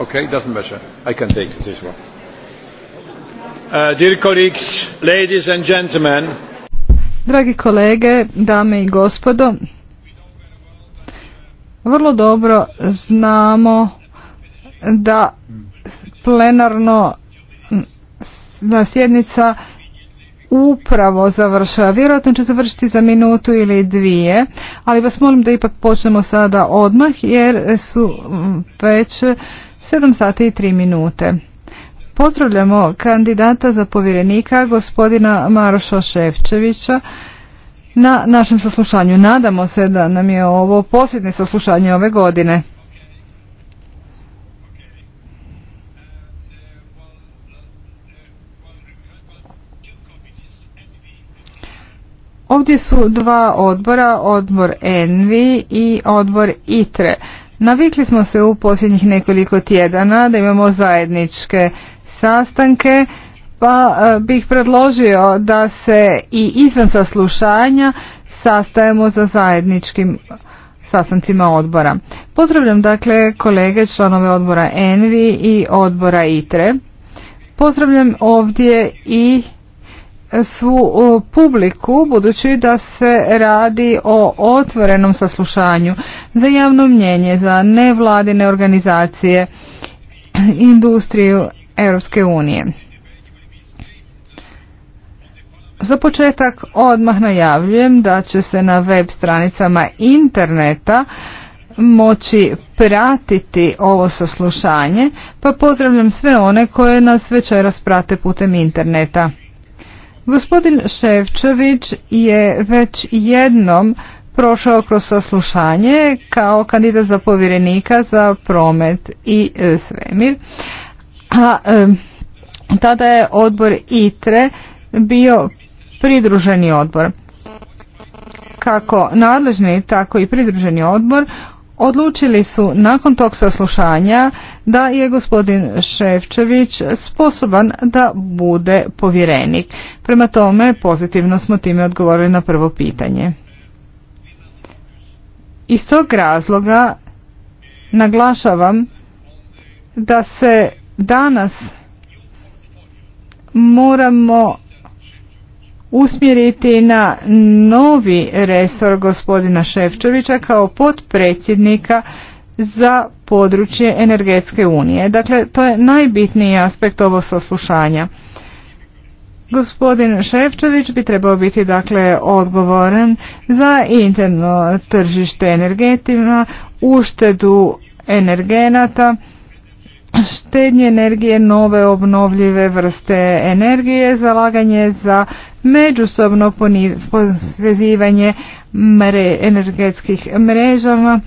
Okay, doesn't matter. I can take this one. Uh, Dragi kolege, dame i gospodo, vrlo dobro znamo da plenarno na sjednica upravo završava. Vjerojatno će završiti za minutu ili dvije, ali vas molim da ipak počnemo sada odmah jer su već 7 sati i 3 minute. Pozdravljamo kandidata za povjerenika gospodina Maroša Ševčevića na našem saslušanju. Nadamo se da nam je ovo posljednje saslušanje ove godine. Ovdje su dva odbora, odbor ENVI i odbor ITRE. Navikli smo se u posljednjih nekoliko tjedana da imamo zajedničke sastanke, pa e, bih predložio da se i izvan saslušanja sastajemo za zajedničkim sastancima odbora. Pozdravljam dakle kolege članove odbora ENVI i odbora ITRE. Pozdravljam ovdje i svu publiku budući da se radi o otvorenom saslušanju za javno mnjenje, za nevladine organizacije, industriju Europske unije. Za početak odmah najavljujem da će se na web stranicama interneta moći pratiti ovo saslušanje, pa pozdravljam sve one koje nas večeras prate putem interneta. Gospodin Ševčević je već jednom prošao kroz saslušanje kao kandidat za povjerenika za promet i e, svemir. A e, tada je odbor ITRE bio pridruženi odbor. Kako nadležni, tako i pridruženi odbor odlučili su nakon tog saslušanja da je gospodin Ševčević sposoban da bude povjerenik. Prema tome pozitivno smo time odgovorili na prvo pitanje. Iz tog razloga naglašavam da se danas moramo usmjeriti na novi resor gospodina Ševčevića kao potpredsjednika za područje energetske unije. Dakle, to je najbitniji aspekt ovog saslušanja. Gospodin Ševčević bi trebao biti dakle odgovoran za interno tržište energetima, uštedu energenata, štednje energije, nove obnovljive vrste energije, zalaganje za međusobno posvezivanje energetskih mrežama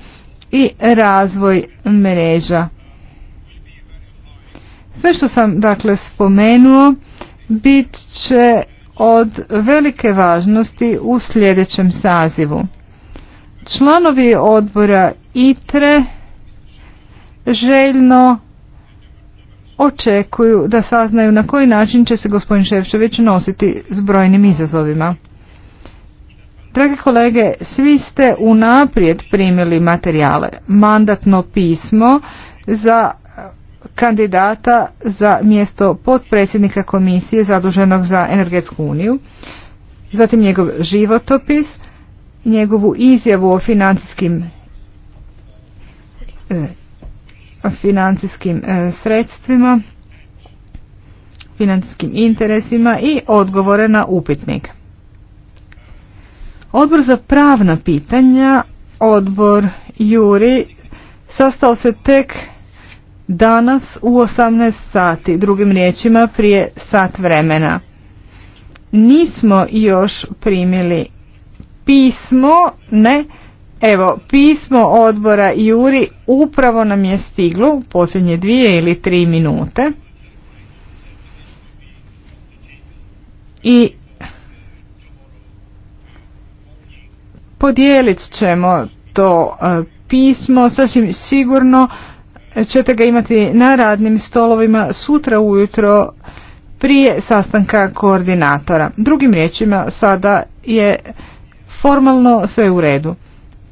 i razvoj mreža. Sve što sam dakle spomenuo bit će od velike važnosti u sljedećem sazivu. Članovi odbora ITRE željno očekuju da saznaju na koji način će se gospodin Ševčević nositi s brojnim izazovima. Drage kolege, svi ste unaprijed primili materijale, mandatno pismo za kandidata za mjesto potpredsjednika komisije zaduženog za energetsku uniju, zatim njegov životopis, njegovu izjavu o financijskim e, financijskim e, sredstvima, financijskim interesima i odgovore na upitnik. Odbor za pravna pitanja, odbor Juri, sastao se tek danas u 18 sati, drugim riječima prije sat vremena. Nismo još primili pismo, ne, Evo, pismo odbora Juri upravo nam je stiglo u posljednje dvije ili tri minute. I podijelit ćemo to e, pismo, sasvim sigurno ćete ga imati na radnim stolovima sutra ujutro prije sastanka koordinatora. Drugim riječima sada je formalno sve u redu.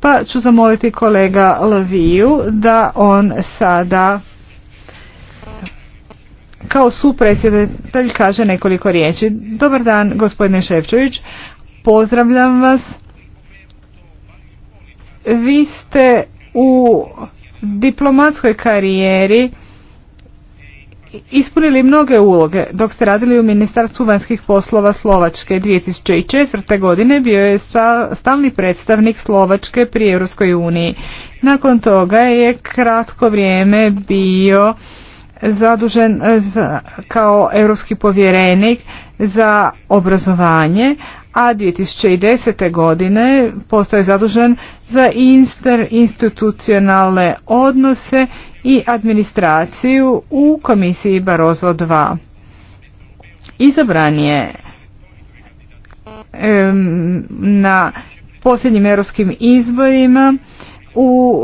Pa ću zamoliti kolega Laviju da on sada kao supredsjedatelj kaže nekoliko riječi. Dobar dan gospodine Ševčević, pozdravljam vas. Vi ste u diplomatskoj karijeri ispunili mnoge uloge dok ste radili u Ministarstvu vanjskih poslova Slovačke. 2004. godine bio je stalni predstavnik Slovačke pri Europskoj uniji. Nakon toga je kratko vrijeme bio zadužen eh, kao europski povjerenik za obrazovanje, a 2010. godine postaje zadužen za institucionalne odnose i administraciju u komisiji Barozo 2. Izabran je na posljednjim europskim izborima u,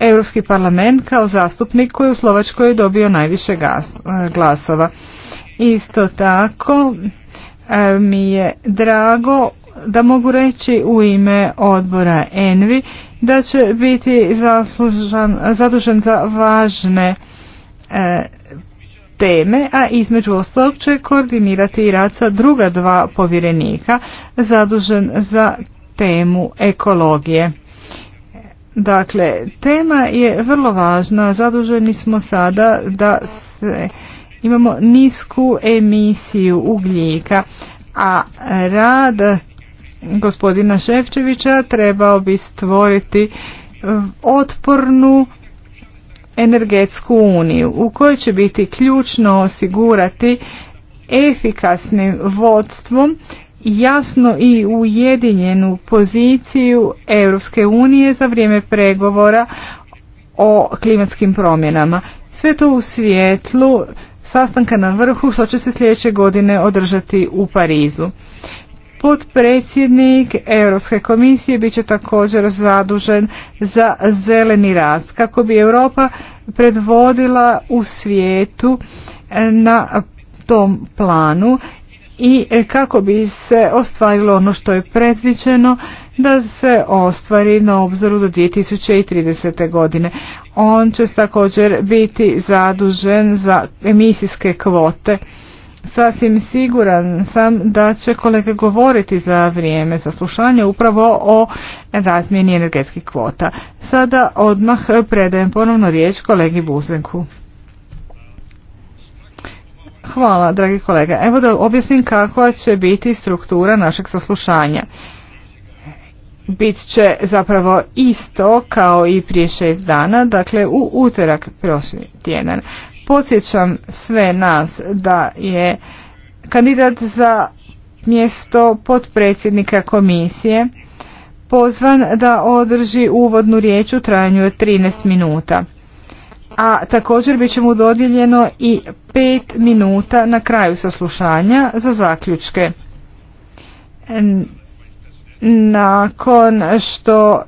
Europski parlament kao zastupnik koji u Slovačkoj je dobio najviše glasova. Isto tako E, mi je drago da mogu reći u ime odbora Envi da će biti zaslužan, zadužen za važne e, teme, a između ostalog će koordinirati i rad sa druga dva povjerenika zadužen za temu ekologije. Dakle, tema je vrlo važna, zaduženi smo sada da se imamo nisku emisiju ugljika, a rad gospodina Ševčevića trebao bi stvoriti otpornu energetsku uniju u kojoj će biti ključno osigurati efikasnim vodstvom jasno i ujedinjenu poziciju Europske unije za vrijeme pregovora o klimatskim promjenama. Sve to u svijetlu sastanka na vrhu što će se sljedeće godine održati u Parizu. Potpredsjednik Europske komisije bit će također zadužen za zeleni rast kako bi Europa predvodila u svijetu na tom planu i e, kako bi se ostvarilo ono što je predviđeno da se ostvari na obzoru do 2030. godine. On će također biti zadužen za emisijske kvote. Sasvim siguran sam da će kolege govoriti za vrijeme saslušanja upravo o razmjeni energetskih kvota. Sada odmah predajem ponovno riječ kolegi Buzenku. Hvala, dragi kolega. Evo da objasnim kakva će biti struktura našeg saslušanja. Bit će zapravo isto kao i prije šest dana, dakle u utorak prošli tjedan. Podsjećam sve nas da je kandidat za mjesto potpredsjednika komisije pozvan da održi uvodnu riječ u trajanju od 13 minuta a također bit će mu dodijeljeno i pet minuta na kraju saslušanja za zaključke. Nakon što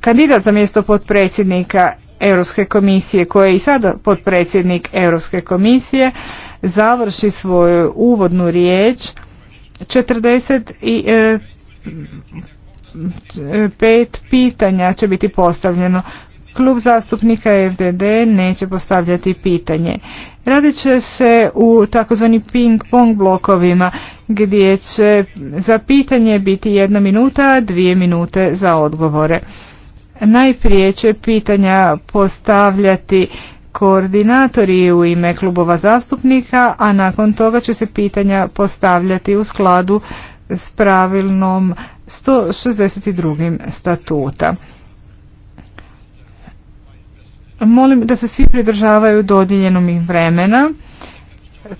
kandidat za mjesto potpredsjednika Europske komisije, koji je i sada potpredsjednik Europske komisije, završi svoju uvodnu riječ 40 i e, pet pitanja će biti postavljeno. Klub zastupnika FDD neće postavljati pitanje. Radit će se u takozvani ping-pong blokovima gdje će za pitanje biti jedna minuta, dvije minute za odgovore. Najprije će pitanja postavljati koordinatori u ime klubova zastupnika, a nakon toga će se pitanja postavljati u skladu s pravilnom 162. statuta. Molim da se svi pridržavaju dodijeljenom vremena.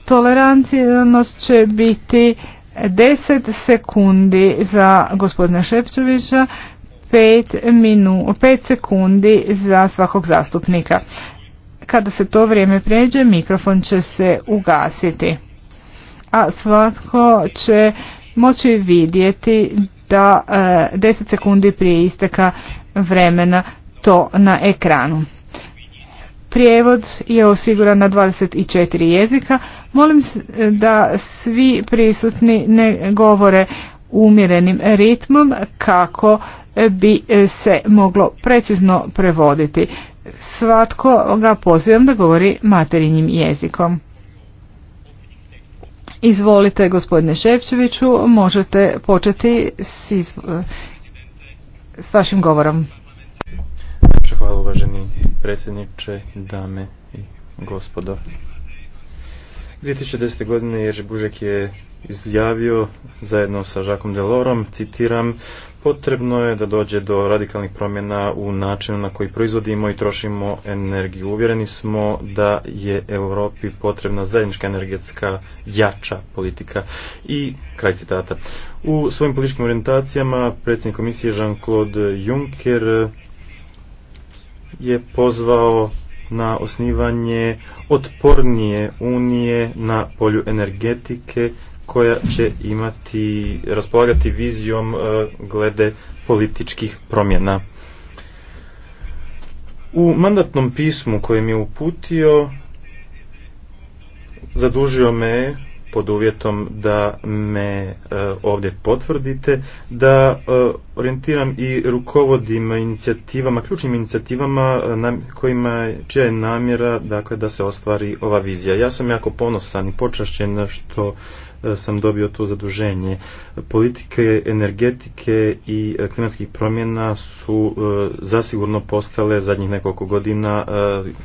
Tolerancijenost će biti 10 sekundi za gospodina Šepčevića, 5, sekundi za svakog zastupnika. Kada se to vrijeme pređe, mikrofon će se ugasiti. A svatko će moći vidjeti da e, deset 10 sekundi prije isteka vremena to na ekranu. Prijevod je osiguran na 24 jezika. Molim da svi prisutni ne govore umjerenim ritmom kako bi e, se moglo precizno prevoditi. Svatko ga pozivam da govori materinjim jezikom. Izvolite, gospodine Ševčeviću, možete početi s, s vašim govorom. Hvala uvaženi predsjedniče, dame i gospodo. 2010. godine Ježi Bužek je izjavio zajedno sa Žakom Delorom, citiram, potrebno je da dođe do radikalnih promjena u načinu na koji proizvodimo i trošimo energiju. Uvjereni smo da je Europi potrebna zajednička energetska jača politika. I kraj citata. U svojim političkim orientacijama predsjednik komisije Jean-Claude Juncker je pozvao na osnivanje otpornije unije na polju energetike koja će imati, raspolagati vizijom e, glede političkih promjena. U mandatnom pismu koje mi je uputio zadužio me pod uvjetom da me e, ovdje potvrdite, da e, orijentiram i rukovodim inicijativama, ključnim inicijativama e, kojima čija je namjera dakle, da se ostvari ova vizija. Ja sam jako ponosan i počašćen što sam dobio to zaduženje. Politike energetike i klimatskih promjena su zasigurno postale zadnjih nekoliko godina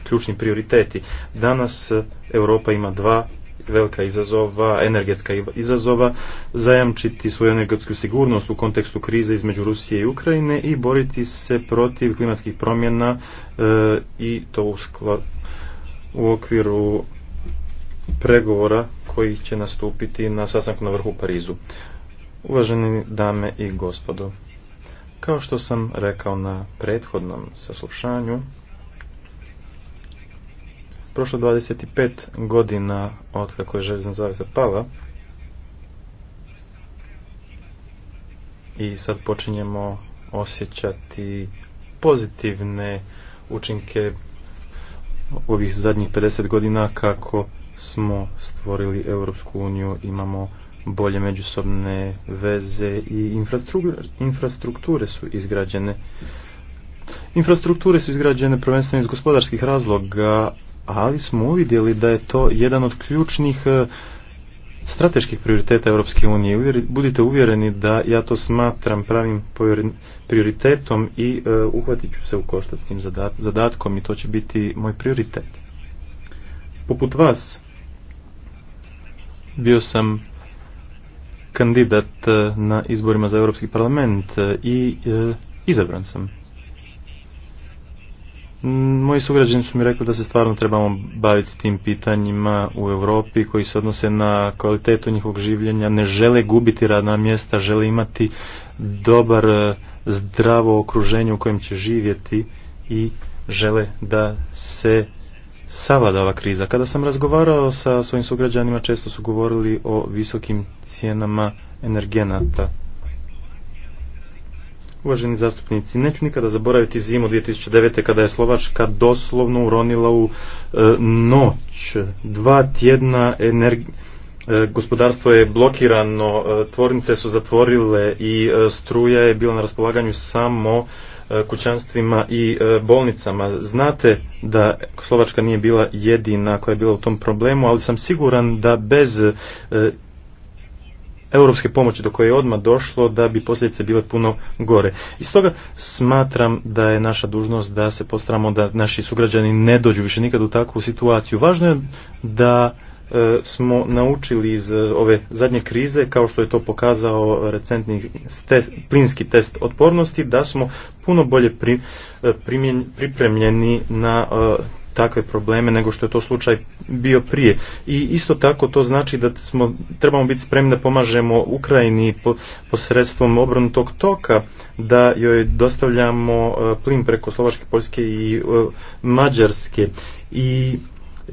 ključni prioriteti. Danas Europa ima dva velika izazova, energetska izazova, zajamčiti svoju energetsku sigurnost u kontekstu krize između Rusije i Ukrajine i boriti se protiv klimatskih promjena e, i to u, u okviru pregovora koji će nastupiti na sastanku na vrhu Parizu. Uvaženi dame i gospodo, kao što sam rekao na prethodnom saslušanju, prošlo 25 godina od kako je željezna zavisa pala i sad počinjemo osjećati pozitivne učinke ovih zadnjih 50 godina kako smo stvorili Europsku uniju, imamo bolje međusobne veze i infrastrukture su izgrađene. Infrastrukture su izgrađene prvenstveno iz gospodarskih razloga, ali smo uvidjeli da je to jedan od ključnih e, strateških prioriteta Europske unije. Budite uvjereni da ja to smatram pravim prioritetom i e, uhvatit ću se u koštac s tim zadatkom i to će biti moj prioritet. Poput vas bio sam kandidat e, na izborima za Europski parlament i izabran sam. Mm, moji sugrađani su mi rekli da se stvarno trebamo baviti tim pitanjima u Europi koji se odnose na kvalitetu njihovog življenja, ne žele gubiti radna mjesta, žele imati dobar, e, zdravo okruženje u kojem će živjeti i žele da se ova kriza. Kada sam razgovarao sa svojim sugrađanima često su govorili o visokim cijenama energenata Uvaženi zastupnici, neću nikada zaboraviti zimu 2009. kada je Slovačka doslovno uronila u e, noć. Dva tjedna e, gospodarstvo je blokirano, e, tvornice su zatvorile i struja je bila na raspolaganju samo kućanstvima i bolnicama. Znate da Slovačka nije bila jedina koja je bila u tom problemu, ali sam siguran da bez europske pomoći do koje je odmah došlo da bi posljedice bile puno gore. I stoga smatram da je naša dužnost da se postramo da naši sugrađani ne dođu više nikad u takvu situaciju. Važno je da e, smo naučili iz e, ove zadnje krize, kao što je to pokazao recentni test, plinski test otpornosti, da smo puno bolje e, pripremljeni na takve probleme nego što je to slučaj bio prije. I isto tako to znači da smo, trebamo biti spremni da pomažemo Ukrajini po, posredstvom tog toka, da joj dostavljamo e, plin preko Slovačke, Poljske i e, Mađarske. I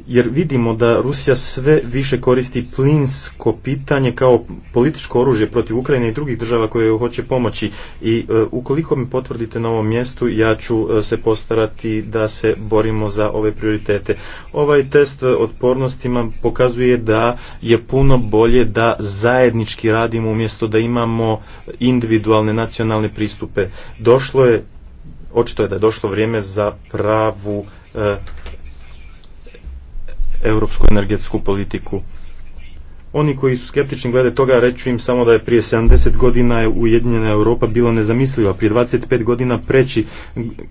jer vidimo da Rusija sve više koristi plinsko pitanje kao političko oružje protiv Ukrajine i drugih država koje joj hoće pomoći i e, ukoliko mi potvrdite na ovom mjestu ja ću e, se postarati da se borimo za ove prioritete. Ovaj test e, otpornostima pokazuje da je puno bolje da zajednički radimo umjesto da imamo individualne nacionalne pristupe. Došlo je, očito je da je došlo vrijeme za pravu europsku energetsku politiku. Oni koji su skeptični glede toga reću im samo da je prije 70 godina Ujedinjena Europa bila nezamisliva, prije 25 godina preći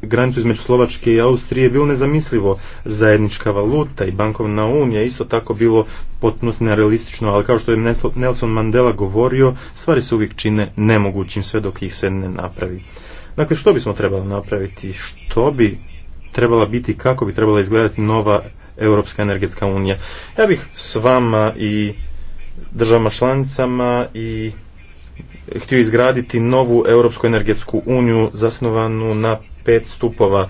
granicu između Slovačke i Austrije je bilo nezamislivo. Zajednička valuta i bankovna unija isto tako bilo potpuno nerealistično, ali kao što je Nelson Mandela govorio, stvari se uvijek čine nemogućim sve dok ih se ne napravi. Dakle, što bismo trebali napraviti? Što bi trebala biti, kako bi trebala izgledati nova Europska energetska unija. Ja bih s vama i državama članicama i htio izgraditi novu Europsku energetsku uniju zasnovanu na pet stupova.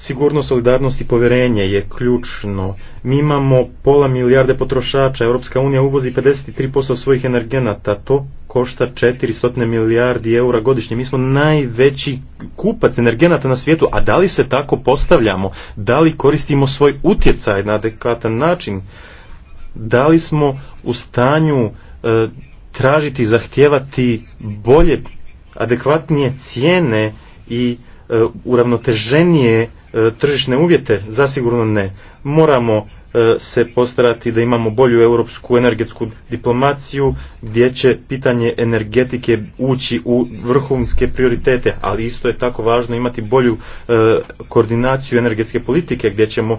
Sigurnost, solidarnost i povjerenje je ključno. Mi imamo pola milijarde potrošača, Europska unija uvozi 53% svojih energenata, to košta 400 milijardi eura godišnje. Mi smo najveći kupac energenata na svijetu, a da li se tako postavljamo? Da li koristimo svoj utjecaj na adekvatan način? Da li smo u stanju e, tražiti, zahtijevati bolje, adekvatnije cijene i E, uravnoteženije e, tržišne uvjete? Zasigurno ne. Moramo e, se postarati da imamo bolju europsku energetsku diplomaciju gdje će pitanje energetike ući u vrhunske prioritete, ali isto je tako važno imati bolju koordinaciju energetske politike gdje ćemo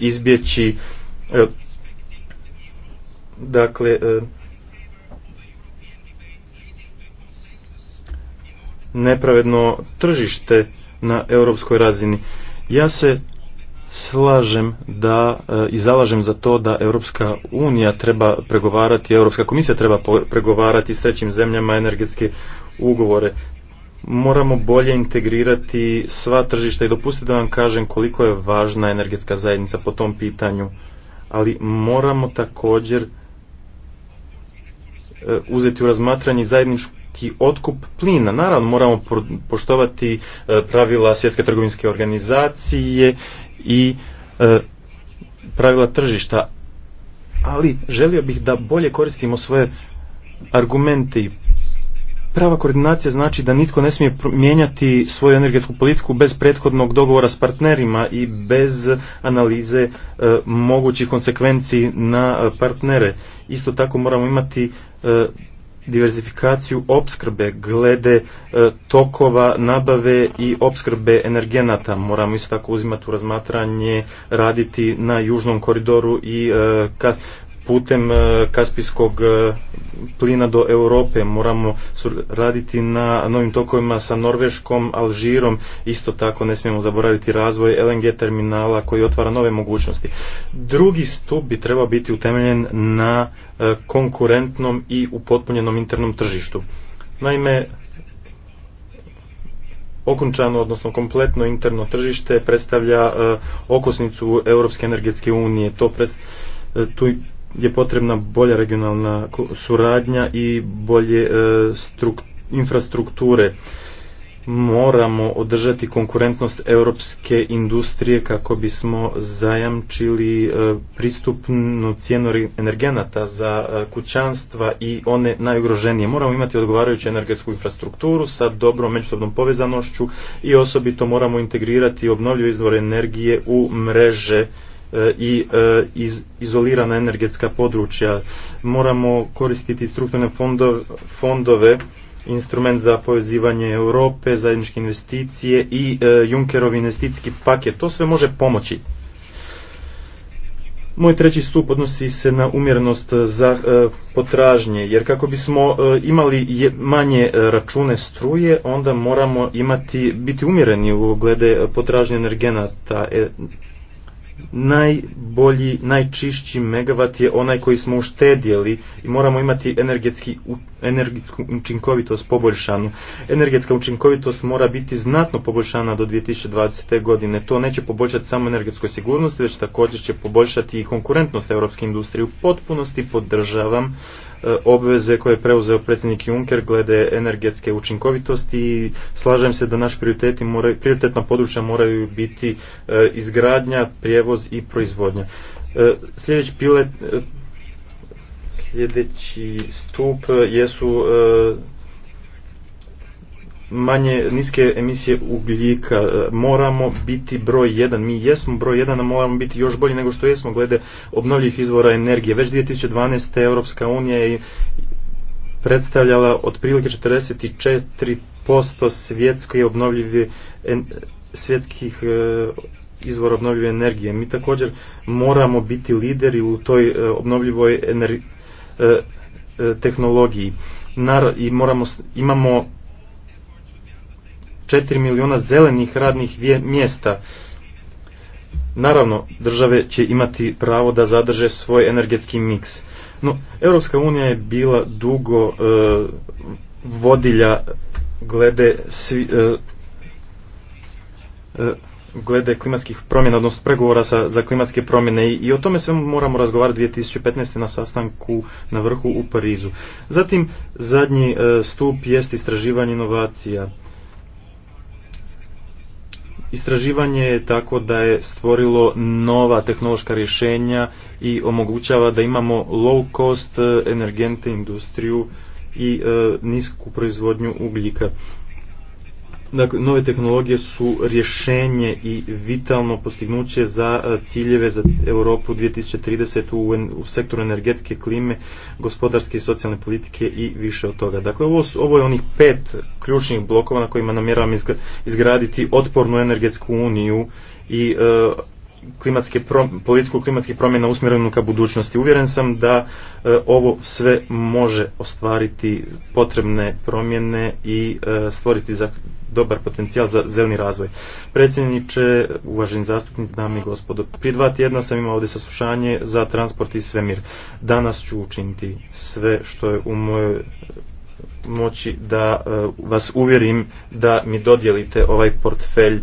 izbjeći dakle nepravedno tržište na europskoj razini. Ja se slažem da e, i zalažem za to da Europska unija treba pregovarati, Europska komisija treba pregovarati s trećim zemljama energetske ugovore. Moramo bolje integrirati sva tržišta i dopustiti da vam kažem koliko je važna energetska zajednica po tom pitanju, ali moramo također e, uzeti u razmatranje zajedničku i otkup plina. Naravno, moramo poštovati e, pravila svjetske trgovinske organizacije i e, pravila tržišta. Ali želio bih da bolje koristimo svoje argumente i prava koordinacija znači da nitko ne smije mijenjati svoju energetsku politiku bez prethodnog dogovora s partnerima i bez analize e, mogućih konsekvenci na partnere. Isto tako moramo imati diversifikaciju opskrbe glede e, tokova nabave i opskrbe energenata. Moramo isto tako uzimati u razmatranje raditi na južnom koridoru i e, putem e, kaspijskog e, plina do Europe. Moramo raditi na novim tokovima sa Norveškom, Alžirom. Isto tako ne smijemo zaboraviti razvoj LNG terminala koji otvara nove mogućnosti. Drugi stup bi trebao biti utemeljen na e, konkurentnom i upotpunjenom internom tržištu. Naime, okončano, odnosno kompletno interno tržište predstavlja okosnicu Europske energetske unije. To tu je potrebna bolja regionalna suradnja i bolje e, infrastrukture moramo održati konkurentnost europske industrije kako bismo zajamčili e, pristupnu cijenu energenata za e, kućanstva i one najugroženije. Moramo imati odgovarajuću energetsku infrastrukturu sa dobrom međusobnom povezanošću i osobito moramo integrirati obnovljive izvore energije u mreže E, i e, izolirana energetska područja. Moramo koristiti strukturne fondove, instrument za povezivanje Europe, zajedničke investicije i e, Junckerov investicijski paket. To sve može pomoći. Moj treći stup odnosi se na umjerenost za potražnje, jer kako bismo imali manje račune struje, onda moramo imati biti umjereni u glede potražnje energenata najbolji, najčišći megavat je onaj koji smo uštedjeli i moramo imati energetski, energetsku učinkovitost poboljšanu. Energetska učinkovitost mora biti znatno poboljšana do 2020. godine. To neće poboljšati samo energetskoj sigurnost već također će poboljšati i konkurentnost europske industrije. U potpunosti podržavam E, obveze koje je preuzeo predsjednik Juncker glede energetske učinkovitosti i slažem se da naši prioriteti moraju, prioritetna područja moraju biti e, izgradnja, prijevoz i proizvodnja. E, sljedeći pilet, sljedeći stup jesu manje niske emisije ugljika. E, moramo biti broj jedan. Mi jesmo broj jedan, a moramo biti još bolji nego što jesmo glede obnovljivih izvora energije. Već 2012. Europska unija je predstavljala otprilike 44% svjetske obnovljive svjetskih e, izvora obnovljive energije. Mi također moramo biti lideri u toj e, obnovljivoj tehnologiji. i moramo, imamo 4 milijuna zelenih radnih mjesta. Naravno, države će imati pravo da zadrže svoj energetski miks. No, Europska unija je bila dugo e, vodilja glede e, e, glede klimatskih promjena, odnosno pregovora sa, za klimatske promjene i, o tome sve moramo razgovarati 2015. na sastanku na vrhu u Parizu. Zatim, zadnji stup jest istraživanje inovacija. Istraživanje je tako da je stvorilo nova tehnološka rješenja i omogućava da imamo low cost eh, energente industriju i eh, nisku proizvodnju ugljika. Dakle, nove tehnologije su rješenje i vitalno postignuće za e, ciljeve za Europu 2030 u, u sektoru energetike, klime, gospodarske i socijalne politike i više od toga. Dakle, ovo, ovo je onih pet ključnih blokova na kojima namjeravam izgraditi otpornu energetsku uniju i e, klimatske prom, politiku klimatskih promjena usmjerenu ka budućnosti. Uvjeren sam da e, ovo sve može ostvariti potrebne promjene i e, stvoriti za dobar potencijal za zeleni razvoj. Predsjedniče, uvaženi zastupnici, dame i gospodo, prije dva tjedna sam imao ovdje saslušanje za transport i svemir. Danas ću učiniti sve što je u mojoj moći da e, vas uvjerim da mi dodijelite ovaj portfelj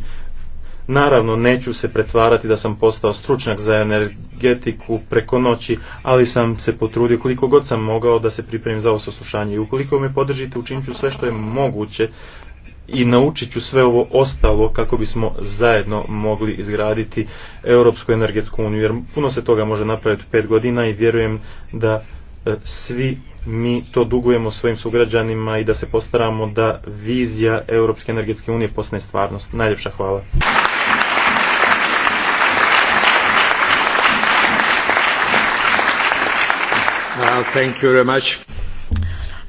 Naravno, neću se pretvarati da sam postao stručnjak za energetiku preko noći, ali sam se potrudio koliko god sam mogao da se pripremim za ovo saslušanje. I ukoliko me podržite, učinit ću sve što je moguće i naučit ću sve ovo ostalo kako bismo zajedno mogli izgraditi Europsku energetsku uniju, jer puno se toga može napraviti u pet godina i vjerujem da e, svi mi to dugujemo svojim sugrađanima i da se postaramo da vizija Europske energetske unije postane stvarnost. Najljepša hvala.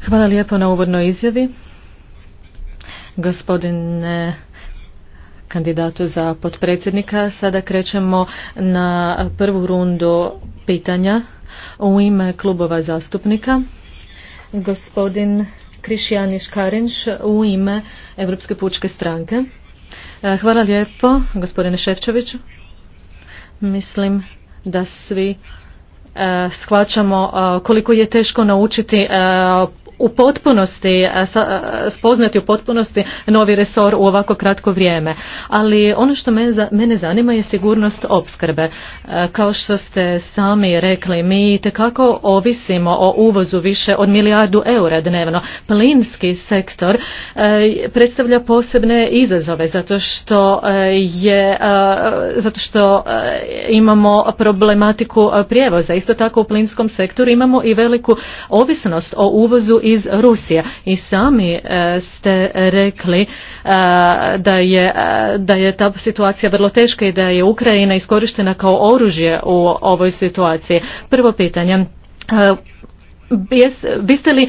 Hvala lijepo na uvodnoj izjavi. Gospodin kandidatu za potpredsjednika, sada krećemo na prvu rundu pitanja u ime klubova zastupnika. Gospodin Krišjaniš Karinš u ime Europske pučke stranke. E, hvala lijepo, gospodine Ševčeviću. Mislim da svi E, shvaćamo e, koliko je teško naučiti e, u potpunosti spoznati u potpunosti novi resor u ovako kratko vrijeme. Ali ono što mene zanima je sigurnost opskrbe. Kao što ste sami rekli, mi itekako ovisimo o uvozu više od milijardu eura dnevno. Plinski sektor predstavlja posebne izazove zato što je zato što imamo problematiku prijevoza. Isto tako u plinskom sektoru imamo i veliku ovisnost o uvozu iz Rusije. I sami e, ste rekli e, da je, e, da je ta situacija vrlo teška i da je Ukrajina iskorištena kao oružje u ovoj situaciji. Prvo pitanje. Biste li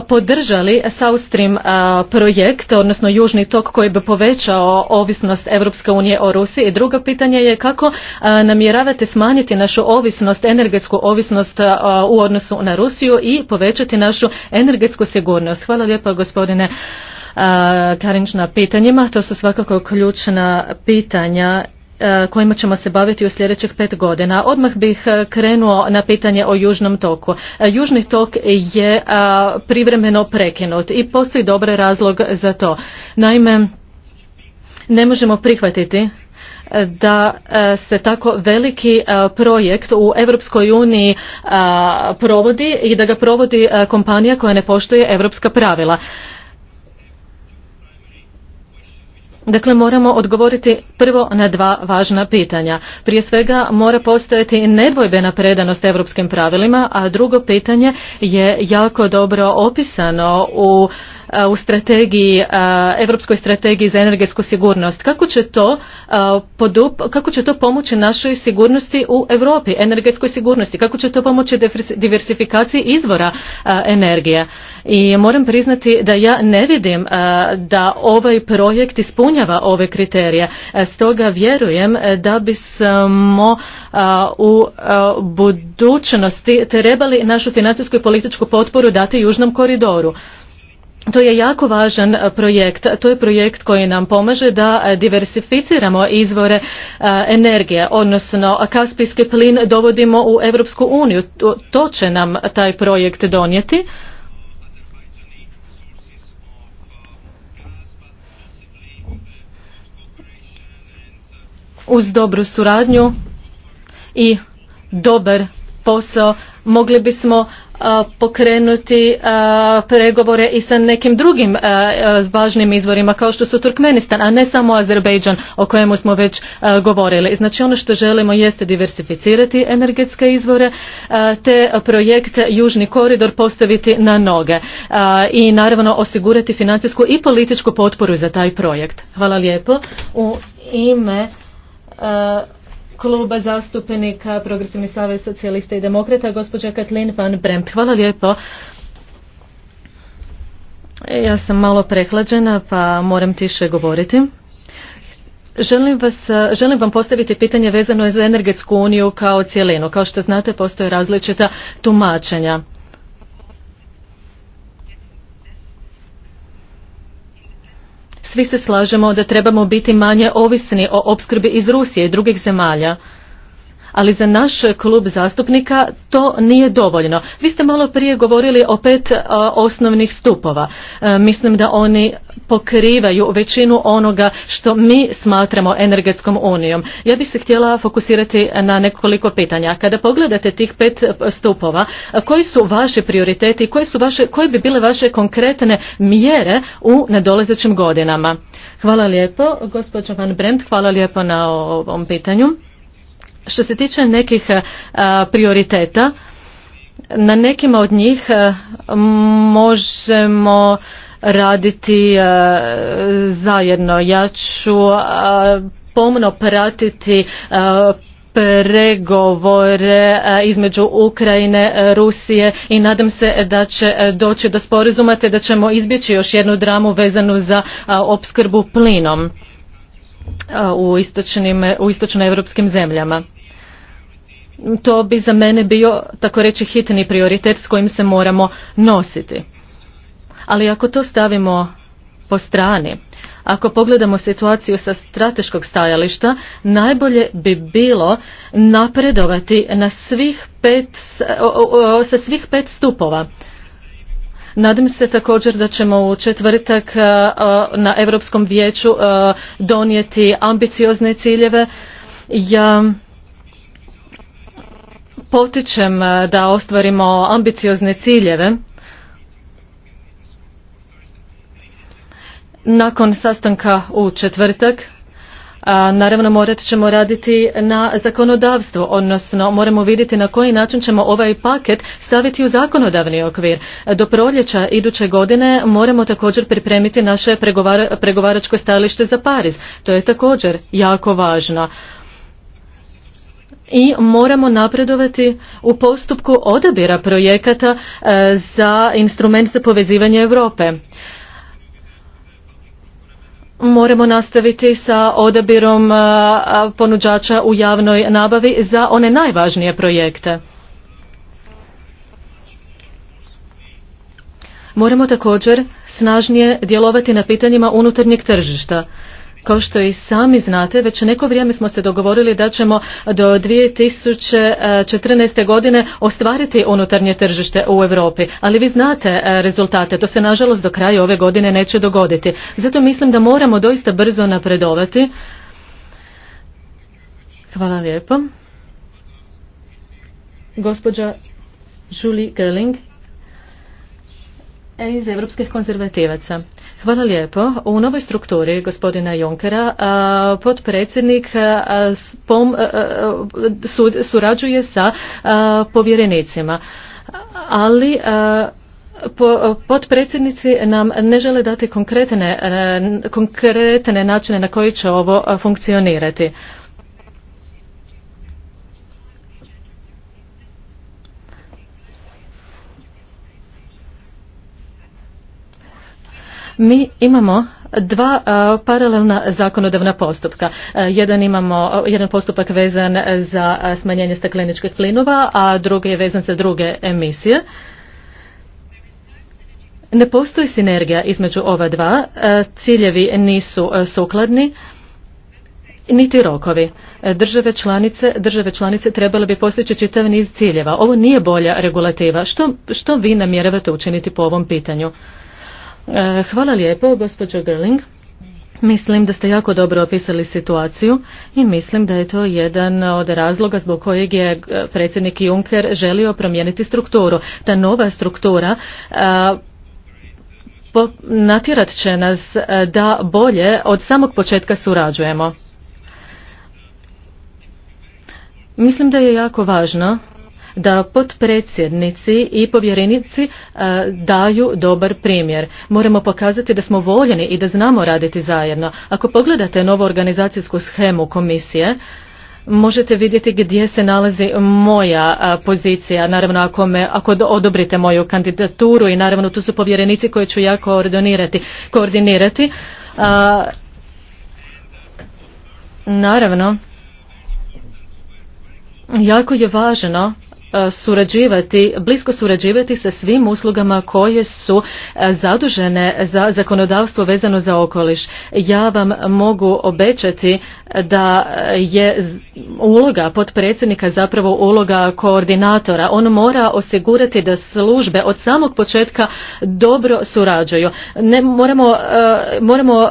podržali South Stream projekt, odnosno Južni tok koji bi povećao ovisnost Europske unije o Rusiji. I drugo pitanje je kako namjeravate smanjiti našu ovisnost, energetsku ovisnost u odnosu na Rusiju i povećati našu energetsku sigurnost. Hvala lijepa gospodine Karinč na pitanjima. To su svakako ključna pitanja E, kojima ćemo se baviti u sljedećih pet godina. Odmah bih e, krenuo na pitanje o Južnom toku. E, Južni tok je privremeno prekinut i postoji dobar razlog za to. Naime, ne možemo prihvatiti da se tako veliki projekt u Europskoj uniji provodi i da ga provodi kompanija koja ne poštuje europska pravila. Dakle, moramo odgovoriti prvo na dva važna pitanja. Prije svega mora postojati nedvojbena predanost europskim pravilima, a drugo pitanje je jako dobro opisano u E, u strategiji, europskoj strategiji za energetsku sigurnost. Kako će to, e, podup, kako će to pomoći našoj sigurnosti u Europi, energetskoj sigurnosti? Kako će to pomoći diversifikaciji izvora e, energije? I moram priznati da ja ne vidim da ovaj projekt ispunjava ove kriterije. Stoga vjerujem da bismo u budućnosti trebali našu financijsku i političku potporu dati Južnom koridoru to je jako važan e, projekt. To je projekt koji nam pomaže da e, diversificiramo izvore e, energije, odnosno kaspijski plin dovodimo u Europsku uniju. To će nam taj projekt donijeti. Uz dobru suradnju i dobar posao mogli bismo pokrenuti pregovore i sa nekim drugim važnim izvorima kao što su Turkmenistan, a ne samo Azerbejdžan o kojemu smo već govorili. Znači ono što želimo jeste diversificirati energetske izvore te projekt Južni koridor postaviti na noge i naravno osigurati financijsku i političku potporu za taj projekt. Hvala lijepo. U ime kluba zastupnika Progresivni savez socijalista i demokrata, gospođa Katlin van Bremt. Hvala lijepo. E, ja sam malo prehlađena pa moram tiše govoriti. Želim, vas, želim vam postaviti pitanje vezano za energetsku uniju kao cjelinu. Kao što znate, postoje različita tumačenja. svi se slažemo da trebamo biti manje ovisni o opskrbi iz Rusije i drugih zemalja ali za naš klub zastupnika to nije dovoljno. Vi ste malo prije govorili o pet osnovnih stupova. E, mislim da oni pokrivaju većinu onoga što mi smatramo energetskom unijom. Ja bih se htjela fokusirati na nekoliko pitanja. Kada pogledate tih pet e, stupova, e, koji su vaši prioriteti, koje, su vaše, koje bi bile vaše konkretne mjere u nadolazećim godinama? Hvala lijepo, gospođo Van Bremt, hvala lijepo na ovom pitanju. Što se tiče nekih e, prioriteta, na nekima od njih e, možemo raditi e, zajedno. Ja ću pomno pratiti pregovore između Ukrajine, Rusije i nadam se da će doći do sporazuma te da ćemo izbjeći još jednu dramu vezanu za opskrbu plinom u, istočnim, u istočnoevropskim zemljama. To bi za mene bio, tako reći, hitni prioritet s kojim se moramo nositi. Ali ako to stavimo po strani, ako pogledamo situaciju sa strateškog stajališta, najbolje bi bilo napredovati na svih pet, sa svih pet stupova. Nadam se također da ćemo u četvrtak e, e, na Europskom vijeću e, donijeti ambiciozne ciljeve. Ja potičem da ostvarimo ambiciozne ciljeve nakon sastanka u četvrtak naravno morat ćemo raditi na zakonodavstvu, odnosno moramo vidjeti na koji način ćemo ovaj paket staviti u zakonodavni okvir. Do proljeća iduće godine moramo također pripremiti naše pregovaračko stajalište za Pariz. To je također jako važno i moramo napredovati u postupku odabira projekata e, za instrument za povezivanje Europe moramo nastaviti sa odabirom ponuđača u javnoj nabavi za one najvažnije projekte. Moramo također snažnije djelovati na pitanjima unutarnjeg tržišta. Kao što i sami znate, već neko vrijeme smo se dogovorili da ćemo do 2014. godine ostvariti unutarnje tržište u Europi, ali vi znate e, rezultate, to se nažalost do kraja ove godine neće dogoditi. Zato mislim da moramo doista brzo napredovati. Hvala lijepo. Gospođa Julie Gerling e, iz Europskih konzervativaca. Hvala lijepo. U novoj strukturi gospodina Junkera potpredsjednik surađuje sa povjerenicima, ali potpredsjednici nam ne žele dati konkretne, konkretne načine na koji će ovo funkcionirati. Mi imamo dva e, paralelna zakonodavna postupka. E, jedan imamo, e, jedan postupak vezan za smanjenje stakleničkih plinova, a drugi je vezan za druge emisije. Ne postoji sinergija između ova dva, ciljevi nisu sukladni niti rokovi. Države članice, države članice trebale bi postići čitav niz ciljeva. Ovo nije bolja regulativa. Što, što vi namjeravate učiniti po ovom pitanju? E, hvala lijepo, gospođo Gerling. Mislim da ste jako dobro opisali situaciju i mislim da je to jedan od razloga zbog kojeg je e, predsjednik Juncker želio promijeniti strukturu. Ta nova struktura e, natjerat će nas da bolje od samog početka surađujemo. Mislim da je jako važno da potpredsjednici i povjerenici e, daju dobar primjer. Moramo pokazati da smo voljeni i da znamo raditi zajedno. Ako pogledate novu organizacijsku schemu komisije, možete vidjeti gdje se nalazi moja e, pozicija. Naravno, ako, me, ako odobrite moju kandidaturu i naravno tu su povjerenici koje ću ja koordinirati. koordinirati. naravno, jako je važno E, surađivati, blisko surađivati sa svim uslugama koje su e, zadužene za zakonodavstvo vezano za okoliš. Ja vam mogu obećati da je uloga potpredsjednika zapravo uloga koordinatora. On mora osigurati da službe od samog početka dobro surađuju. Ne, moramo, e, moramo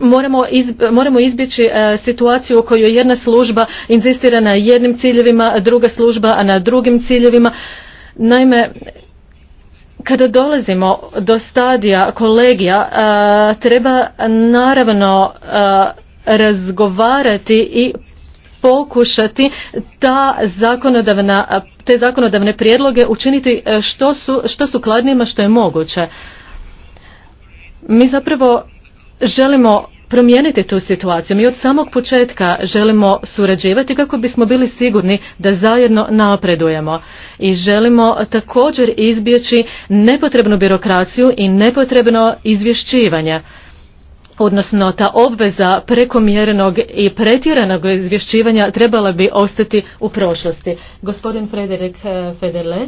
moramo, iz, moramo izbjeći e, situaciju u kojoj jedna služba inzistira na jednim ciljevima, druga služba na drugim ciljevima. Naime, kada dolazimo do stadija kolegija, e, treba naravno e, razgovarati i pokušati ta zakonodavna, te zakonodavne prijedloge učiniti što su, što su kladnijima što je moguće. Mi zapravo želimo promijeniti tu situaciju. Mi od samog početka želimo surađivati kako bismo bili sigurni da zajedno napredujemo i želimo također izbjeći nepotrebnu birokraciju i nepotrebno izvješćivanje odnosno ta obveza prekomjerenog i pretjeranog izvješćivanja trebala bi ostati u prošlosti. Gospodin Frederik eh, Federle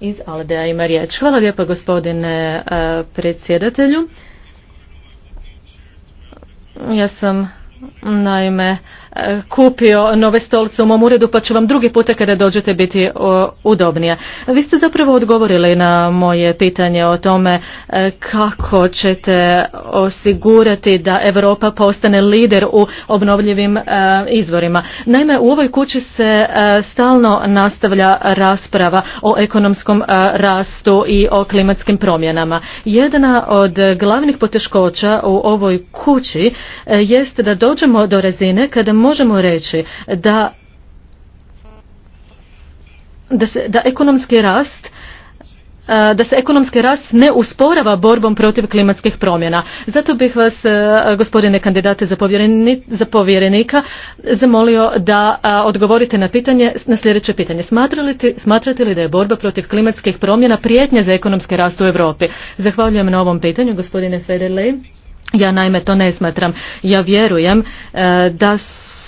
iz Aldea ima riječ. Hvala lijepa gospodine eh, predsjedatelju. Ja sam naime Eh, kupio nove stolce u mom uredu pa ću vam drugi puta kada dođete biti udobnije. Vi ste zapravo odgovorili na moje pitanje o tome eh, kako ćete osigurati da Europa postane lider u obnovljivim eh, izvorima. Naime, u ovoj kući se stalno nastavlja rasprava o ekonomskom rastu i o klimatskim promjenama. Jedna od glavnih poteškoća u ovoj kući jest da dođemo do razine kada možemo reći da da, se, da ekonomski rast e, da se ekonomski rast ne usporava borbom protiv klimatskih promjena. Zato bih vas, e, gospodine kandidate za, povjerenika, zamolio da e, odgovorite na pitanje, na sljedeće pitanje. Smatrate, smatrate li da je borba protiv klimatskih promjena prijetnja za ekonomski rast u Europi? Zahvaljujem na ovom pitanju, gospodine Federley. Ja naime to ne smatram. Ja vjerujem e, da su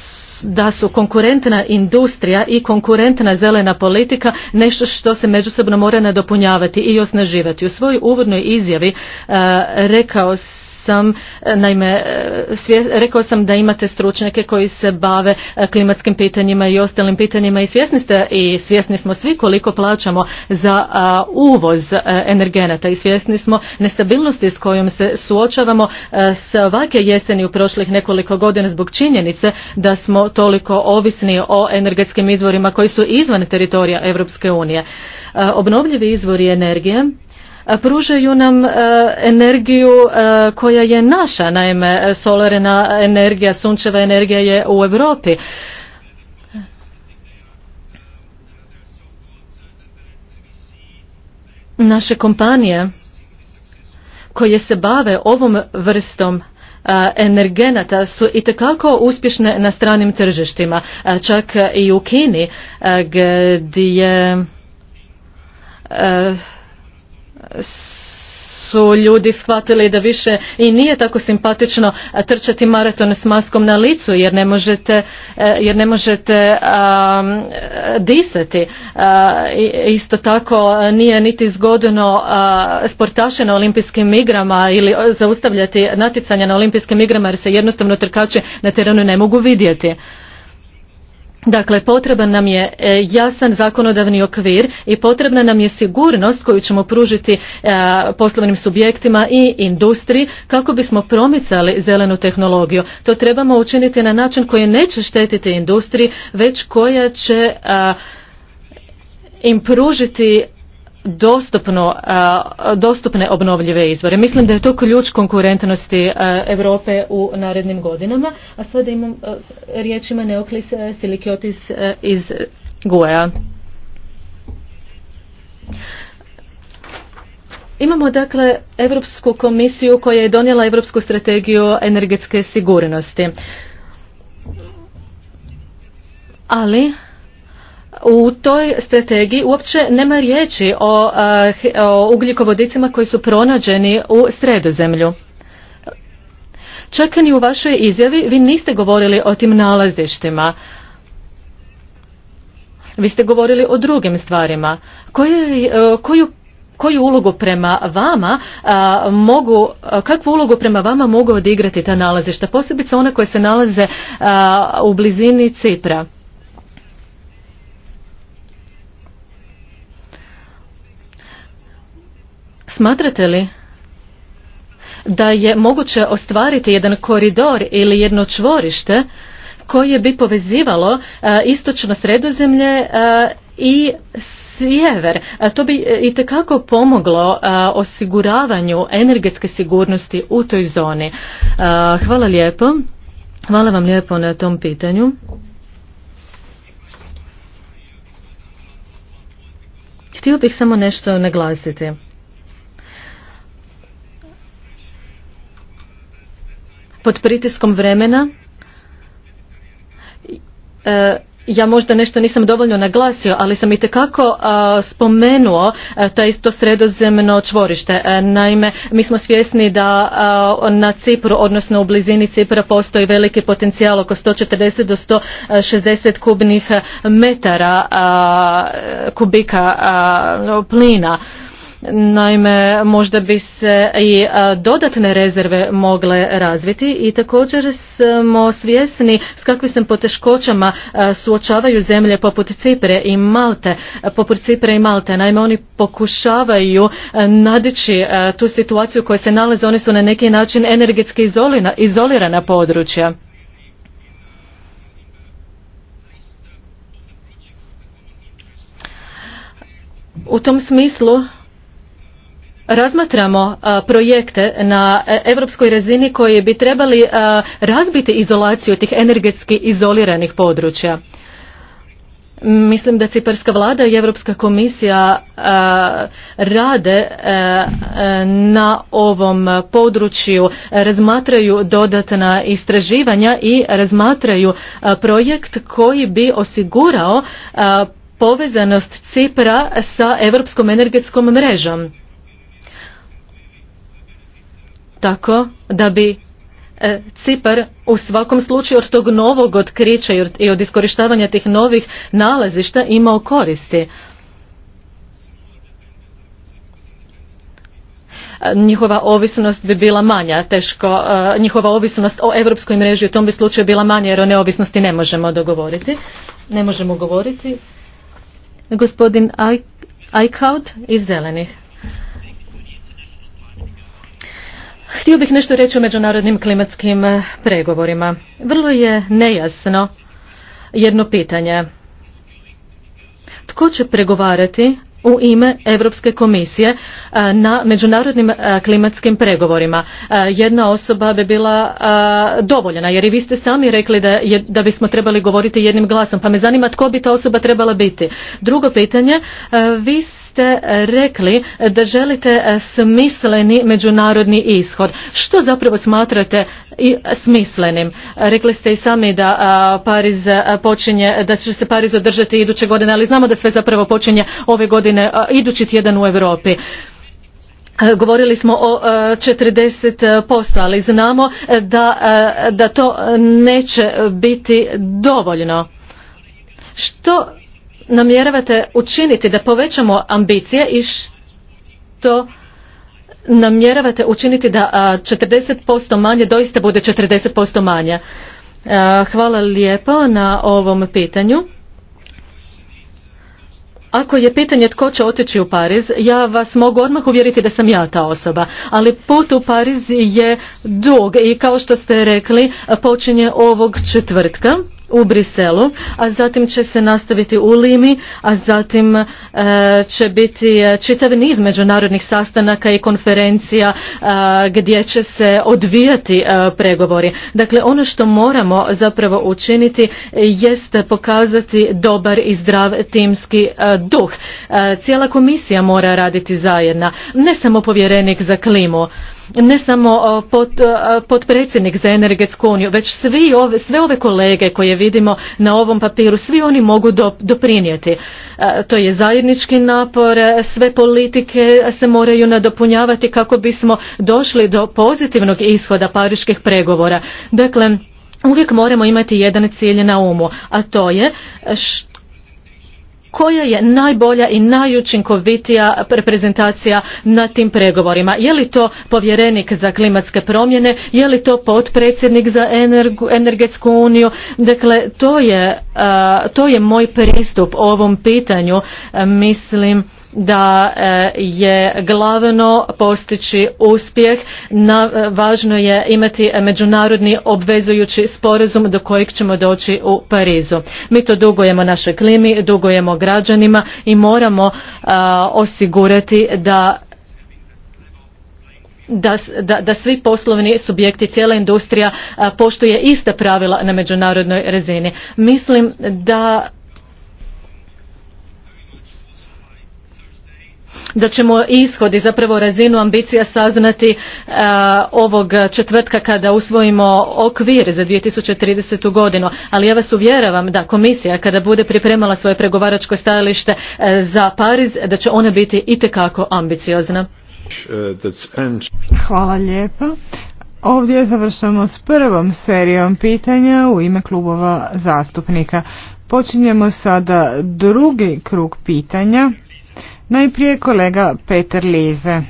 da su konkurentna industrija i konkurentna zelena politika nešto što se međusobno mora nadopunjavati i osnaživati. U svojoj uvodnoj izjavi e, rekao sam, e, naime, e, rekao sam da imate stručnjake koji se bave e, klimatskim pitanjima i ostalim pitanjima i svjesni ste i svjesni smo svi koliko plaćamo za uvoz energenata i svjesni smo nestabilnosti s kojom se suočavamo s svake jeseni u prošlih nekoliko godina zbog činjenice da smo toliko ovisni o energetskim izvorima koji su izvan teritorija Europske unije. Obnovljivi izvori energije pružaju nam e, energiju e, koja je naša, naime solarna energija, sunčeva energija je u Europi. Naše kompanije koje se bave ovom vrstom e, energenata su i uspješne na stranim tržištima, čak i u Kini gdje su ljudi shvatili da više i nije tako simpatično trčati maraton s maskom na licu jer ne možete, e, jer ne možete disati. isto tako nije niti zgodno sportaše na olimpijskim igrama ili e, zaustavljati naticanja na olimpijskim igrama jer se jednostavno trkači na terenu ne mogu vidjeti. Dakle, potreban nam je e, jasan zakonodavni okvir i potrebna nam je sigurnost koju ćemo pružiti e, poslovnim subjektima i industriji kako bismo promicali zelenu tehnologiju. To trebamo učiniti na način koji neće štetiti industriji, već koja će im pružiti dostupno, dostupne obnovljive izvore. Mislim da je to ključ konkurentnosti Europe u narednim godinama. A sada imam riječima Neoklis Silikiotis iz Guja. Imamo dakle Europsku komisiju koja je donijela Europsku strategiju energetske sigurnosti. Ali u toj strategiji uopće nema riječi o, ugljikovodicima koji su pronađeni u sredozemlju. Čak i u vašoj izjavi vi niste govorili o tim nalazištima. Vi ste govorili o drugim stvarima. Koje, e, koju, koju ulogu prema vama mogu, kakvu ulogu prema vama mogu odigrati ta nalazišta, posebice one koje se nalaze u blizini Cipra? Smatrate li da je moguće ostvariti jedan koridor ili jedno čvorište koje bi povezivalo e, istočno sredozemlje e, i sjever. E, to bi i pomoglo osiguravanju energetske sigurnosti u toj zoni. Hvala lijepo. Hvala vam lijepo na tom pitanju. Htio bih samo nešto naglasiti. pod pritiskom vremena e, ja možda nešto nisam dovoljno naglasio, ali sam i tekako spomenuo e, to isto sredozemno čvorište. E, naime, mi smo svjesni da na Cipru, odnosno u blizini Cipra postoji veliki potencijal oko 140 do 160 kubnih metara kubika plina Naime, možda bi se i e, dodatne rezerve mogle razviti i također smo svjesni s kakvim se poteškoćama e, suočavaju zemlje poput Cipre i Malte. Poput Cipre i Malte, naime oni pokušavaju e, nadići tu situaciju koja se nalaze, oni su na neki način energetski izolirana područja. U tom smislu razmatramo projekte na europskoj razini koji bi trebali razbiti izolaciju tih energetski izoliranih područja. Mislim da Ciparska vlada i Europska komisija rade e, e, na ovom području, razmatraju dodatna istraživanja i razmatraju projekt koji bi osigurao povezanost Cipra sa europskom energetskom mrežom tako da bi e, Cipar u svakom slučaju od tog novog otkrića i od iskorištavanja tih novih nalazišta imao koristi. E, njihova ovisnost bi bila manja, teško, e, njihova ovisnost o europskoj mreži u tom bi slučaju bila manja jer o neovisnosti ne možemo dogovoriti. Ne možemo govoriti. Gospodin Eichhout iz Zelenih. Htio bih nešto reći o međunarodnim klimatskim eh, pregovorima. Vrlo je nejasno jedno pitanje. Tko će pregovarati u ime Europske komisije eh, na međunarodnim eh, klimatskim pregovorima. Jedna osoba bi bila dovoljena, jer i vi ste sami rekli da, da bismo trebali govoriti jednim glasom, pa me zanima tko bi ta osoba trebala biti. Drugo pitanje, vi ste rekli da želite smisleni međunarodni ishod. Što zapravo smatrate i smislenim? Rekli ste i sami da Pariz počinje, da će se Pariz održati iduće godine, ali znamo da sve zapravo počinje ove godine, idući tjedan u Europi. Govorili smo o 40%, ali znamo da, da to neće biti dovoljno. Što namjeravate učiniti da povećamo ambicije i što namjeravate učiniti da 40% manje doista bude 40% manje? Hvala lijepo na ovom pitanju. Ako je pitanje tko će otići u Pariz, ja vas mogu odmah uvjeriti da sam ja ta osoba. Ali put u Pariz je dug i kao što ste rekli, počinje ovog četvrtka u Briselu, a zatim će se nastaviti u Limi, a zatim e, će biti e, čitav niz međunarodnih sastanaka i konferencija e, gdje će se odvijati pregovori. Dakle, ono što moramo zapravo učiniti jest pokazati dobar i zdrav timski duh. Cijela komisija mora raditi zajedna, ne samo povjerenik za klimu ne samo potpredsjednik za energetsku uniju, već svi ove, sve ove kolege koje vidimo na ovom papiru, svi oni mogu doprinijeti. E, to je zajednički napor, e, sve politike se moraju nadopunjavati kako bismo došli do pozitivnog ishoda pariških pregovora. Dakle, uvijek moramo imati jedan cilj na umu, a to je što koja je najbolja i najučinkovitija reprezentacija na tim pregovorima. Je li to povjerenik za klimatske promjene, je li to potpredsjednik za energetsku uniju? Dakle, to je, to je moj pristup ovom pitanju. mislim da e, je glavno postići uspjeh, na, e, važno je imati međunarodni obvezujući sporazum do kojeg ćemo doći u Parizu. Mi to dugujemo našoj klimi, dugujemo građanima i moramo e, osigurati da da, da, svi poslovni subjekti, cijela industrija poštuje ista pravila na međunarodnoj razini. Mislim da da ćemo ishodi i zapravo razinu ambicija saznati e, ovog četvrtka kada usvojimo okvir za 2030. godinu. Ali ja vas uvjeravam da komisija kada bude pripremala svoje pregovaračko stajalište e, za Pariz da će ona biti itekako ambiciozna. Uh, Hvala lijepa. Ovdje završamo s prvom serijom pitanja u ime klubova zastupnika. Počinjemo sada drugi krug pitanja. Najprije kolega Peter Lize.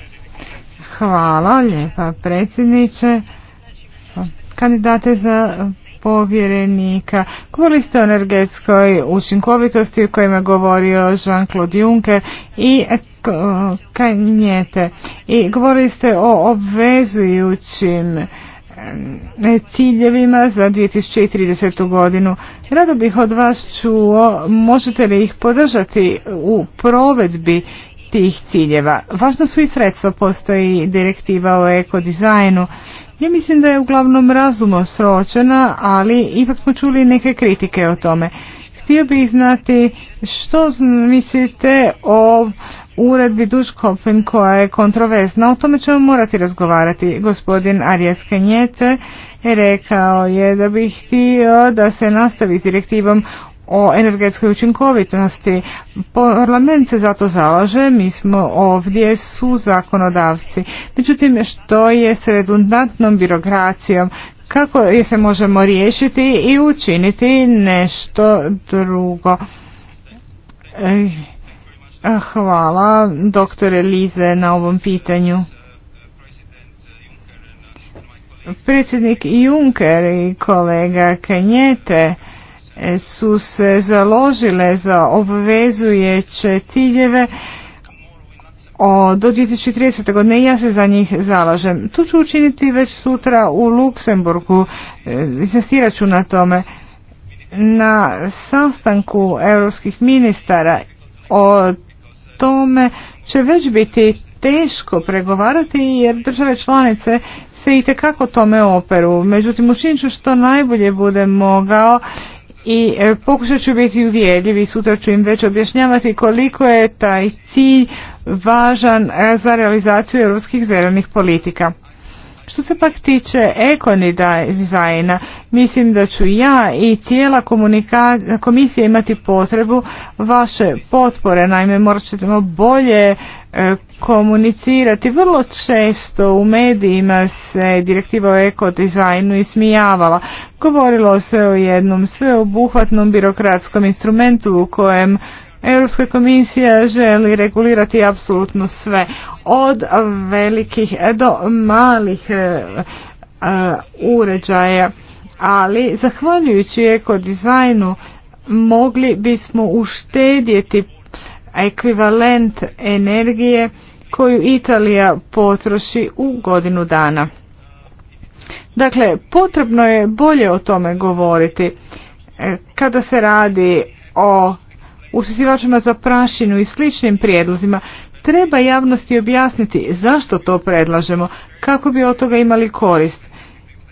Hvala, lijepa predsjedniče. Kandidate za povjerenika. Govorili ste o energetskoj učinkovitosti o kojima je govorio Jean-Claude Juncker i Kanjete. I govorili ste o obvezujućim E, ciljevima za 2030. godinu. Rado bih od vas čuo, možete li ih podržati u provedbi tih ciljeva. Važno su i sredstva, postoji direktiva o ekodizajnu. Ja mislim da je uglavnom razumo sročena, ali ipak smo čuli neke kritike o tome. Htio bih znati što mislite o uredbi Duškopin koja je kontroverzna. O tome ćemo morati razgovarati. Gospodin Arijes Kenjete rekao je da bih htio da se nastavi s direktivom o energetskoj učinkovitosti. Parlament se zato zalaže, mi smo ovdje su zakonodavci. Međutim, što je s redundantnom birokracijom kako se možemo riješiti i učiniti nešto drugo. Eh, hvala doktore Lize na ovom pitanju. Predsjednik Juncker i kolega Kanjete eh, su se založile za obvezujeće ciljeve do 2030. godine i ja se za njih zalažem. To ću učiniti već sutra u Luksemburgu, e, insistirat ću na tome. Na sastanku europskih ministara o tome će već biti teško pregovarati jer države članice se i tekako tome operu. Međutim, učinit ću što najbolje bude mogao i e, pokušat ću biti uvjerljiv i sutra ću im već objašnjavati koliko je taj cilj važan e, za realizaciju europskih zelenih politika. Što se pak tiče ekoni dizajna, mislim da ću ja i cijela komisija imati potrebu vaše potpore. Naime, morat ćemo bolje e, komunicirati. Vrlo često u medijima se direktiva o ekodizajnu ismijavala. Govorilo se o jednom sveobuhvatnom birokratskom instrumentu u kojem Europska komisija želi regulirati apsolutno sve od velikih do malih e, e, uređaja, ali zahvaljujući ekodizajnu mogli bismo uštedjeti ekvivalent energije koju Italija potroši u godinu dana. Dakle, potrebno je bolje o tome govoriti. E, kada se radi o usisivačima za prašinu i sličnim prijedlozima, treba javnosti objasniti zašto to predlažemo, kako bi od toga imali korist.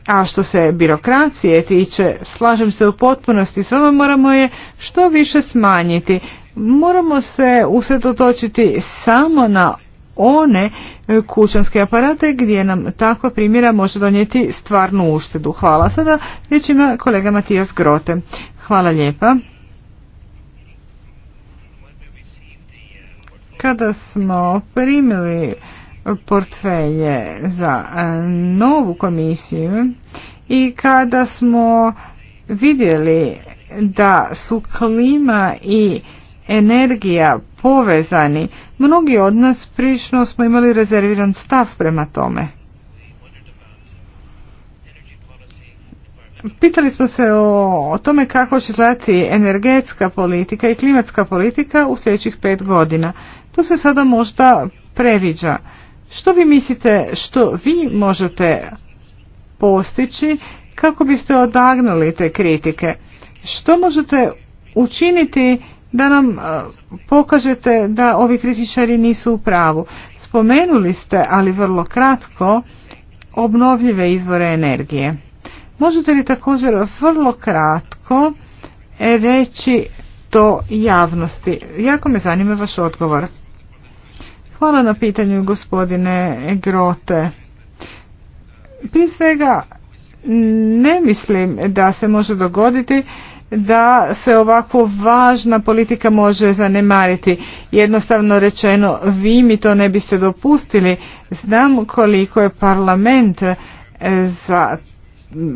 A što se birokracije tiče, slažem se u potpunosti, s vama moramo je što više smanjiti. Moramo se usredotočiti samo na one e, kućanske aparate gdje nam takva primjera može donijeti stvarnu uštedu. Hvala sada, već ima kolega Matijas Grote. Hvala lijepa. Kada smo primili portfelje za e, novu komisiju i kada smo vidjeli da su klima i energija povezani, mnogi od nas prilično smo imali rezerviran stav prema tome. Pitali smo se o, tome kako će izgledati energetska politika i klimatska politika u sljedećih pet godina. To se sada možda previđa. Što vi mislite što vi možete postići kako biste odagnuli te kritike? Što možete učiniti da nam e, pokažete da ovi kritičari nisu u pravu? Spomenuli ste, ali vrlo kratko, obnovljive izvore energije. Možete li također vrlo kratko reći to javnosti? Jako me zanima vaš odgovor. Hvala na pitanju gospodine Grote. Prije svega ne mislim da se može dogoditi da se ovako važna politika može zanemariti. Jednostavno rečeno, vi mi to ne biste dopustili. Znam koliko je parlament e, za,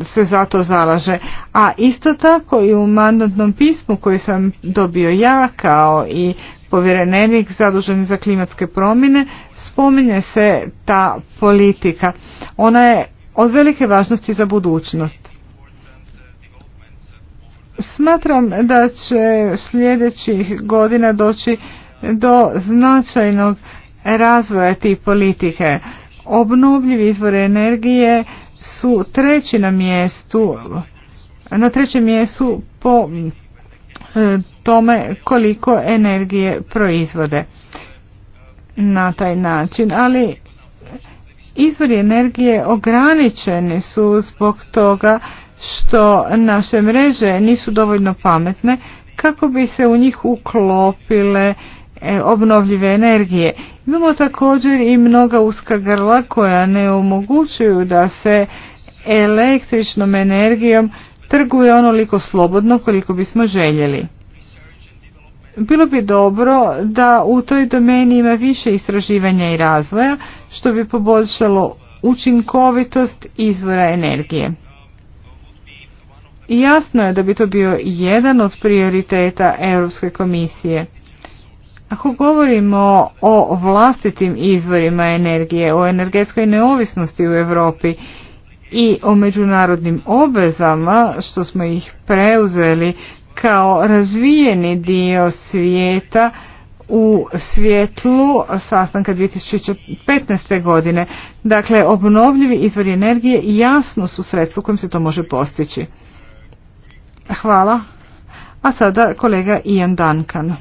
se za to zalaže. A isto tako i u mandatnom pismu koji sam dobio ja kao i povjerenik zadužen za klimatske promjene, spominje se ta politika. Ona je od velike važnosti za budućnost. Smatram da će sljedećih godina doći do značajnog razvoja tih politike. Obnovljivi izvore energije su treći na mjestu na trećem mjestu po E, tome koliko energije proizvode na taj način. Ali izvori energije ograničeni su zbog toga što naše mreže nisu dovoljno pametne kako bi se u njih uklopile e, obnovljive energije. Imamo također i mnoga uska grla koja ne omogućuju da se električnom energijom trguje onoliko slobodno koliko bismo željeli. Bilo bi dobro da u toj domeni ima više istraživanja i razvoja što bi poboljšalo učinkovitost izvora energije. I jasno je da bi to bio jedan od prioriteta Europske komisije. Ako govorimo o vlastitim izvorima energije, o energetskoj neovisnosti u Europi i o međunarodnim obvezama što smo ih preuzeli kao razvijeni dio svijeta u svjetlu sastanka 2015. godine. Dakle, obnovljivi izvori energije jasno su sredstvo kojim se to može postići. Hvala. A sada kolega Ian Duncan.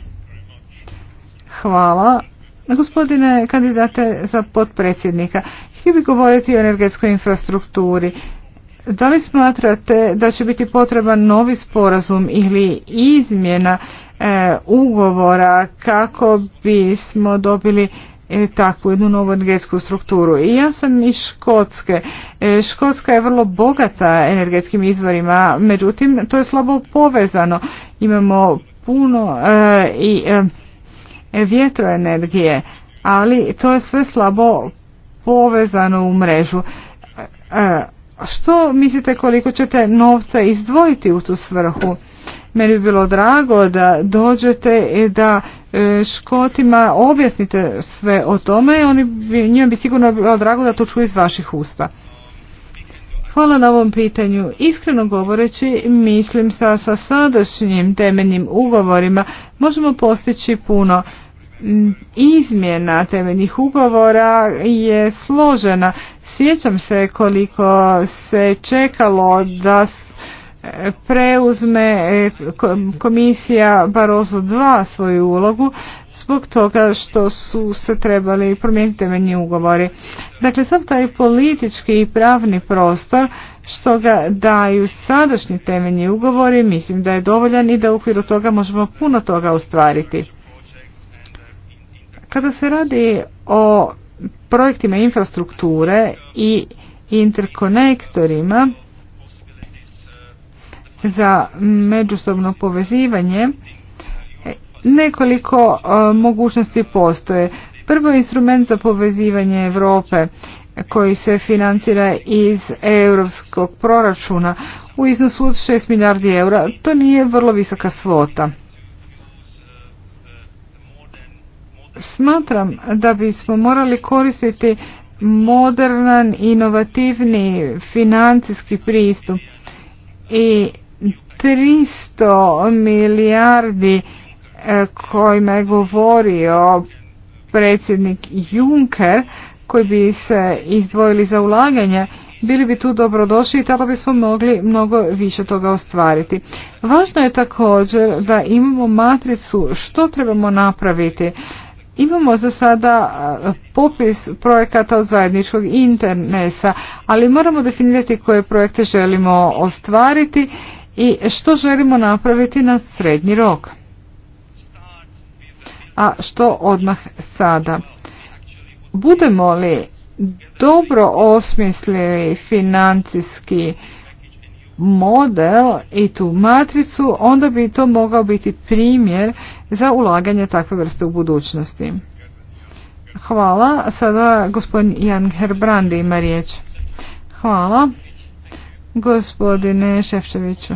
Hvala Gospodine kandidate za potpredsjednika, htio bi govoriti o energetskoj infrastrukturi. Da li smatrate da će biti potreban novi sporazum ili izmjena e, ugovora kako bismo dobili e, takvu jednu novu energetsku strukturu? I ja sam iz Škotske. E, Škotska je vrlo bogata energetskim izvorima, međutim to je slabo povezano. Imamo puno i vjetroenergije, ali to je sve slabo povezano u mrežu. E, što mislite koliko ćete novca izdvojiti u tu svrhu? Meni bi bilo drago da dođete i da e, Škotima objasnite sve o tome i oni, njima bi sigurno bilo drago da to čuje iz vaših usta. Hvala na ovom pitanju. Iskreno govoreći, mislim sa, sa sadašnjim temeljnim ugovorima možemo postići puno. Mm, izmjena temeljnih ugovora je složena. Sjećam se koliko se čekalo da preuzme e, komisija Barozo 2 svoju ulogu zbog toga što su se trebali promijeniti temeljni ugovori. Dakle, sam taj politički i pravni prostor što ga daju sadašnji temeljni ugovori, mislim da je dovoljan i da u okviru toga možemo puno toga ostvariti. Kada se radi o projektima infrastrukture i interkonektorima, za međusobno povezivanje nekoliko e, mogućnosti postoje. Prvo instrument za povezivanje Europe koji se financira iz europskog proračuna u iznosu od 6 milijardi eura. To nije vrlo visoka svota. Smatram da bismo morali koristiti modernan, inovativni financijski pristup i 300 milijardi e, kojima je govorio predsjednik Juncker koji bi se izdvojili za ulaganje bili bi tu dobrodošli i tada bismo mogli mnogo više toga ostvariti. Važno je također da imamo matricu što trebamo napraviti. Imamo za sada e, popis projekata od zajedničkog internesa, ali moramo definirati koje projekte želimo ostvariti i što želimo napraviti na srednji rok. A što odmah sada? Budemo li dobro osmislili financijski model i tu matricu, onda bi to mogao biti primjer za ulaganje takve vrste u budućnosti. Hvala. Sada gospodin Jan Herbrandi ima riječ. Hvala. Gospodine Ševčeviću.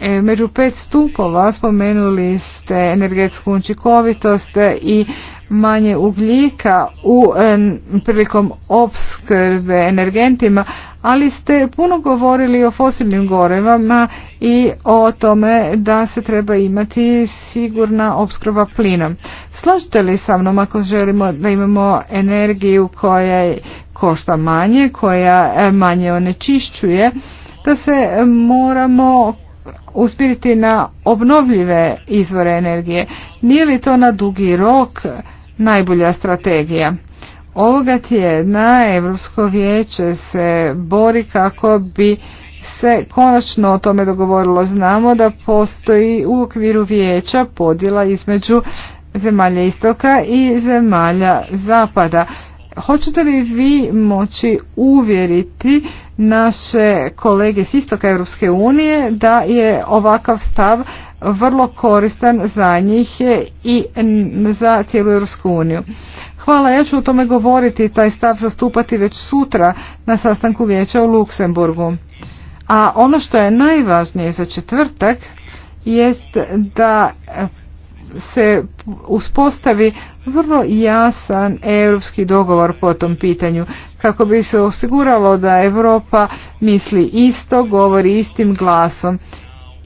E, među pet stupova spomenuli ste energetsku učinkovitost i manje ugljika u e, prilikom opskrbe energentima, ali ste puno govorili o fosilnim gorevama i o tome da se treba imati sigurna opskrba plinom. Složite li sa mnom ako želimo da imamo energiju koja košta manje, koja e, manje onečišćuje, da se moramo uspiriti na obnovljive izvore energije. Nije li to na dugi rok najbolja strategija? Ovoga tjedna Europsko vijeće se bori kako bi se konačno o tome dogovorilo. Znamo da postoji u okviru vijeća podjela između zemalja istoka i zemalja zapada. Hoćete li vi moći uvjeriti naše kolege s istoka Europske unije da je ovakav stav vrlo koristan za njih i za cijelu Europsku uniju? Hvala, ja ću o tome govoriti, taj stav zastupati već sutra na sastanku vijeća u Luksemburgu. A ono što je najvažnije za četvrtak jest da se uspostavi vrlo jasan europski dogovor po tom pitanju kako bi se osiguralo da Europa misli isto, govori istim glasom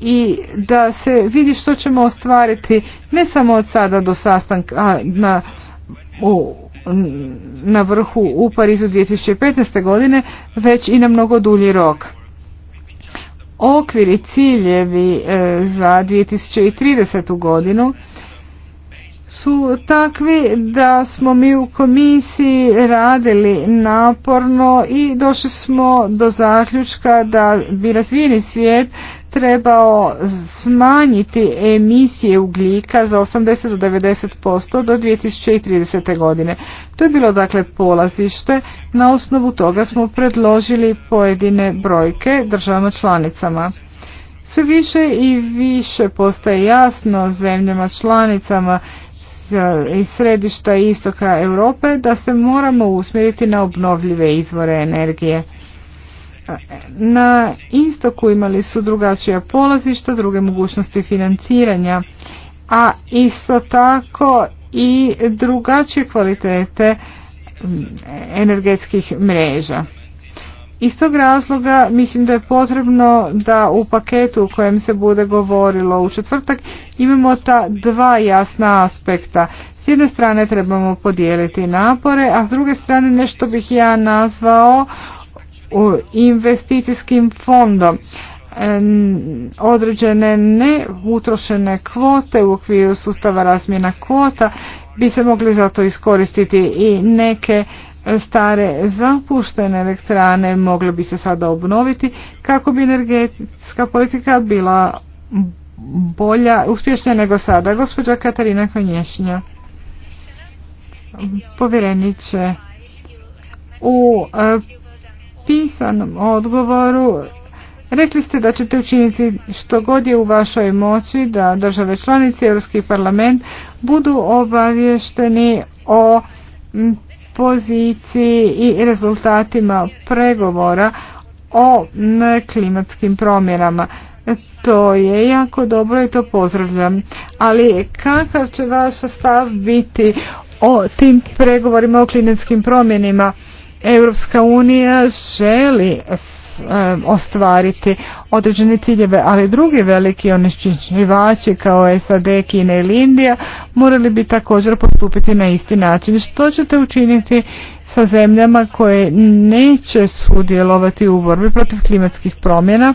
i da se vidi što ćemo ostvariti ne samo od sada do sastanka na, u, na vrhu u Parizu 2015. godine, već i na mnogo dulji rok. Okviri ciljevi e, za 2030. godinu su takvi da smo mi u komisiji radili naporno i došli smo do zaključka da bi razvijeni svijet trebao smanjiti emisije ugljika za 80 do 90% do 2030. godine. To je bilo dakle polazište. Na osnovu toga smo predložili pojedine brojke državama članicama. Sve više i više postaje jasno zemljama članicama iz središta istoka Europe da se moramo usmjeriti na obnovljive izvore energije. Na istoku imali su drugačija polazišta, druge mogućnosti financiranja, a isto tako i drugačije kvalitete energetskih mreža. Iz tog razloga mislim da je potrebno da u paketu u kojem se bude govorilo u četvrtak imamo ta dva jasna aspekta. S jedne strane trebamo podijeliti napore, a s druge strane nešto bih ja nazvao investicijskim fondom. Određene neutrošene kvote u okviru sustava razmjena kvota bi se mogli zato iskoristiti i neke Stare zapuštene elektrane mogle bi se sada obnoviti kako bi energetska politika bila bolja, uspješnija nego sada. Gospođa Katarina Konješnja, povjereniće, u e, pisanom odgovoru Rekli ste da ćete učiniti što god je u vašoj moći da države članice Europski parlament budu obavješteni o poziciji i rezultatima pregovora o klimatskim promjenama. To je jako dobro i to pozdravljam. Ali kakav će vaš stav biti o tim pregovorima o klimatskim promjenima? Europska unija želi Eh, ostvariti određene ciljeve, ali drugi veliki onečišćivači kao SAD, Kina ili Indija morali bi također postupiti na isti način. Što ćete učiniti sa zemljama koje neće sudjelovati u borbi protiv klimatskih promjena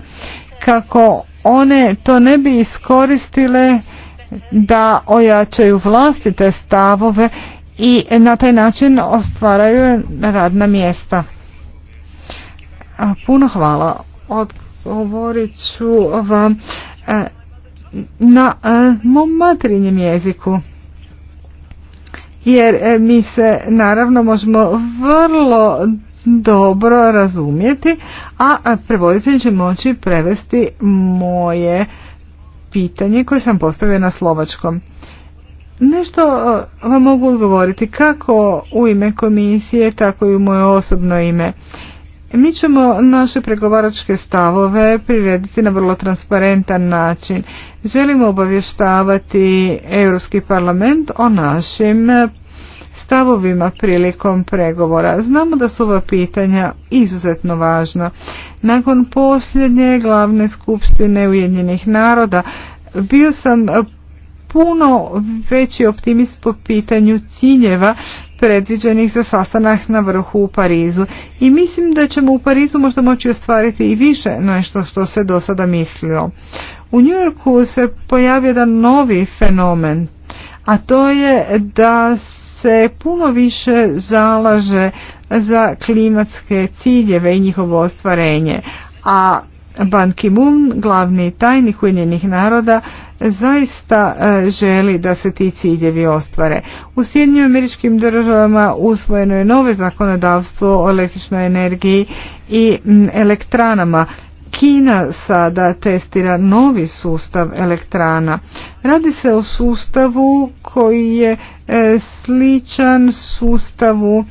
kako one to ne bi iskoristile da ojačaju vlastite stavove i na taj način ostvaraju radna mjesta. Puno hvala. Odgovorit ću vam e, na e, mom materinjem jeziku. Jer e, mi se naravno možemo vrlo dobro razumjeti, a prevoditelj će moći prevesti moje pitanje koje sam postavio na slovačkom. Nešto vam mogu odgovoriti kako u ime komisije, tako i u moje osobno ime. Mi ćemo naše pregovaračke stavove prirediti na vrlo transparentan način. Želimo obavještavati Europski parlament o našim stavovima prilikom pregovora. Znamo da su ova pitanja izuzetno važna. Nakon posljednje glavne skupštine Ujedinjenih naroda bio sam puno veći optimist po pitanju ciljeva predviđenih za sastanak na vrhu u Parizu. I mislim da ćemo u Parizu možda moći ostvariti i više nešto što se do sada mislilo. U Njujorku se pojavio jedan novi fenomen, a to je da se puno više zalaže za klimatske ciljeve i njihovo ostvarenje. A Ban Ki-moon, glavni tajnik Ujedinjenih naroda, zaista e, želi da se ti ciljevi ostvare. U Sjedinjim američkim državama usvojeno je nove zakonodavstvo o električnoj energiji i elektranama. Kina sada testira novi sustav elektrana. Radi se o sustavu koji je e, sličan sustavu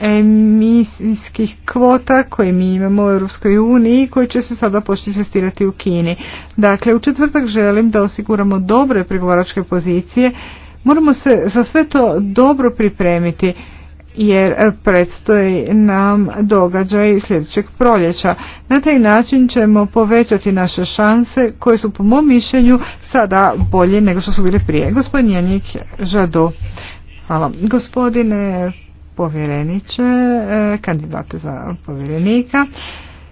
emisijskih kvota koje mi imamo u Europskoj uniji koji će se sada početi testirati u Kini. Dakle, u četvrtak želim da osiguramo dobre pregovaračke pozicije. Moramo se za sve to dobro pripremiti jer predstoji nam događaj sljedećeg proljeća. Na taj način ćemo povećati naše šanse koje su po mom mišljenju sada bolje nego što su bile prije. Gospodin Janik Žadu. Hvala. Gospodine povjereniče, e, kandidate za povjerenika.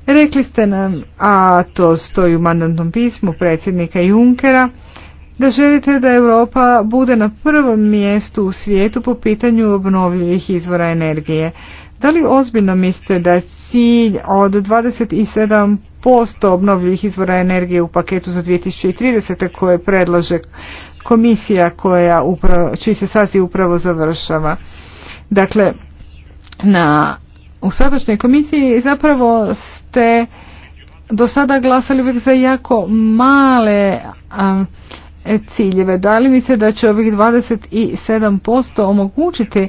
Rekli ste nam, a to stoji u mandatnom pismu predsjednika Junckera, da želite da Europa bude na prvom mjestu u svijetu po pitanju obnovljivih izvora energije. Da li ozbiljno mislite da cilj od 27% obnovljivih izvora energije u paketu za 2030. koje predlaže komisija koja čiji se sazi upravo završava, Dakle, na, u sadašnjoj komisiji zapravo ste do sada glasali uvijek za jako male ciljeve. Da li mi se da će ovih 27% omogućiti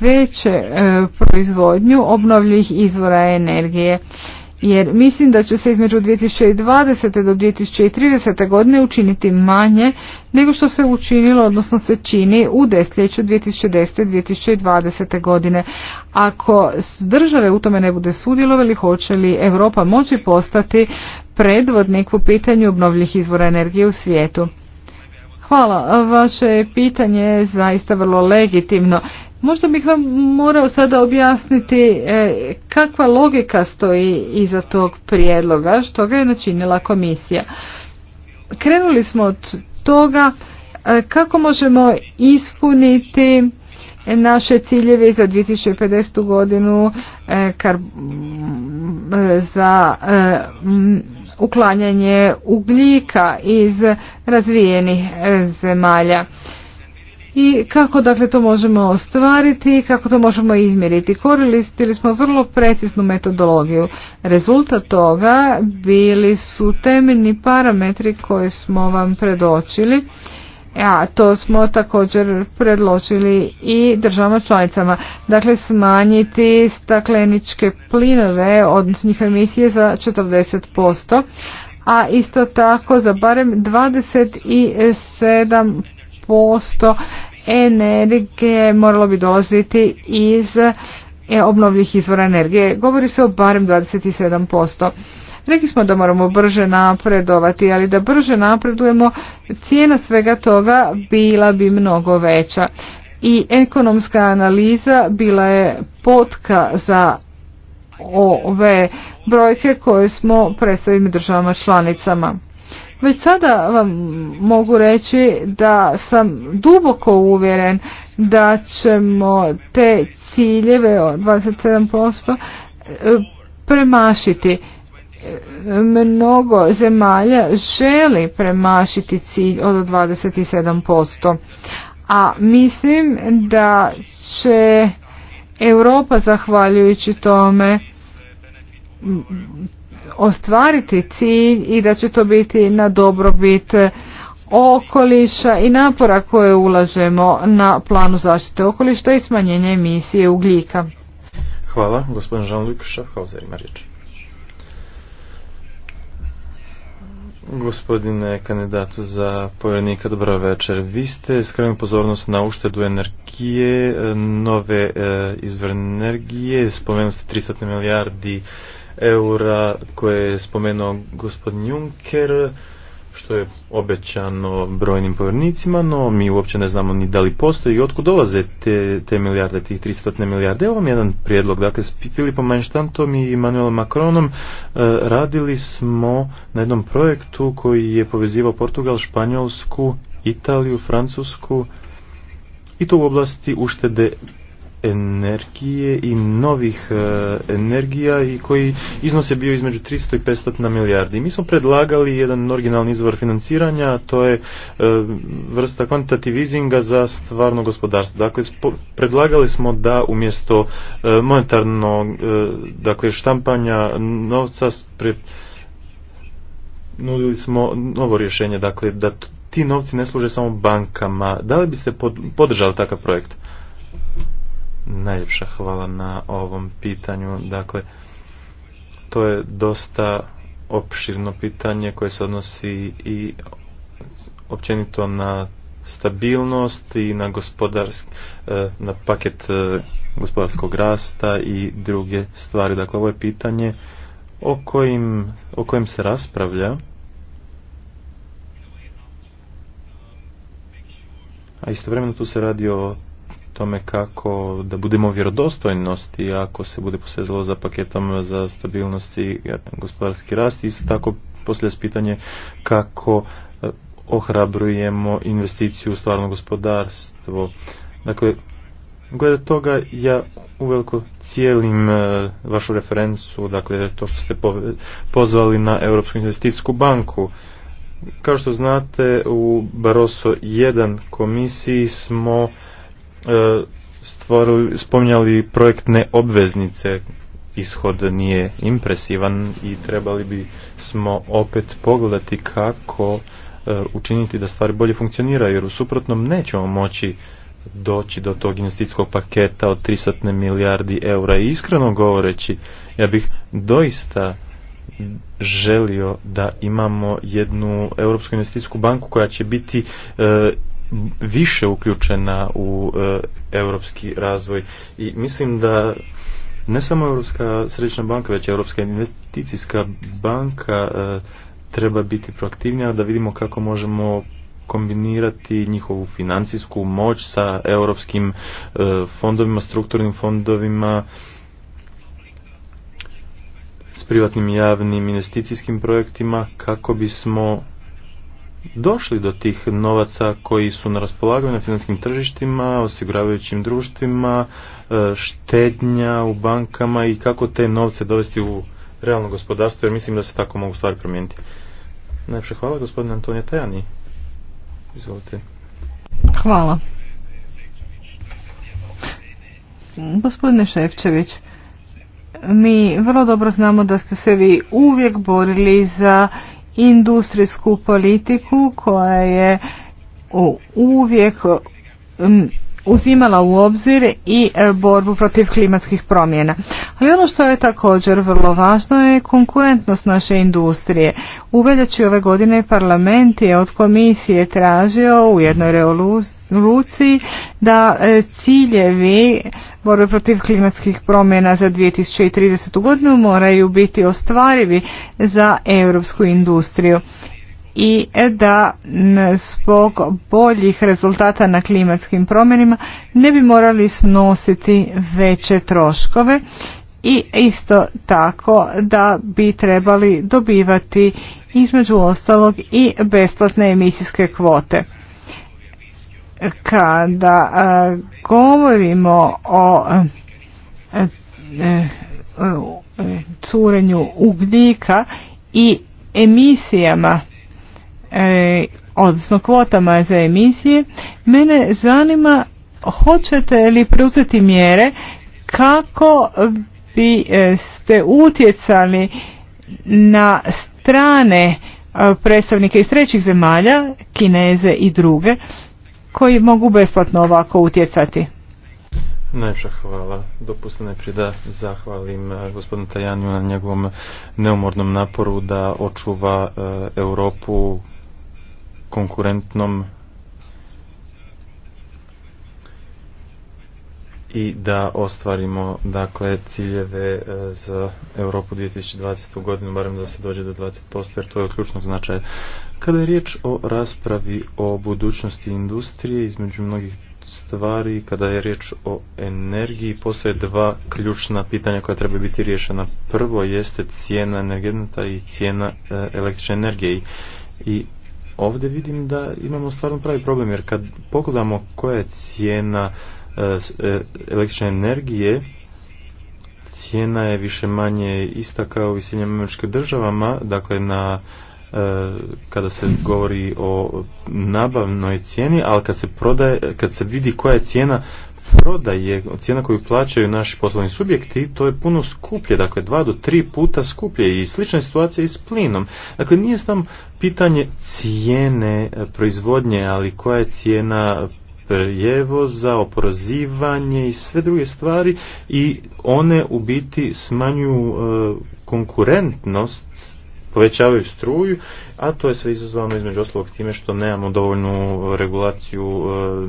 veće e, proizvodnju obnovljivih izvora energije? jer mislim da će se između 2020. do 2030. godine učiniti manje nego što se učinilo, odnosno se čini u desetljeću 2010. 2020. godine. Ako države u tome ne bude sudjelovali, hoće li Europa moći postati predvodnik po pitanju obnovljih izvora energije u svijetu? Hvala. Vaše pitanje je zaista vrlo legitimno. Možda bih vam morao sada objasniti e, kakva logika stoji iza tog prijedloga, što ga je načinila komisija. Krenuli smo od toga e, kako možemo ispuniti naše ciljeve za 2050. godinu e, za uklanjanje ugljika iz razvijenih zemalja i kako dakle to možemo ostvariti i kako to možemo izmjeriti. Koristili smo vrlo preciznu metodologiju. Rezultat toga bili su temeljni parametri koje smo vam predočili. A to smo također predločili i državama članicama. Dakle, smanjiti stakleničke plinove, odnosno njihove emisije za 40%, a isto tako za barem 27% posto energije moralo bi dolaziti iz e, obnovljivih izvora energije. Govori se o barem 27%. Rekli smo da moramo brže napredovati, ali da brže napredujemo, cijena svega toga bila bi mnogo veća. I ekonomska analiza bila je potka za ove brojke koje smo predstavili državama članicama. Već sada vam mogu reći da sam duboko uvjeren da ćemo te ciljeve od 27% e, premašiti. E, mnogo zemalja želi premašiti cilj od 27%. A mislim da će Europa zahvaljujući tome ostvariti cilj i da će to biti na dobrobit okoliša i napora koje ulažemo na planu zaštite okolišta i smanjenje emisije ugljika. Hvala, gospodin Jean-Luc Schaffhauser ima riječ. Gospodine kandidatu za povjerenika, dobro večer. Vi ste skrenuli pozornost na uštedu energije, nove e, izvore energije, spomenuli ste 300 milijardi eura koje je spomenuo gospodin Juncker, što je obećano brojnim povjernicima, no mi uopće ne znamo ni da li postoji i otkud dolaze te, te milijarde, tih 300 milijarde. Evo vam jedan prijedlog, dakle s Filipom Manštantom i Manuelom Macronom e, radili smo na jednom projektu koji je povezivao Portugal, Španjolsku, Italiju, Francusku i to u oblasti uštede energije i novih e, energija i koji iznos je bio između 300 i 500 na milijardi. Mi smo predlagali jedan originalni izvor financiranja, to je e, vrsta kvantitativizinga za stvarno gospodarstvo. Dakle, predlagali smo da umjesto e, monetarnog dakle, štampanja novca nudili smo novo rješenje, dakle, da ti novci ne služe samo bankama. Da li biste podržali takav projekt? Najljepša hvala na ovom pitanju. Dakle, to je dosta opširno pitanje koje se odnosi i općenito na stabilnost i na gospodarski e, na paket e, gospodarskog rasta i druge stvari. Dakle, ovo je pitanje o kojim, o kojim se raspravlja. A istovremeno tu se radi o tome kako da budemo vjerodostojnosti ako se bude posezalo za paketom za stabilnost i gospodarski rast. Isto tako poslije pitanje kako e, ohrabrujemo investiciju u stvarno gospodarstvo. Dakle, glede toga ja uveliko cijelim e, vašu referencu, dakle to što ste pozvali na Europsku investicijsku banku. Kao što znate, u Baroso 1 komisiji smo E, stvorili, spominjali projektne obveznice ishod nije impresivan i trebali bi smo opet pogledati kako e, učiniti da stvari bolje funkcioniraju jer u suprotnom nećemo moći doći do tog investicijskog paketa od 300 milijardi eura i iskreno govoreći ja bih doista želio da imamo jednu Europsku investicijsku banku koja će biti e, više uključena u e, europski razvoj i mislim da ne samo Europska središnja banka, već Europska investicijska banka e, treba biti proaktivnija da vidimo kako možemo kombinirati njihovu financijsku moć sa europskim e, fondovima, strukturnim fondovima, s privatnim i javnim investicijskim projektima kako bismo došli do tih novaca koji su na raspolaganju na financijskim tržištima, osiguravajućim društvima, e, štednja u bankama i kako te novce dovesti u realno gospodarstvo, jer mislim da se tako mogu stvari promijeniti. Najpše hvala gospodine Antonije Tajani. Izvolite. Hvala. Gospodine Ševčević, mi vrlo dobro znamo da ste se vi uvijek borili za industrijsku politiku koja je uvijek uzimala u obzir i e, borbu protiv klimatskih promjena. Ali ono što je također vrlo važno je konkurentnost naše industrije. U ove godine parlament je od komisije tražio u jednoj revoluciji da e, ciljevi borbe protiv klimatskih promjena za 2030. godinu moraju biti ostvarivi za europsku industriju i da zbog boljih rezultata na klimatskim promjenima ne bi morali snositi veće troškove i isto tako da bi trebali dobivati između ostalog i besplatne emisijske kvote. Kada govorimo o e, e, curenju ugljika i emisijama E, odnosno kvotama za emisije, mene zanima hoćete li preuzeti mjere kako bi e, ste utjecali na strane e, predstavnike iz trećih zemalja, kineze i druge, koji mogu besplatno ovako utjecati. Najpša hvala. Dopustite najprije da zahvalim gospodinu Tajaniju na njegovom neumornom naporu da očuva Europu konkurentnom i da ostvarimo dakle ciljeve e, za Europu 2020. godinu barem da se dođe do 20% jer to je od ključnog značaja. Kada je riječ o raspravi o budućnosti industrije između mnogih stvari, kada je riječ o energiji, postoje dva ključna pitanja koja treba biti riješena. Prvo jeste cijena energetnata i cijena e, električne energije i ovdje vidim da imamo stvarno pravi problem jer kad pogledamo koja je cijena e, e, električne energije cijena je više manje ista kao u Sjedinjim američkim državama dakle na e, kada se govori o nabavnoj cijeni, ali kad se prodaje, kad se vidi koja je cijena prodaje, cijena koju plaćaju naši poslovni subjekti, to je puno skuplje, dakle dva do tri puta skuplje i slična je situacija i s plinom. Dakle, nije samo pitanje cijene proizvodnje, ali koja je cijena prijevoza, oporozivanje i sve druge stvari i one u biti smanjuju e, konkurentnost povećavaju struju, a to je sve izazvano između oslovog time što nemamo dovoljnu regulaciju e,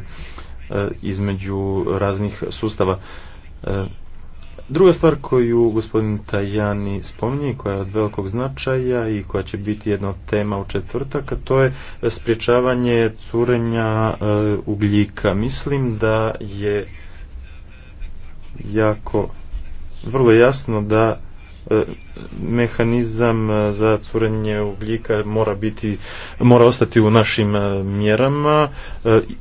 E, između raznih sustava. E, druga stvar koju gospodin Tajani spominje i koja je od velikog značaja i koja će biti jedna od tema u četvrtak, a to je sprječavanje curenja e, ugljika. Mislim da je jako vrlo jasno da E, mehanizam e, za curenje ugljika mora biti mora ostati u našim e, mjerama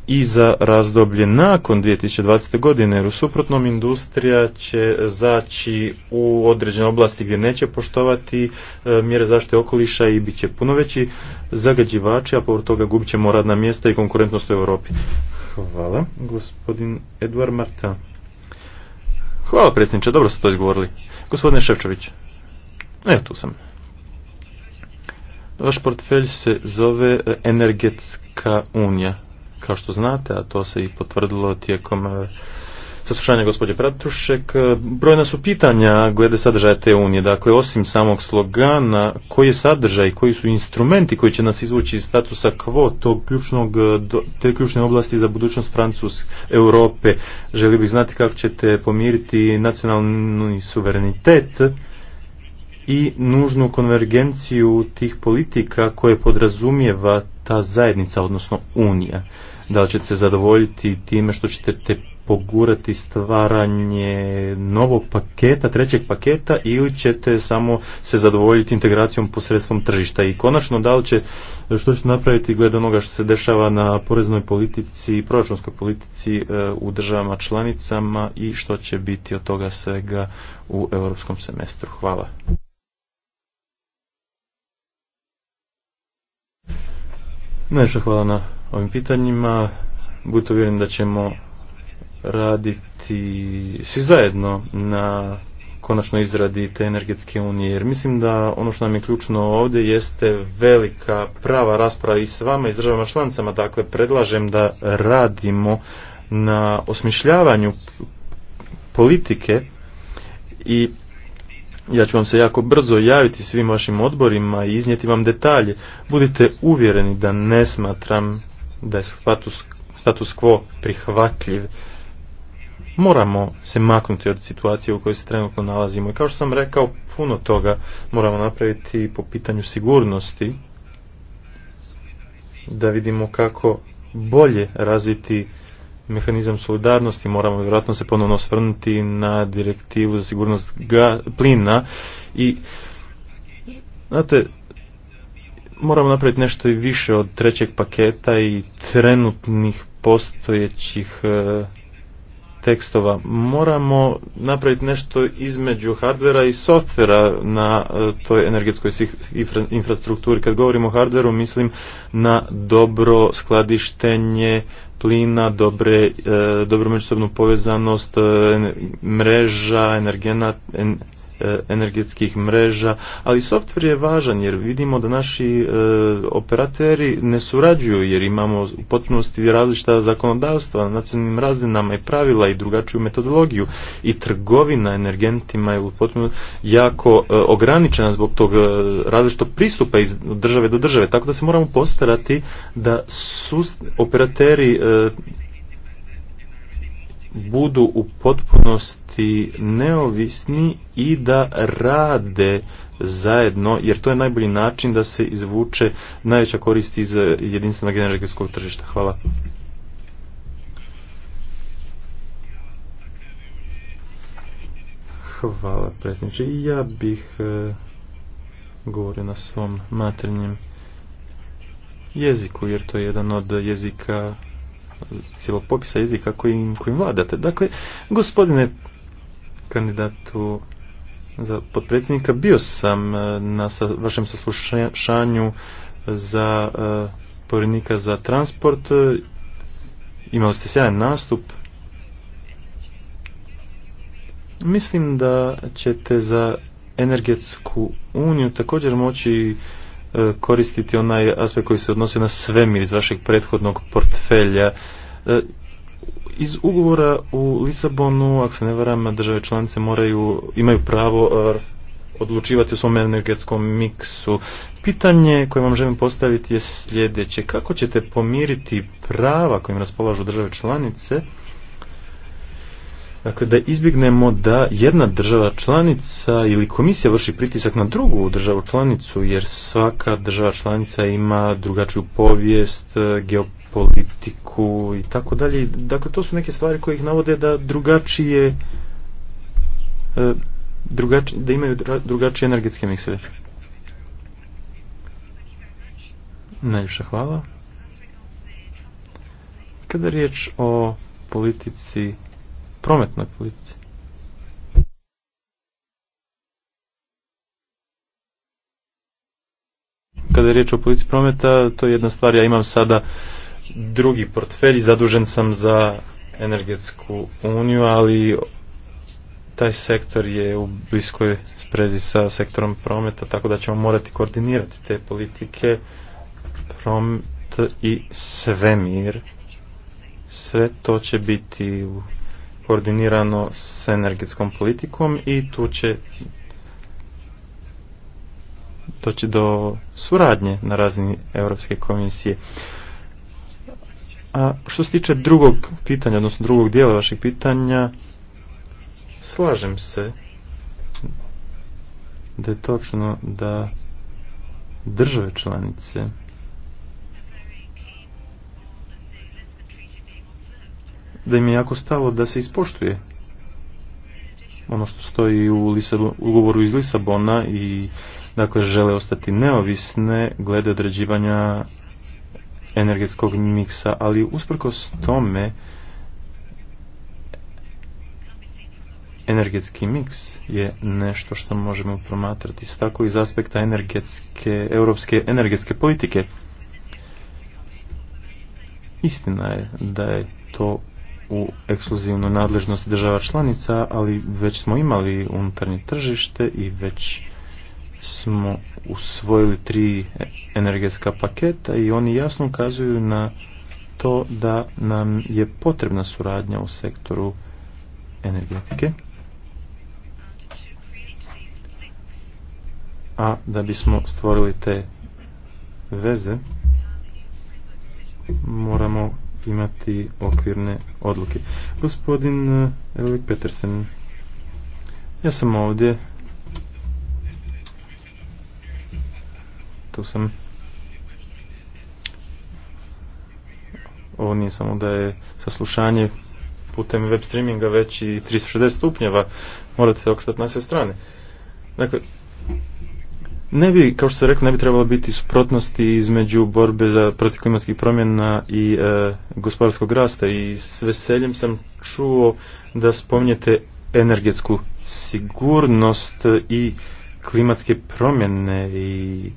i za razdoblje nakon 2020. godine jer u suprotnom industrija će zaći u određene oblasti gdje neće poštovati mjere zaštite okoliša i bit će puno veći zagađivači a povr toga gubit ćemo radna mjesta i konkurentnost u Europi. Hvala gospodin Eduard Marta. Hvala predsjedniče, dobro ste to izgovorili. Gospodine Ševčević, evo tu sam. Vaš portfelj se zove e, Energetska unija. Kao što znate, a to se i potvrdilo tijekom e, saslušanja gospođe Pratušek. E, brojna su pitanja glede sadržaja te unije. Dakle, osim samog slogana, koji je sadržaj, koji su instrumenti koji će nas izvući iz statusa quo tog ključnog, e, te ključne oblasti za budućnost Francuske, Europe. Želio bih znati kako ćete pomiriti nacionalni suverenitet i nužnu konvergenciju tih politika koje podrazumijeva ta zajednica, odnosno unija da li ćete se zadovoljiti time što ćete te pogurati stvaranje novog paketa, trećeg paketa ili ćete samo se zadovoljiti integracijom posredstvom tržišta i konačno da li će, što ćete napraviti glede onoga što se dešava na poreznoj politici i proračunskoj politici e, u državama članicama i što će biti od toga svega u europskom semestru. Hvala. Najviše hvala na ovim pitanjima. Budite uvjereni da ćemo raditi svi zajedno na konačno izradi te energetske unije. Jer mislim da ono što nam je ključno ovdje jeste velika prava rasprava i s vama i s državama članicama. Dakle, predlažem da radimo na osmišljavanju politike i ja ću vam se jako brzo javiti svim vašim odborima i iznijeti vam detalje. Budite uvjereni da ne smatram da je status quo prihvatljiv moramo se maknuti od situacije u kojoj se trenutno nalazimo. I kao što sam rekao, puno toga moramo napraviti po pitanju sigurnosti, da vidimo kako bolje razviti mehanizam solidarnosti. Moramo vjerojatno se ponovno osvrnuti na direktivu za sigurnost plina i znate, moramo napraviti nešto i više od trećeg paketa i trenutnih postojećih eh, tekstova. Moramo napraviti nešto između hardvera i softvera na e, toj energetskoj infrastrukturi. Kad govorimo o hardveru, mislim na dobro skladištenje plina, dobre, e, dobru međusobnu povezanost e, mreža, energena, E, energetskih mreža, ali softver je važan jer vidimo da naši e, operateri ne surađuju jer imamo u potpunosti različita zakonodavstva na nacionalnim razinama i pravila i drugačiju metodologiju i trgovina energentima je potpunosti jako e, ograničena zbog tog različitog pristupa iz države do države, tako da se moramo postarati da operateri budu u potpunosti biti neovisni i da rade zajedno, jer to je najbolji način da se izvuče najveća korist iz eh, jedinstvenog energetskog tržišta. Hvala. Hvala predsjedniče. Ja bih eh, govorio na svom maternjem jeziku, jer to je jedan od jezika eh, cijelog popisa jezika kojim, kojim vladate. Dakle, gospodine kandidatu za potpredsjednika. Bio sam e, na vašem saslušanju za e, povjerenika za transport. Imali ste sjajan nastup. Mislim da ćete za energetsku uniju također moći e, koristiti onaj aspekt koji se odnosi na svemir iz vašeg prethodnog portfelja iz ugovora u Lisabonu, ako se ne varam, države članice moraju, imaju pravo e, odlučivati o svom energetskom miksu. Pitanje koje vam želim postaviti je sljedeće. Kako ćete pomiriti prava kojim raspolažu države članice Dakle, da izbjegnemo da jedna država članica ili komisija vrši pritisak na drugu državu članicu, jer svaka država članica ima drugačiju povijest, geopolitiku, politiku i tako dalje. Dakle, to su neke stvari koje ih navode da drugačije e, da imaju drugačije energetske mikseve. Najljepša hvala. Kada je riječ o politici, prometnoj politici, kada je riječ o politici prometa, to je jedna stvar, ja imam sada drugi portfelj, zadužen sam za energetsku uniju, ali taj sektor je u bliskoj sprezi sa sektorom prometa, tako da ćemo morati koordinirati te politike promet i svemir. Sve to će biti koordinirano s energetskom politikom i tu će doći do suradnje na razini Europske komisije. A što se tiče drugog pitanja, odnosno drugog dijela vašeg pitanja, slažem se da je točno da države članice da im je jako stalo da se ispoštuje ono što stoji u ugovoru iz Lisabona i dakle žele ostati neovisne glede određivanja energetskog miksa, ali usprkos tome energetski miks je nešto što možemo promatrati svako tako iz aspekta energetske, europske energetske politike. Istina je da je to u ekskluzivnoj nadležnosti država članica, ali već smo imali unutarnje tržište i već smo usvojili tri energetska paketa i oni jasno ukazuju na to da nam je potrebna suradnja u sektoru energetike. A da bismo stvorili te veze moramo imati okvirne odluke. Gospodin Elik Petersen, ja sam ovdje tu sam. Ovo nije samo da je saslušanje putem web streaminga već i 360 stupnjeva. Morate se okretati na sve strane. Dakle, ne bi, kao što ste rekli, ne bi trebalo biti suprotnosti između borbe za protiv klimatskih promjena i e, gospodarskog rasta i s veseljem sam čuo da spominjete energetsku sigurnost i klimatske promjene i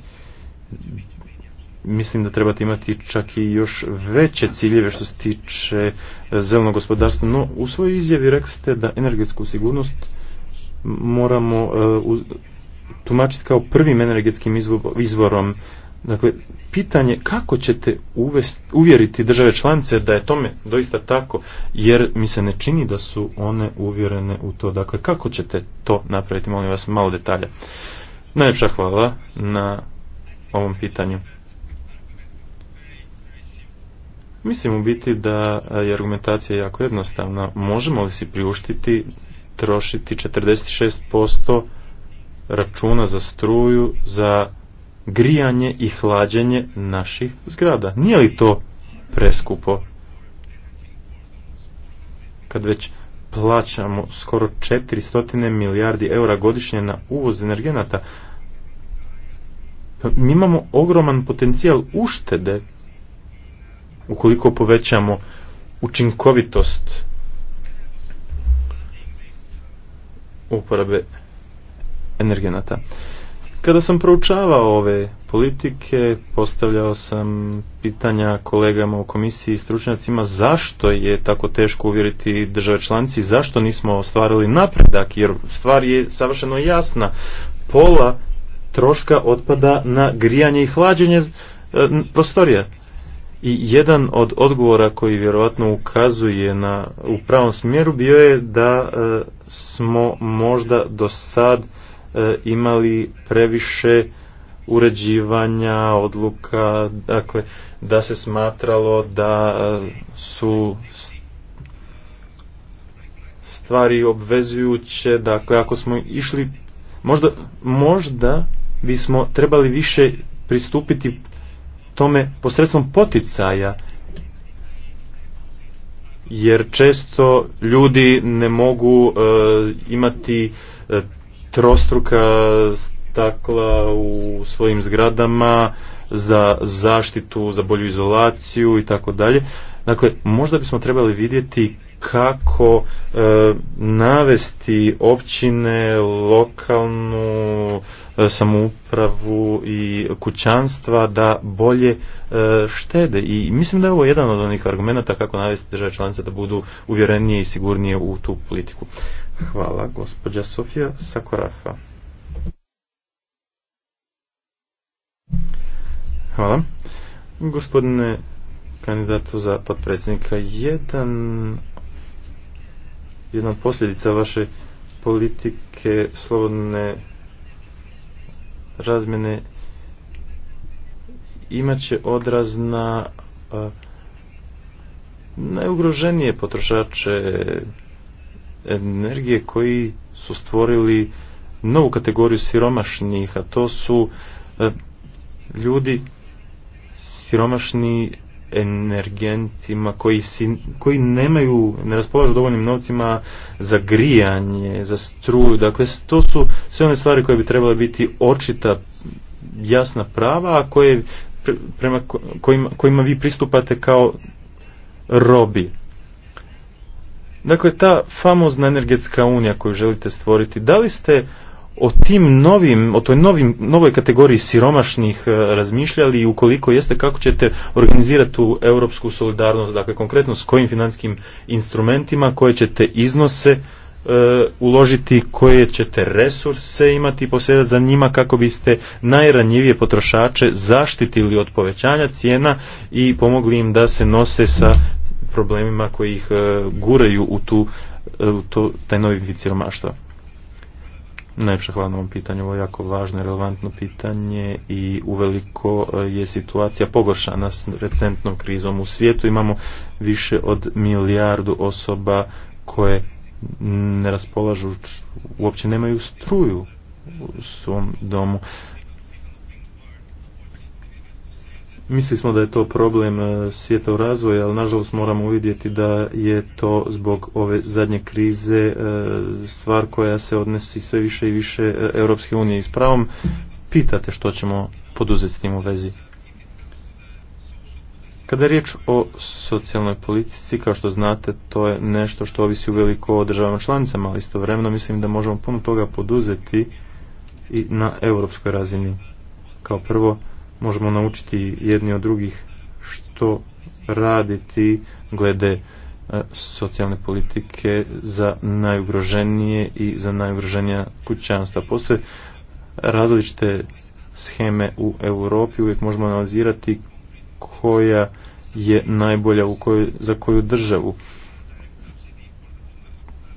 mislim da trebate imati čak i još veće ciljeve što se tiče e, zelenog gospodarstva, no u svojoj izjavi rekli ste da energetsku sigurnost moramo e, tumačiti kao prvim energetskim izvorom. Dakle, pitanje kako ćete uvjeriti države članice da je tome doista tako, jer mi se ne čini da su one uvjerene u to. Dakle, kako ćete to napraviti, molim vas, malo detalja. Najljepša hvala na ovom pitanju. Mislim u biti da je argumentacija jako jednostavna. Možemo li si priuštiti trošiti 46% računa za struju, za grijanje i hlađenje naših zgrada? Nije li to preskupo? Kad već plaćamo skoro 400 milijardi eura godišnje na uvoz energenata, mi imamo ogroman potencijal uštede ukoliko povećamo učinkovitost uporabe energenata. Kada sam proučavao ove politike, postavljao sam pitanja kolegama u komisiji i stručnjacima zašto je tako teško uvjeriti države članci, zašto nismo ostvarili napredak, jer stvar je savršeno jasna. Pola troška otpada na grijanje i hlađenje e, prostorija. I jedan od odgovora koji vjerojatno ukazuje na, u pravom smjeru bio je da e, smo možda do sad e, imali previše uređivanja, odluka, dakle da se smatralo da su stvari obvezujuće, dakle ako smo išli možda, možda bismo trebali više pristupiti tome posredstvom poticaja jer često ljudi ne mogu e, imati e, trostruka stakla u svojim zgradama za zaštitu, za bolju izolaciju i tako dalje. Dakle, možda bismo trebali vidjeti kako e, navesti općine, lokalnu e, samoupravu i kućanstva da bolje e, štede. I mislim da je ovo jedan od onih argumenta kako navesti države članice da budu uvjerenije i sigurnije u tu politiku. Hvala, gospođa Sofija Sakorafa. Hvala. Gospodine kandidatu za potpredsjednika, jedan jedna od posljedica vaše politike slobodne razmjene imat će odraz na najugroženije potrošače energije koji su stvorili novu kategoriju siromašnih, a to su ljudi siromašni energentima koji, si, koji nemaju, ne raspolažu dovoljnim novcima za grijanje, za struju. Dakle, to su sve one stvari koje bi trebale biti očita, jasna prava, a koje, prema kojima, kojima vi pristupate kao robi. Dakle, ta famozna energetska unija koju želite stvoriti, da li ste o tim novim, o toj novim, novoj kategoriji siromašnih e, razmišljali i ukoliko jeste kako ćete organizirati tu europsku solidarnost, dakle konkretno s kojim financijskim instrumentima, koje ćete iznose e, uložiti, koje ćete resurse imati i posjedati za njima kako biste najranjivije potrošače zaštitili od povećanja cijena i pomogli im da se nose sa problemima koji ih e, guraju u tu, taj novi siromaštva. Najpša hvala na ovom pitanju, ovo je jako važno i relevantno pitanje i uveliko e, je situacija pogoršana s recentnom krizom u svijetu. Imamo više od milijardu osoba koje ne raspolažu, uopće nemaju struju u svom domu. Mislili smo da je to problem e, svijeta u razvoju, ali nažalost moramo uvidjeti da je to zbog ove zadnje krize e, stvar koja se odnosi sve više i više e, Europske unije. I s pravom pitate što ćemo poduzeti s tim u vezi. Kada je riječ o socijalnoj politici, kao što znate, to je nešto što ovisi veliko o državama članicama, ali istovremeno mislim da možemo puno toga poduzeti i na europskoj razini. Kao prvo, možemo naučiti jedni od drugih što raditi glede e, socijalne politike za najugroženije i za najugroženija kućanstva. Postoje različite scheme u Europi, uvijek možemo analizirati koja je najbolja u kojoj, za koju državu.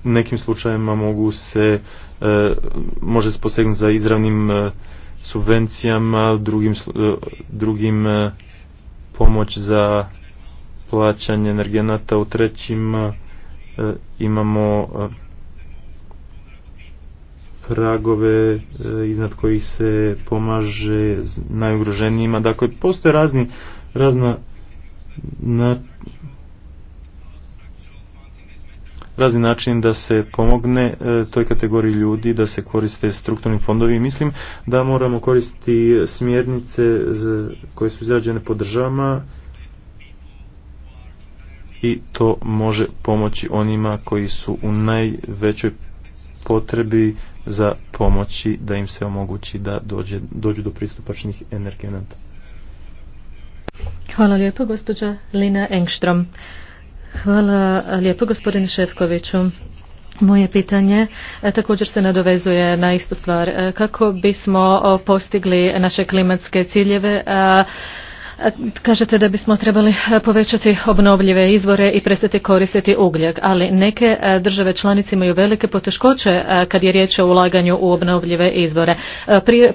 U nekim slučajevima mogu se, e, može se posegnuti za izravnim e, subvencijama, drugim, e, drugim e, pomoć za plaćanje energenata u trećim e, imamo pragove iznad kojih se pomaže najugroženijima. Dakle, postoje razni, razna na, razni način da se pomogne e, toj kategoriji ljudi da se koriste strukturni fondovi. Mislim da moramo koristiti smjernice koje su izrađene po državama i to može pomoći onima koji su u najvećoj potrebi za pomoći da im se omogući da dođe, dođu do pristupačnih energenata. Hvala lijepo, gospođa Lina Engstrom. Hvala lijepo gospodine Šefkoviću. Moje pitanje e, također se nadovezuje na istu stvar. E, kako bismo postigli naše klimatske ciljeve, Kažete da bismo trebali e, povećati obnovljive izvore i prestati koristiti ugljak, ali neke e, države članice imaju velike poteškoće e, kad je riječ o ulaganju u obnovljive izvore.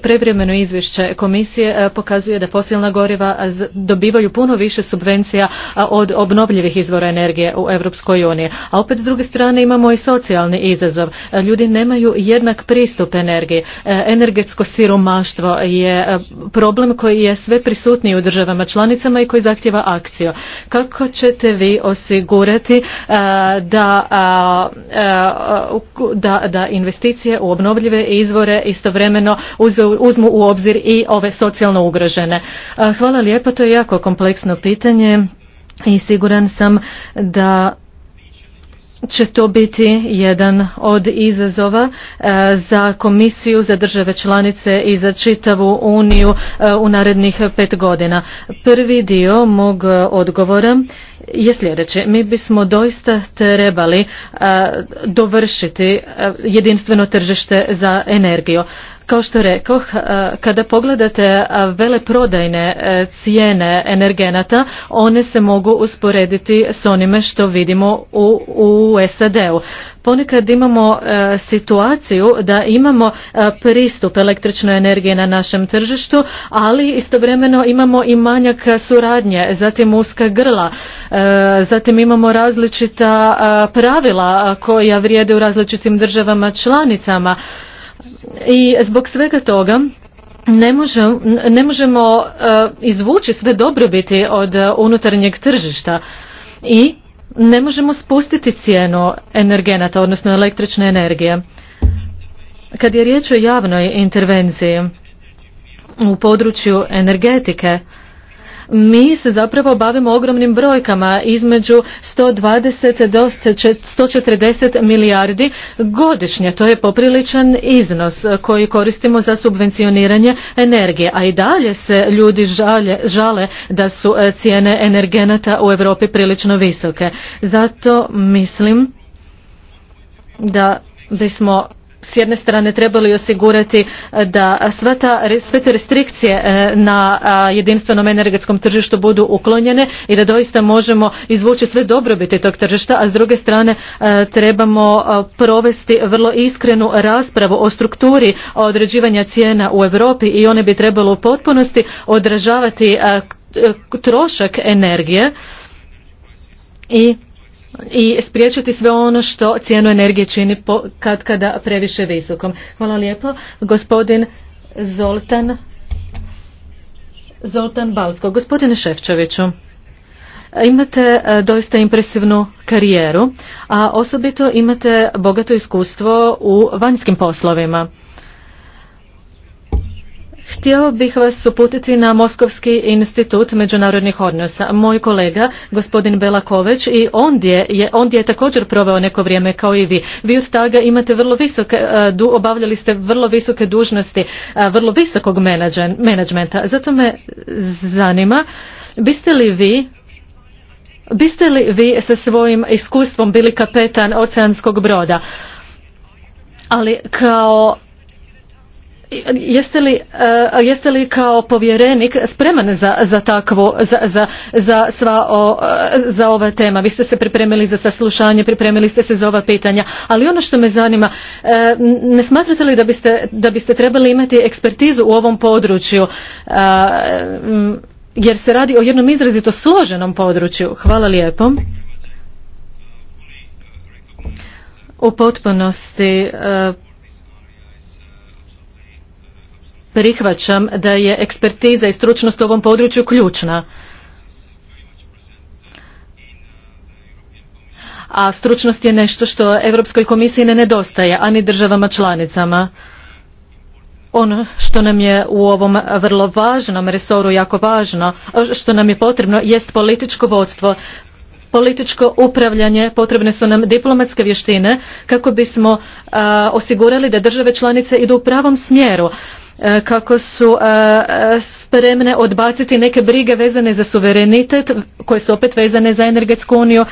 Prevremeno izvješće komisije pokazuje da fosilna goriva dobivaju puno više subvencija od obnovljivih izvora energije u Europskoj uniji. A opet s druge strane imamo i socijalni izazov. Ljudi nemaju jednak pristup energiji. Energetsko siromaštvo je problem koji je sve prisutniji u državama državama članicama i koji zahtjeva akciju. Kako ćete vi osigurati e, da, e, da, da investicije u obnovljive izvore istovremeno uzmu u obzir i ove socijalno ugrožene? Hvala lijepo, to je jako kompleksno pitanje i siguran sam da će to biti jedan od izazova e, za komisiju, za države članice i za čitavu uniju e, u narednih pet godina. Prvi dio mog e, odgovora je sljedeće. Mi bismo doista trebali dovršiti jedinstveno tržište za energiju. Kao što rekoh, e, kada pogledate e, veleprodajne e, cijene energenata, one se mogu usporediti s onime što vidimo u, u SAD-u. Ponekad imamo situaciju da imamo pristup električnoj energiji na našem tržištu, ali istovremeno imamo i manjak suradnje, zatim uska grla, zatim imamo različita pravila koja vrijede u različitim državama članicama. I zbog svega toga ne možemo, ne možemo e, izvući sve dobrobiti od e, unutarnjeg tržišta i ne možemo spustiti cijenu energenata, odnosno električne energije. Kad je riječ o javnoj intervenciji u području energetike, mi se zapravo bavimo ogromnim brojkama između 120 do 140 milijardi godišnje. To je popriličan iznos koji koristimo za subvencioniranje energije, a i dalje se ljudi žale da su e, cijene energenata u Europi prilično visoke. Zato mislim da bismo s jedne strane trebali osigurati e, da sve, sve te restrikcije e, na jedinstvenom energetskom tržištu budu uklonjene i da doista možemo izvući sve dobrobiti tog tržišta, a s druge strane e, trebamo provesti vrlo iskrenu raspravu o strukturi određivanja cijena u Europi i one bi trebalo u potpunosti odražavati trošak energije i i spriječiti sve ono što cijenu energije čini kad kada previše visokom. Hvala lijepo. Gospodin Zoltan Zoltan Balsko. Gospodine Ševčeviću, imate e, doista impresivnu karijeru, a osobito imate bogato iskustvo u vanjskim poslovima. Htio bih vas uputiti na Moskovski institut međunarodnih odnosa. Moj kolega, gospodin Belaković, i ondje je, ondje je također proveo neko vrijeme kao i vi. Vi od taga imate vrlo visoke, e, obavljali ste vrlo visoke dužnosti, e, vrlo visokog menadžmenta. Zato me zanima, biste li vi Biste li vi sa svojim iskustvom bili kapetan oceanskog broda? Ali kao Jeste li, e, jeste li kao povjerenik spreman za, za takvo, za, za, za sva o, e, za ova tema? Vi ste se pripremili za saslušanje, pripremili ste se za ova pitanja, ali ono što me zanima, e, ne smatrate li da biste, da biste trebali imati ekspertizu u ovom području, jer se radi o jednom izrazito složenom području? Hvala lijepo. U potpunosti prihvaćam da je ekspertiza i stručnost u ovom području ključna. A stručnost je nešto što Europskoj komisiji ne nedostaje, a ni državama članicama. Ono što nam je u ovom vrlo važnom resoru jako važno, što nam je potrebno, jest političko vodstvo političko upravljanje, potrebne su nam diplomatske vještine kako bismo osigurali da države članice idu u pravom smjeru kako su spremne odbaciti neke brige vezane za suverenitet koje su opet vezane za energetsku uniju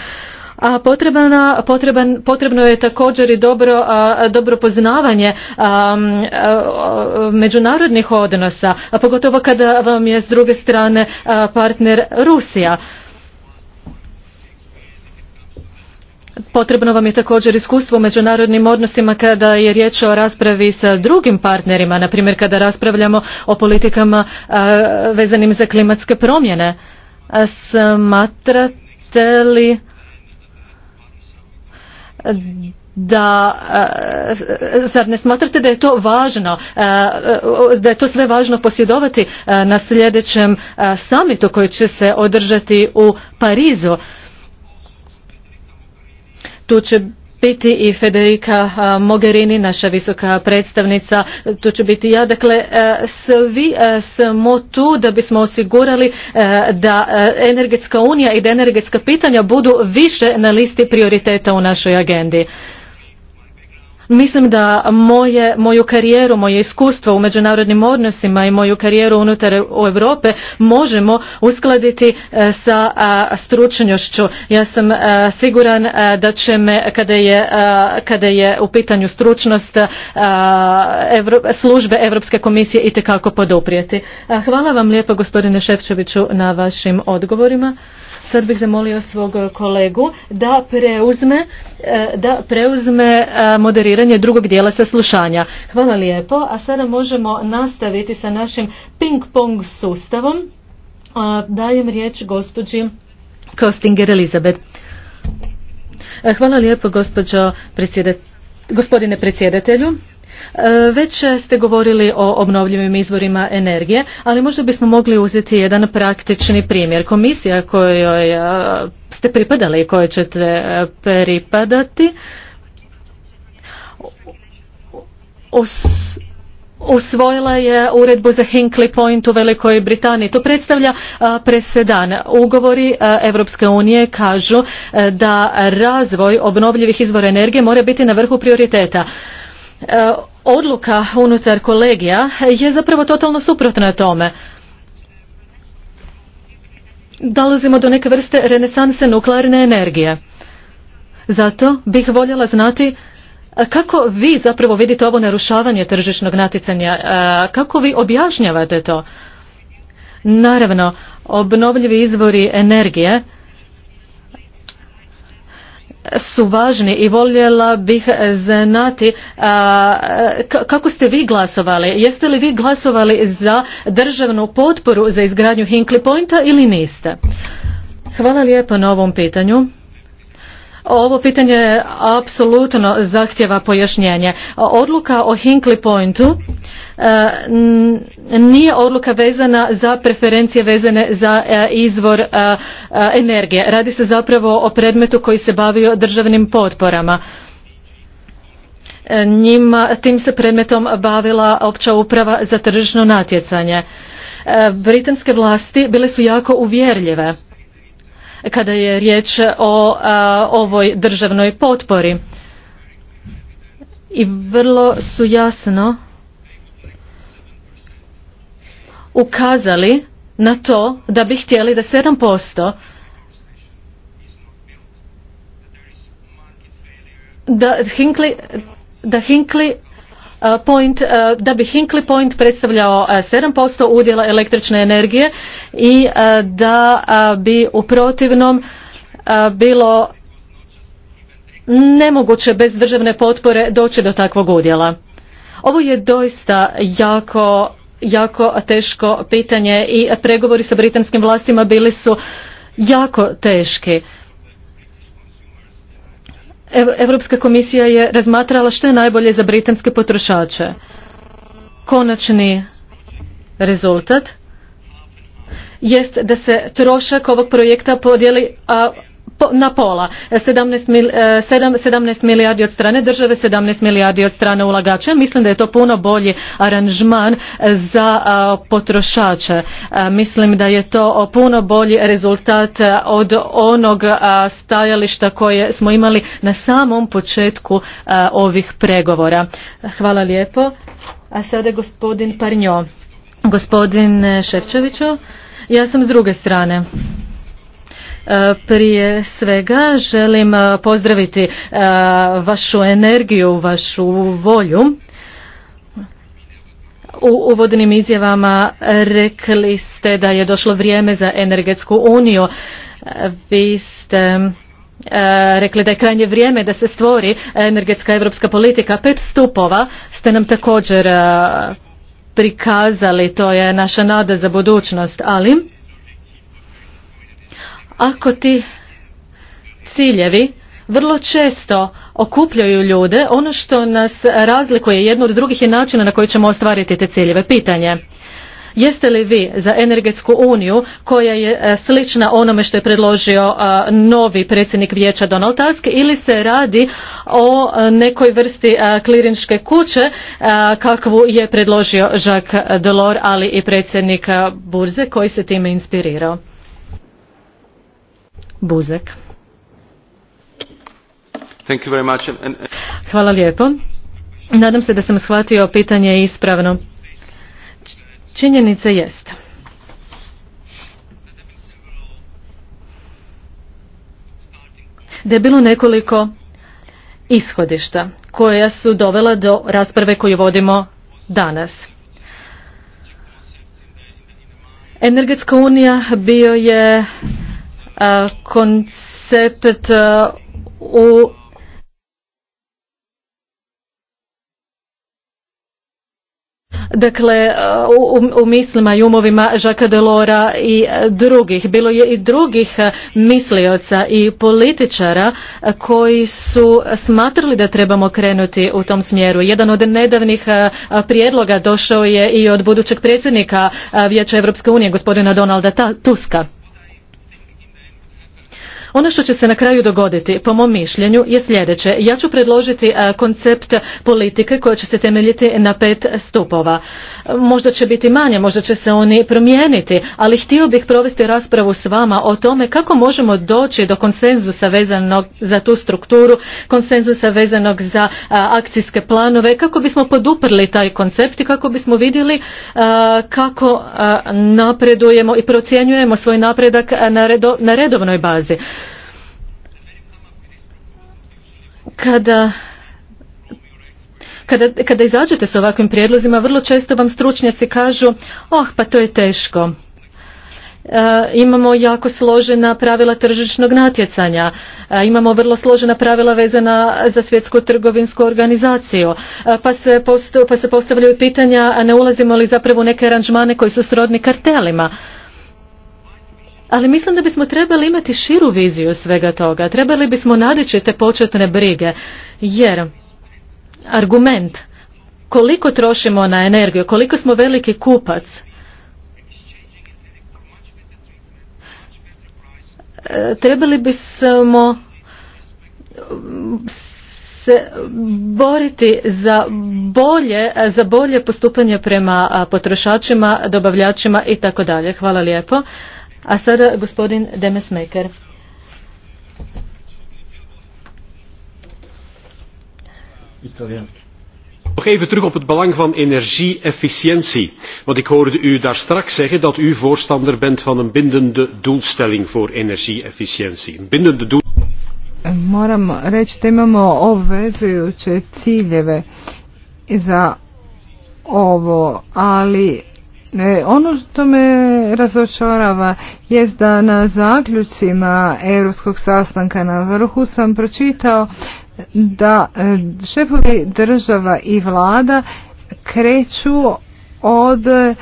a potrebna, potreban, potrebno je također i dobro, dobro poznavanje međunarodnih odnosa, a pogotovo kada vam je s druge strane partner Rusija. Potrebno vam je također iskustvo u međunarodnim odnosima kada je riječ o raspravi sa drugim partnerima, na primjer kada raspravljamo o politikama vezanim za klimatske promjene. Smatrate li da zar ne smatrate da je to važno da je to sve važno posjedovati na sljedećem samitu koji će se održati u Parizu tu će biti i Federica Mogherini, naša visoka predstavnica, tu će biti ja. Dakle, e, svi e, smo tu da bismo osigurali e, da energetska unija i da energetska pitanja budu više na listi prioriteta u našoj agendi. Mislim da moje, moju karijeru, moje iskustvo u međunarodnim odnosima i moju karijeru unutar u Europe možemo uskladiti e, sa stručnošću. Ja sam e, siguran e, da će me kada je, kada je u pitanju stručnost službe Europske komisije itekako poduprijeti. Hvala vam lijepo gospodine Ševčeviću na vašim odgovorima. Sad bih zamolio svog e, kolegu da preuzme, e, da preuzme e, moderiranje drugog dijela saslušanja. Hvala lijepo, a sada možemo nastaviti sa našim ping-pong sustavom. Dajem riječ gospođi Kostinger Elizabeth. Hvala lijepo gospodine predsjedatelju. E, već ste govorili o obnovljivim izvorima energije, ali možda bismo mogli uzeti jedan praktični primjer. Komisija kojoj e, ste pripadali i kojoj ćete e, pripadati usvojila je uredbu za Hinkley Point u Velikoj Britaniji. To predstavlja presedan. Ugovori Europske unije kažu da razvoj obnovljivih izvora energije mora biti na vrhu prioriteta odluka unutar kolegija je zapravo totalno suprotna tome. Dolazimo do neke vrste renesanse nuklearne energije. Zato bih voljela znati kako vi zapravo vidite ovo narušavanje tržišnog natjecanja, kako vi objašnjavate to? Naravno, obnovljivi izvori energije su važni i voljela bih e, znati e, kako ste vi glasovali. Jeste li vi glasovali za državnu potporu za izgradnju Hinkley Pointa ili niste? Hvala lijepo na ovom pitanju. Ovo pitanje apsolutno zahtjeva pojašnjenje. Odluka o Hinkley Pointu e, nije odluka vezana za preferencije vezane za e, izvor e, energije. Radi se zapravo o predmetu koji se bavio državnim potporama. Njima, tim se predmetom bavila opća uprava za tržišno natjecanje. Britanske vlasti bile su jako uvjerljive kada je riječ o ovoj državnoj potpori. I vrlo su jasno ukazali na to da bi htjeli da 7% da da Hinkli Eh, point, eh, da bi Hinkley point predstavljao 7% eh, udjela električne energije i da bi u protivnom bilo nemoguće bez državne potpore doći do takvog udjela. Ovo je doista jako, jako teško pitanje i pregovori sa britanskim vlastima bili su jako teški. Europska komisija je razmatrala što je najbolje za britanske potrošače. Konačni rezultat jest da se trošak ovog projekta podijeli a na pola. 17, e, milijardi od strane države, 17 milijardi od strane ulagača. Mislim da je to puno bolji aranžman za potrošače. E, mislim da je to puno bolji rezultat e, od onog stajališta koje smo imali na samom početku ovih pregovora. Hvala lijepo. A sada gospodin Parnjo. Gospodin Ševčeviću, ja sam s druge strane. E, prije svega želim e, pozdraviti e, vašu energiju, vašu volju. U uvodnim izjavama rekli ste da je došlo vrijeme za energetsku uniju. Vi ste rekli da je krajnje vrijeme da se stvori energetska europska politika. Pet stupova ste nam također prikazali, to je naša nada za budućnost, ali ako ti ciljevi vrlo često okupljaju ljude, ono što nas razlikuje jedno od drugih je načina na koji ćemo ostvariti te ciljeve. Pitanje, jeste li vi za energetsku uniju koja je e, slična onome što je predložio e, novi predsjednik vijeća Donald Tusk ili se radi o e, nekoj vrsti klirinške kuće kakvu je predložio Jacques Delors ali i predsjednik Burze koji se time inspirirao? Buzek. Hvala lijepo. Nadam se da sam shvatio pitanje ispravno. Činjenica jest. Da je bilo nekoliko ishodišta koja su dovela do rasprave koju vodimo danas. Energetska unija bio je Eh, koncept eh, u dakle eh, u, mislima i umovima Žaka Delora i drugih. Bilo je i drugih mislioca i političara koji su smatrali da trebamo krenuti u tom smjeru. Jedan od nedavnih prijedloga došao je i od budućeg predsjednika Vijeća Europske unije, gospodina Donalda Tuska. Ono što će se na kraju dogoditi, po mom mišljenju, je sljedeće. Ja ću predložiti e, koncept politike koja će se temeljiti na pet stupova. Možda će biti manje, možda će se oni promijeniti, ali htio bih provesti raspravu s vama o tome kako možemo doći do konsenzusa vezanog za tu strukturu, konsenzusa vezanog za e, akcijske planove, kako bismo poduprli taj koncept i kako bismo vidjeli e, kako napredujemo i procjenjujemo svoj napredak na redovnoj bazi. kada kada, kada izađete s ovakvim prijedlozima, vrlo često vam stručnjaci kažu, oh pa to je teško. E, imamo jako složena pravila tržišnog natjecanja, e, imamo vrlo složena pravila vezana za svjetsku trgovinsku organizaciju, e, pa, se pa se postavljaju pitanja, a ne ulazimo li zapravo u neke aranžmane koji su srodni kartelima ali mislim da bismo trebali imati širu viziju svega toga. Trebali bismo nadići te početne brige, jer argument koliko trošimo na energiju, koliko smo veliki kupac, e, trebali bismo mm, se boriti za bolje, za bolje postupanje prema potrošačima, dobavljačima i tako dalje. Hvala lijepo. A sada gospodin Demesmeker. Italijanski. Nog even terug op het belang van energie-efficiëntie. Want ik hoorde u daar straks zeggen dat u voorstander bent van een bindende doelstelling voor energie-efficiëntie. Een bindende doel... Moram reći da imamo obvezujuće ciljeve za ovo, ali E, ono što me razočarava je da na zaključcima europskog sastanka na vrhu sam pročitao da e, šefovi država i vlada kreću od e,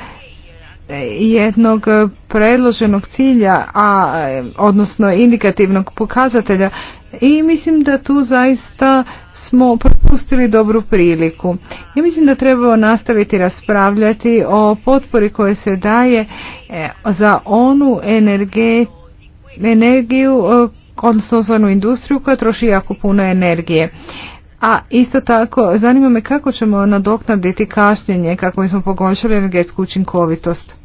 jednog predloženog cilja, a odnosno indikativnog pokazatelja i mislim da tu zaista smo propustili dobru priliku. Ja mislim da trebamo nastaviti raspravljati o potpori koje se daje e, za onu energiju, e, odnosno industriju koja troši jako puno energije. A isto tako, zanima me kako ćemo nadoknaditi kašnjenje kako bismo poboljšali energetsku učinkovitost.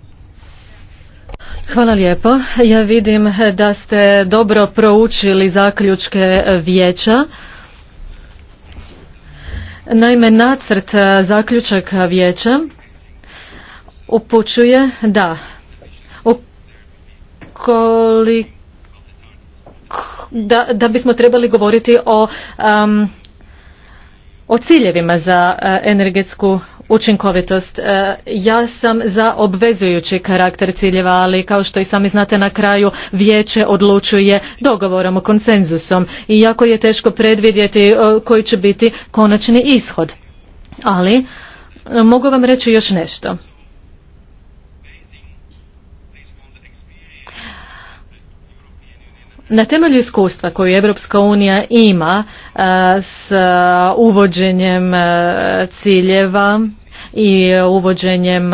Hvala lijepo. Ja vidim da ste dobro proučili zaključke vijeća. Naime, nacrt zaključaka vijeća upućuje da da, bismo trebali govoriti o, um, o ciljevima za uh, energetsku učinkovitost. E, ja sam za obvezujući karakter ciljeva, ali kao što i sami znate na kraju vijeće odlučuje dogovorom o konsenzusom i jako je teško predvidjeti e, koji će biti konačni ishod. Ali e, mogu vam reći još nešto. Na temelju iskustva koju Europska unija ima e, s e, uvođenjem e, ciljeva i uvođenjem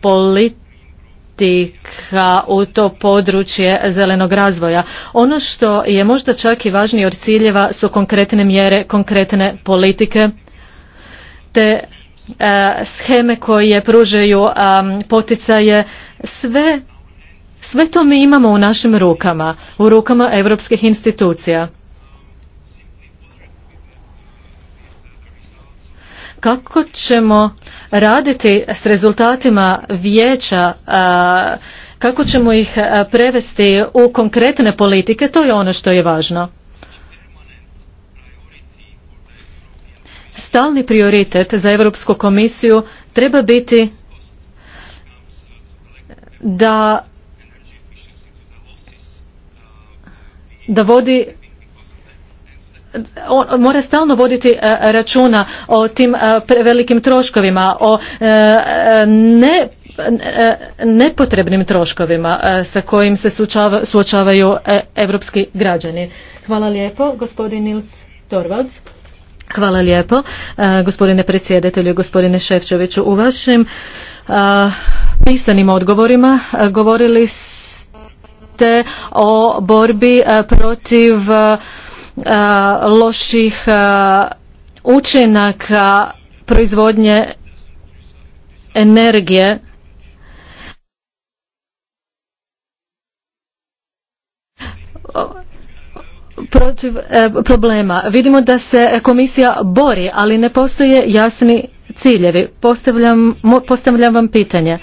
politika u to područje zelenog razvoja. Ono što je možda čak i važnije od ciljeva su konkretne mjere, konkretne politike te scheme koje pružaju poticaje sve sve to mi imamo u našim rukama, u rukama europskih institucija. Kako ćemo raditi s rezultatima vijeća kako ćemo ih prevesti u konkretne politike, to je ono što je važno. Stalni prioritet za Europsku komisiju treba biti da da vodi on mora stalno voditi e, računa o tim e, prevelikim troškovima, o e, ne nepotrebnim troškovima sa kojim se suočavaju evropski građani. Hvala lijepo, gospodin Nils Torvalds. Hvala lijepo, gospodine predsjedatelju, gospodine Ševčeviću U vašim pisanim odgovorima govorili te o borbi e, protiv e, e, loših učinaka proizvodnje energije protiv problema. Vidimo da se komisija bori, ali ne postoje jasni ciljevi. Postavljam, postavljam vam pitanje.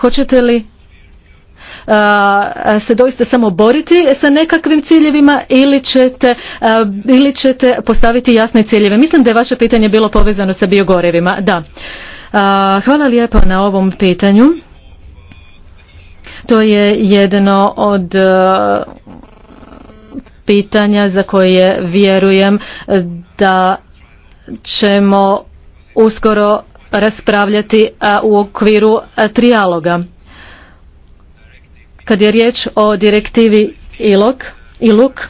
Hoćete li se doista samo boriti sa nekakvim ciljevima ili ćete, ili ćete postaviti jasne ciljeve? Mislim da je vaše pitanje bilo povezano sa biogorevima. Da. hvala lijepo na ovom pitanju. To je jedno od pitanja za koje vjerujem da ćemo uskoro raspravljati u okviru trijaloga. Kad je riječ o direktivi ILOK, ILUK,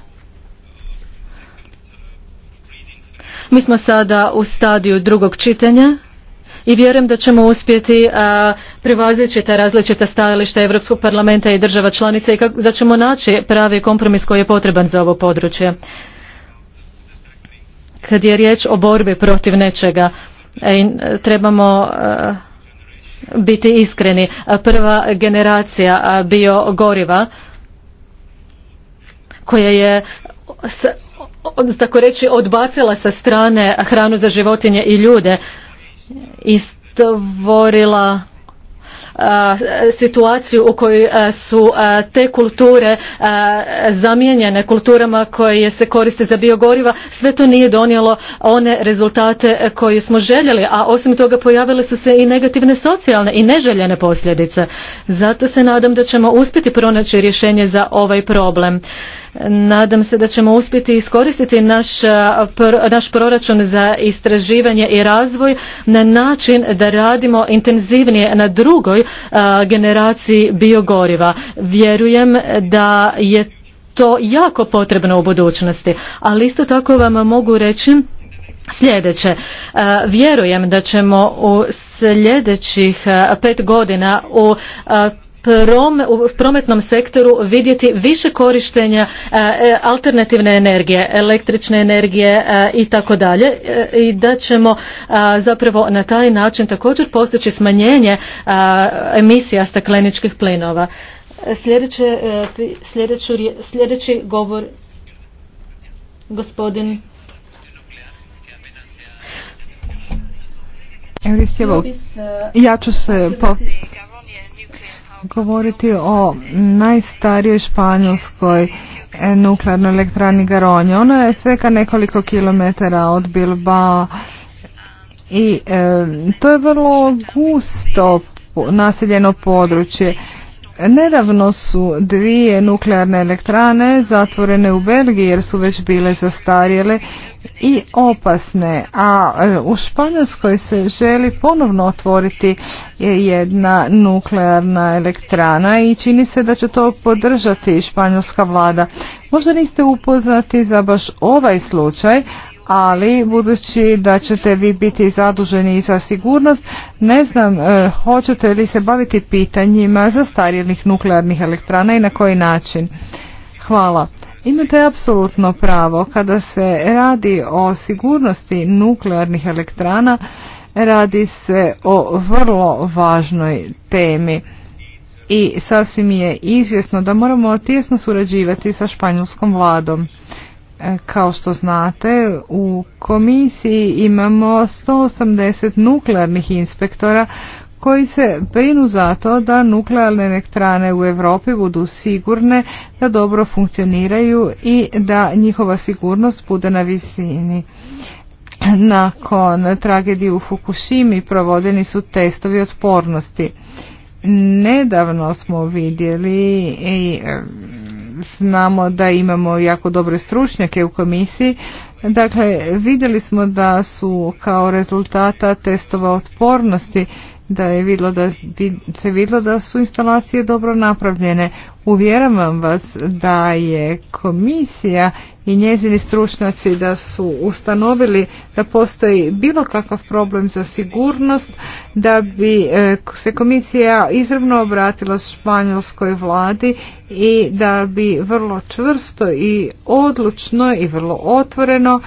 mi smo sada u stadiju drugog čitanja i vjerujem da ćemo uspjeti privazeći ta različita stajališta Europskog parlamenta i država članica i da ćemo naći pravi kompromis koji je potreban za ovo područje. Kad je riječ o borbi protiv nečega, E, e, trebamo e, biti iskreni. Prva generacija bio goriva koja je tako reći odbacila sa strane hranu za životinje i ljude i stvorila Eh, situaciju u kojoj eh, su eh, te kulture zamijenjene kulturama koje se koriste za biogoriva, sve to nije donijelo one rezultate koje smo željeli, a osim toga pojavile su se i negativne socijalne i neželjene posljedice. Zato se nadam da ćemo uspjeti pronaći rješenje za ovaj problem. Nadam se da ćemo uspjeti iskoristiti naš, naš proračun za istraživanje i razvoj na način da radimo intenzivnije na drugoj generaciji biogoriva. Vjerujem da je to jako potrebno u budućnosti, ali isto tako vam mogu reći sljedeće. Vjerujem da ćemo u sljedećih pet godina u u prometnom sektoru vidjeti više korištenja e, e, alternativne energije, električne energije e, i tako dalje i da ćemo zapravo na taj način također postići smanjenje emisija stakleničkih plinova. sljedeći govor gospodin ja ću se po govoriti o najstarijoj španjolskoj e, nuklearnoj elektrani Garonje. Ona je sveka nekoliko kilometara od Bilbao i e, to je vrlo gusto naseljeno područje. Nedavno su dvije nuklearne elektrane zatvorene u Belgiji jer su već bile zastarjele i opasne, a e, u Španjolskoj se želi ponovno otvoriti jedna nuklearna elektrana i čini se da će to podržati španjolska vlada. Možda niste upoznati za baš ovaj slučaj, ali budući da ćete vi biti zaduženi i za sigurnost, ne znam e, hoćete li se baviti pitanjima zastarjelih nuklearnih elektrana i na koji način. Hvala. Imate apsolutno pravo kada se radi o sigurnosti nuklearnih elektrana, radi se o vrlo važnoj temi i sasvim je izvjesno da moramo tijesno surađivati sa španjolskom vladom. E, kao što znate, u komisiji imamo 180 nuklearnih inspektora koji se brinu za to da nuklearne elektrane u Europi budu sigurne, da dobro funkcioniraju i da njihova sigurnost bude na visini. Nakon tragedije u Fukushimi provodeni su testovi otpornosti. Nedavno smo vidjeli i znamo da imamo jako dobre stručnjake u komisiji. Dakle, vidjeli smo da su kao rezultata testova otpornosti da je vidlo da se vidlo da su instalacije dobro napravljene. Uvjeravam vas da je komisija i njezini stručnjaci da su ustanovili da postoji bilo kakav problem za sigurnost, da bi e, se komisija izravno obratila španjolskoj vladi i da bi vrlo čvrsto i odlučno i vrlo otvoreno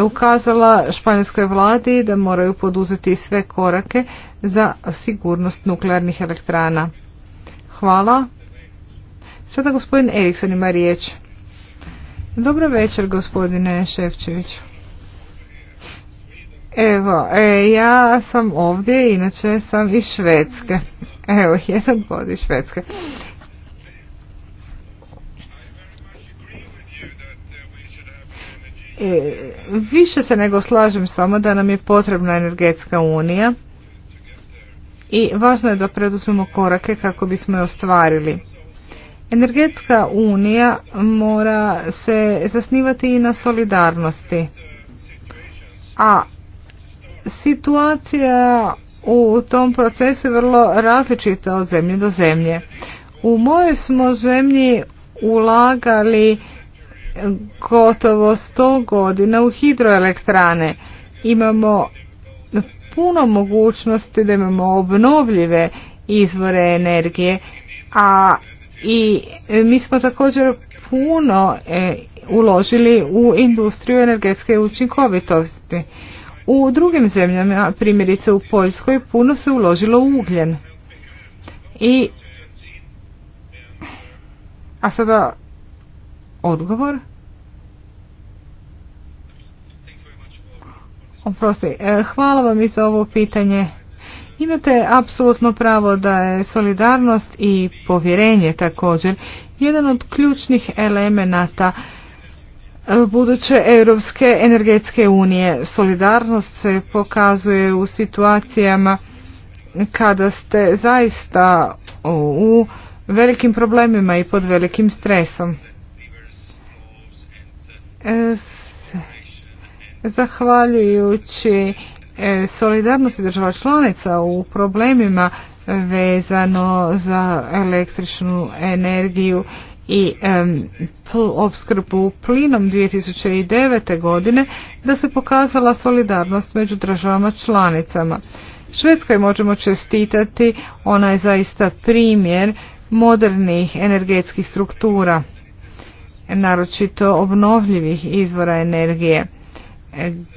ukazala španjolskoj vladi da moraju poduzeti sve korake za sigurnost nuklearnih elektrana. Hvala. Sada gospodin Erikson ima riječ. Dobro večer gospodine Ševčević. Evo, e, ja sam ovdje, inače sam iz Švedske. Evo, jedan bod iz Švedske. E, više se nego slažem s vama da nam je potrebna energetska unija i važno je da preduzmemo korake kako bismo je ostvarili. Energetska unija mora se zasnivati i na solidarnosti. A situacija u tom procesu je vrlo različita od zemlje do zemlje. U mojoj smo zemlji ulagali gotovo sto godina u hidroelektrane. Imamo puno mogućnosti da imamo obnovljive izvore energije, a i e, mi smo također puno e, uložili u industriju energetske učinkovitosti. U drugim zemljama, primjerice u Poljskoj, puno se uložilo u ugljen. I, a sada odgovor. Oprosti, e, hvala vam i za ovo pitanje. Imate apsolutno pravo da je solidarnost i povjerenje također jedan od ključnih elemenata e, buduće Europske energetske unije. Solidarnost se pokazuje u situacijama kada ste zaista u velikim problemima i pod velikim stresom zahvaljujući e, solidarnosti država članica u problemima vezano za električnu energiju i opskrbu plinom 2009. godine da se pokazala solidarnost među državama članicama. Švedskoj možemo čestitati, ona je zaista primjer modernih energetskih struktura naročito obnovljivih izvora energije.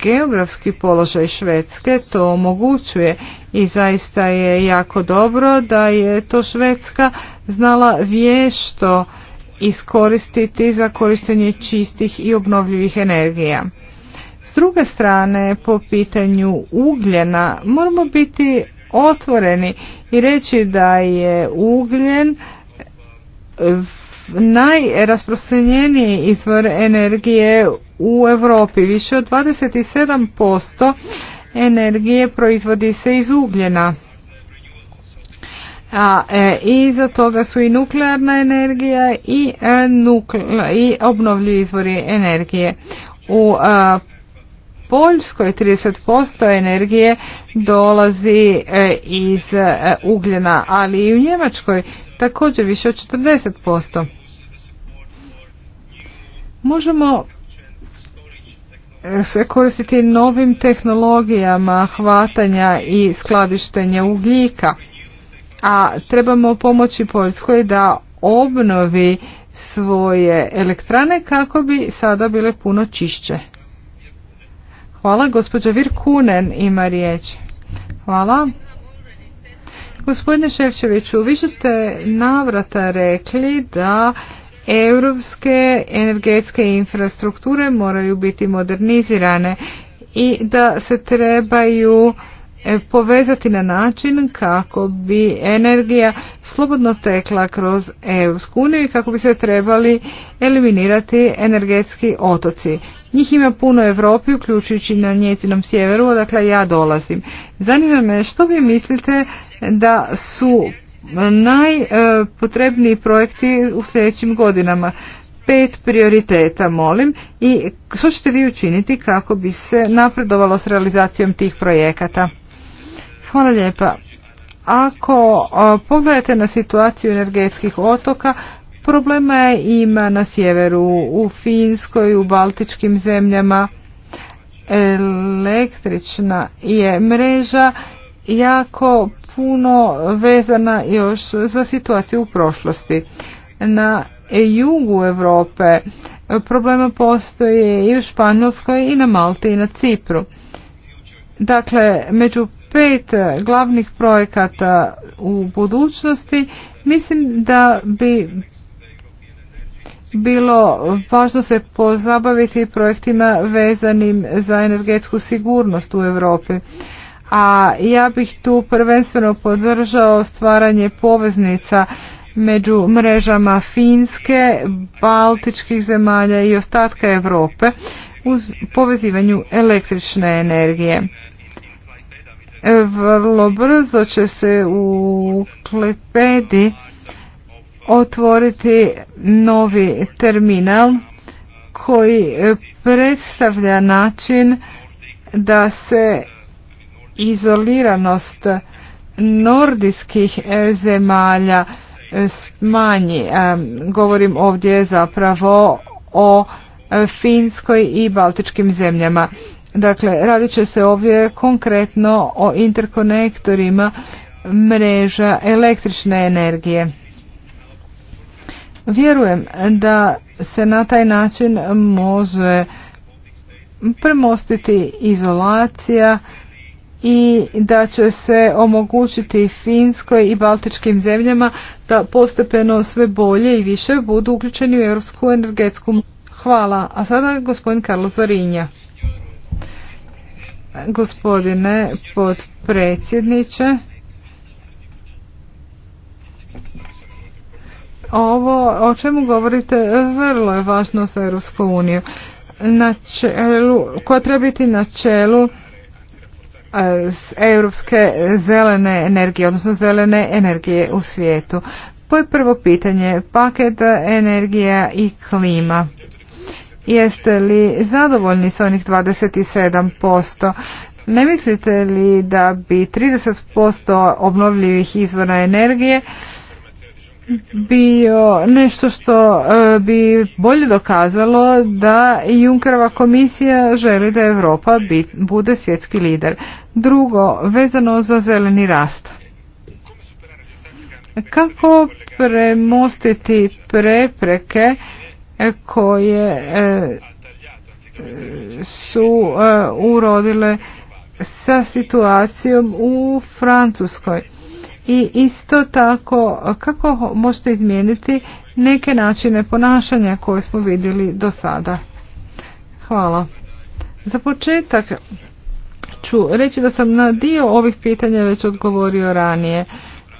Geografski položaj Švedske to omogućuje i zaista je jako dobro da je to Švedska znala vješto iskoristiti za korištenje čistih i obnovljivih energija. S druge strane, po pitanju ugljena moramo biti otvoreni i reći da je ugljen najrasprostranjeniji izvor energije u Europi. Više od 27% energije proizvodi se iz ugljena. A e, iza toga su i nuklearna energija i, e, i obnovljivi izvori energije. U e, poljskoj Poljskoj 30% energije dolazi e, iz ugljena, ali i u Njemačkoj također više od 40%. Možemo eh, se koristiti novim tehnologijama hvatanja i skladištenja ugljika, a trebamo pomoći Poljskoj da obnovi svoje elektrane kako bi sada bile puno čišće. Hvala, gospođa Virkunen ima riječ. Hvala. Gospodine Ševčeviću, više ste navrata rekli da europske energetske infrastrukture moraju biti modernizirane i da se trebaju E, povezati na način kako bi energija slobodno tekla kroz EU uniju i kako bi se trebali eliminirati energetski otoci. Njih ima puno u Europi, uključujući na njezinom sjeveru, odakle ja dolazim. Zanima me što vi mislite da su najpotrebniji projekti u sljedećim godinama? Pet prioriteta, molim, i što ćete vi učiniti kako bi se napredovalo s realizacijom tih projekata? Hvala lijepa. Ako pogledate na situaciju energetskih otoka, problema ima na sjeveru, u Finskoj, u Baltičkim zemljama. Električna je mreža jako puno vezana još za situaciju u prošlosti. Na jugu Europe problema postoje i u Španjolskoj i na Malti i na Cipru. Dakle, među pet glavnih projekata u budućnosti, mislim da bi bilo važno se pozabaviti projektima vezanim za energetsku sigurnost u Europi. A ja bih tu prvenstveno podržao stvaranje poveznica među mrežama Finske, Baltičkih zemalja i ostatka Europe uz povezivanju električne energije. Vrlo brzo će se u Klepedi otvoriti novi terminal koji predstavlja način da se izoliranost nordijskih zemalja smanji. E, govorim ovdje zapravo o Finskoj i Baltičkim zemljama. Dakle, radit će se ovdje konkretno o interkonektorima mreža električne energije. Vjerujem da se na taj način može premostiti izolacija i da će se omogućiti Finskoj i Baltičkim zemljama da postepeno sve bolje i više budu uključeni u europsku energetsku. Hvala. A sada gospodin Karlo Zorinja gospodine potpredsjedniče. Ovo o čemu govorite vrlo je važno za Europsku uniju. koja treba biti na čelu e, europske zelene energije, odnosno zelene energije u svijetu. prvo pitanje, paket energija i klima. Jeste li zadovoljni s onih 27%? Ne mislite li da bi 30% obnovljivih izvora energije bio nešto što e, bi bolje dokazalo da Junkerova komisija želi da Europa bude svjetski lider. Drugo, vezano za zeleni rast. Kako premostiti prepreke koje e, su e, urodile sa situacijom u Francuskoj. I isto tako kako možete izmijeniti neke načine ponašanja koje smo vidjeli do sada. Hvala. Za početak ću reći da sam na dio ovih pitanja već odgovorio ranije.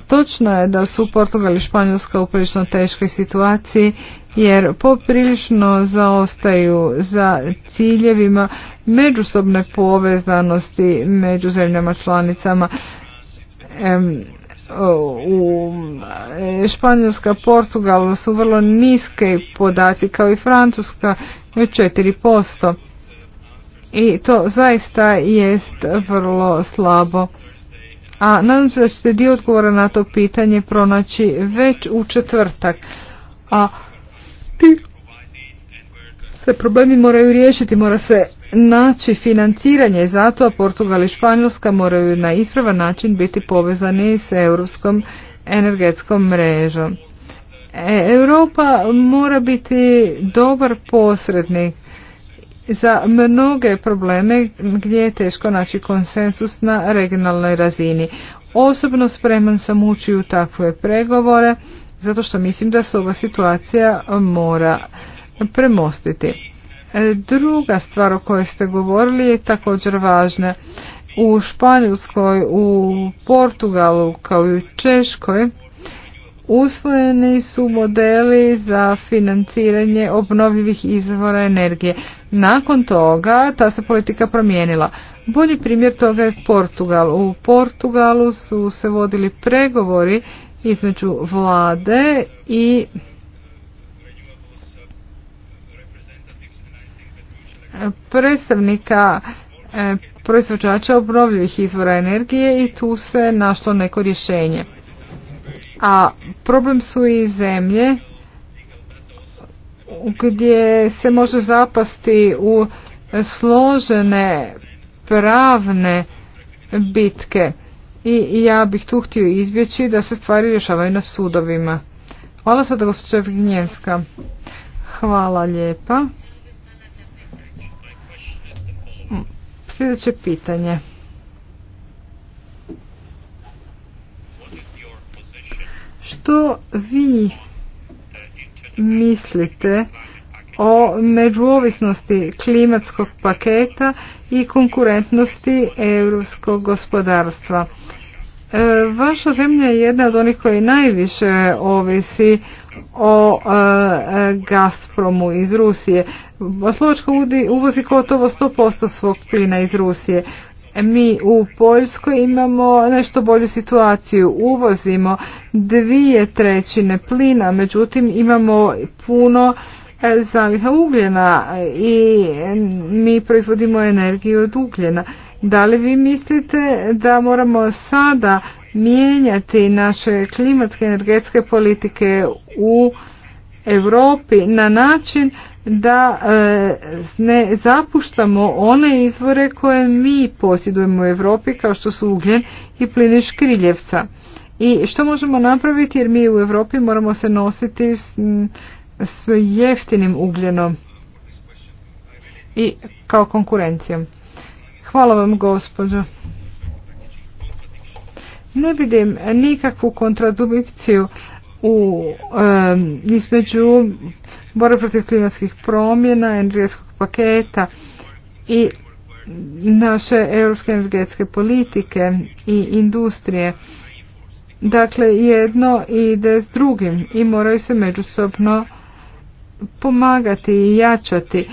Točno je da su Portugal i Španjolska u prilično teškoj situaciji jer poprilično zaostaju za ciljevima međusobne povezanosti među zemljama članicama. u e, Španjolska, Portugal su vrlo niske podaci kao i Francuska 4%. I to zaista jest vrlo slabo. A nadam se da ćete dio odgovora na to pitanje pronaći već u četvrtak. A se problemi moraju riješiti, mora se naći financiranje, zato Portugal i Španjolska moraju na ispravan način biti povezani s europskom energetskom mrežom. E, Europa mora biti dobar posrednik za mnoge probleme gdje je teško naći konsensus na regionalnoj razini. Osobno spreman sam ući u takve pregovore zato što mislim da se ova situacija mora premostiti. E, druga stvar o kojoj ste govorili je također važna. U Španjolskoj, u Portugalu kao i u Češkoj usvojeni su modeli za financiranje obnovljivih izvora energije. Nakon toga ta se politika promijenila. Bolji primjer toga je Portugal. U Portugalu su se vodili pregovori između vlade i predstavnika e, proizvođača obnovljivih izvora energije i tu se našlo neko rješenje. A problem su i zemlje gdje se može zapasti u složene pravne bitke i ja bih tu htio izbjeći da se stvari rješavaju na sudovima. Hvala sada gospođa Vignjenska. Hvala lijepa. Sljedeće pitanje. Što vi mislite o međuovisnosti klimatskog paketa i konkurentnosti europskog gospodarstva. E, vaša zemlja je jedna od onih koji najviše ovisi o e, Gazpromu iz Rusije. Slovačka uvozi gotovo 100% svog plina iz Rusije. Mi u Poljskoj imamo nešto bolju situaciju. Uvozimo dvije trećine plina, međutim imamo puno zaliha ugljena i mi proizvodimo energiju od ugljena. Da li vi mislite da moramo sada mijenjati naše klimatske energetske politike u Europi na način da e, ne zapuštamo one izvore koje mi posjedujemo u Europi kao što su ugljen i plin kriljevca. I što možemo napraviti jer mi u Europi moramo se nositi s s jeftinim ugljenom i kao konkurencijom. Hvala vam gospođo. Ne vidim nikakvu kontradikciju u između borbe protiv klimatskih promjena, energetskog paketa i naše europske energetske politike i industrije. Dakle, jedno ide s drugim i moraju se međusobno pomagati i jačati.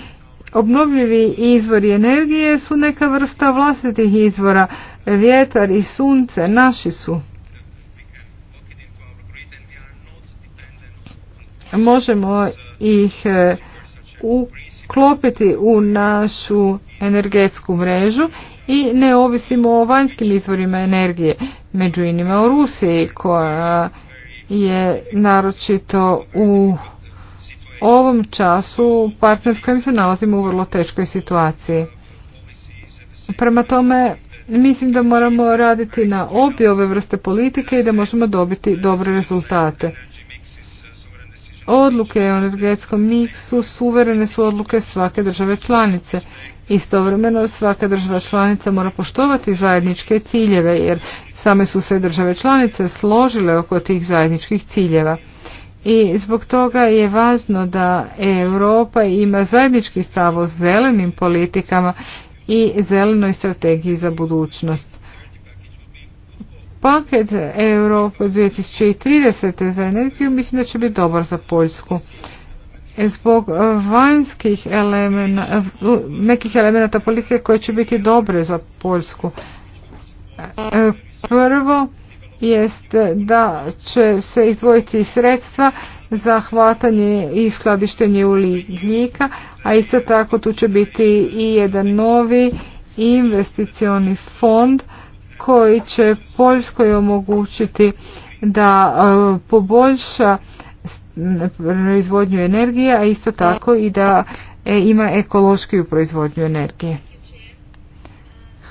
Obnovljivi izvori energije su neka vrsta vlastitih izvora. Vjetar i sunce naši su. Možemo ih e, uklopiti u našu energetsku mrežu i ne ovisimo o vanjskim izvorima energije, među inima o Rusiji koja je naročito u ovom času partner s se nalazimo u vrlo teškoj situaciji. Prema tome, mislim da moramo raditi na obje ove vrste politike i da možemo dobiti dobre rezultate. Odluke o energetskom miksu suverene su odluke svake države članice. Istovremeno svaka država članica mora poštovati zajedničke ciljeve jer same su se države članice složile oko tih zajedničkih ciljeva i zbog toga je važno da Europa ima zajednički stav o zelenim politikama i zelenoj strategiji za budućnost. Paket Europa 2030. za energiju mislim da će biti dobar za Poljsku. Zbog vanjskih elemena, nekih elemenata politike koje će biti dobre za Poljsku. Prvo, jest da će se izdvojiti sredstva za hvatanje i skladištenje ugljika, a isto tako tu će biti i jedan novi investicioni fond koji će Poljskoj omogućiti da e, poboljša proizvodnju energije, a isto tako i da e, ima ekološkiju proizvodnju energije.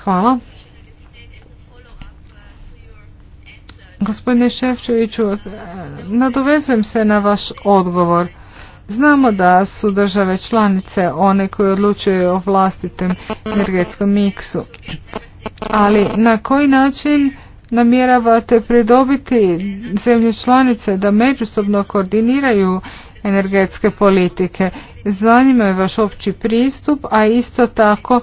Hvala. Gospodine Ševčeviću, eh, nadovezujem se na vaš odgovor. Znamo da su države članice one koje odlučuju o vlastitem energetskom miksu. Ali na koji način namjeravate pridobiti zemlje članice da međusobno koordiniraju energetske politike? Zanima je vaš opći pristup, a isto tako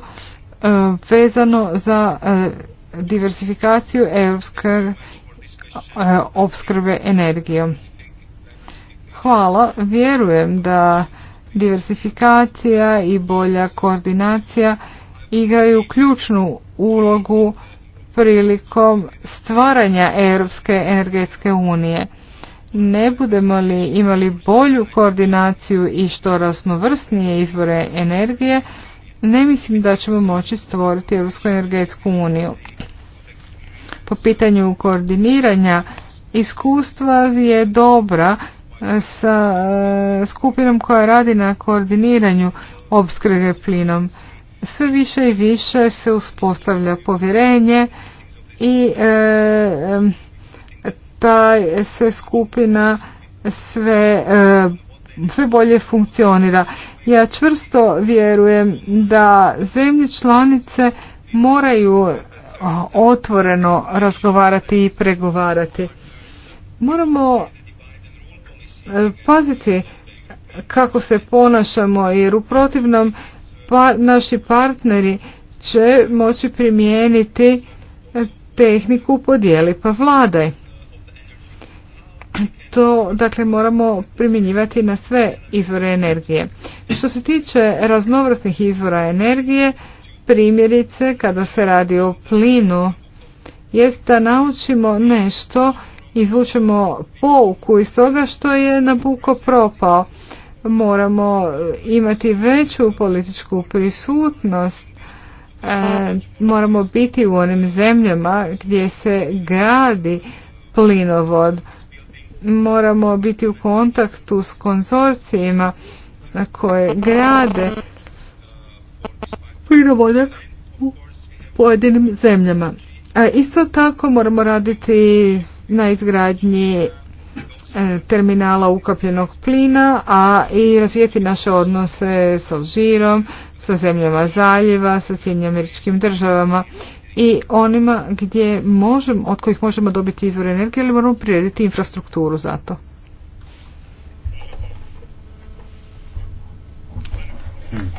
eh, vezano za eh, diversifikaciju europske E, opskrbe energijom. Hvala, vjerujem da diversifikacija i bolja koordinacija igraju ključnu ulogu prilikom stvaranja Europske energetske unije. Ne budemo li imali bolju koordinaciju i što raznovrsnije izvore energije, ne mislim da ćemo moći stvoriti Europsku energetsku uniju po pitanju koordiniranja iskustva je dobra e, sa e, skupinom koja radi na koordiniranju opskrbe plinom. Sve više i više se uspostavlja povjerenje i e, ta se skupina sve, sve bolje funkcionira. Ja čvrsto vjerujem da zemlje članice moraju otvoreno razgovarati i pregovarati. Moramo e, paziti kako se ponašamo jer u protivnom pa, naši partneri će moći primijeniti e, tehniku podijeli pa vladaj. To dakle moramo primjenjivati na sve izvore energije. Što se tiče raznovrsnih izvora energije, primjerice kada se radi o plinu jest da naučimo nešto, izvučemo pouku iz toga što je Nabuko propao. Moramo eh, imati veću političku prisutnost, eh, moramo biti u onim zemljama gdje se gradi plinovod, moramo biti u kontaktu s konzorcijima koje grade plinovoda u pojedinim zemljama. isto tako moramo raditi na izgradnji e, terminala ukapljenog plina, a i razvijeti naše odnose s Alžirom, sa zemljama zaljeva, sa Sjednjim američkim državama i onima gdje možemo, od kojih možemo dobiti izvore energije ali moramo prirediti infrastrukturu za to. Hmm.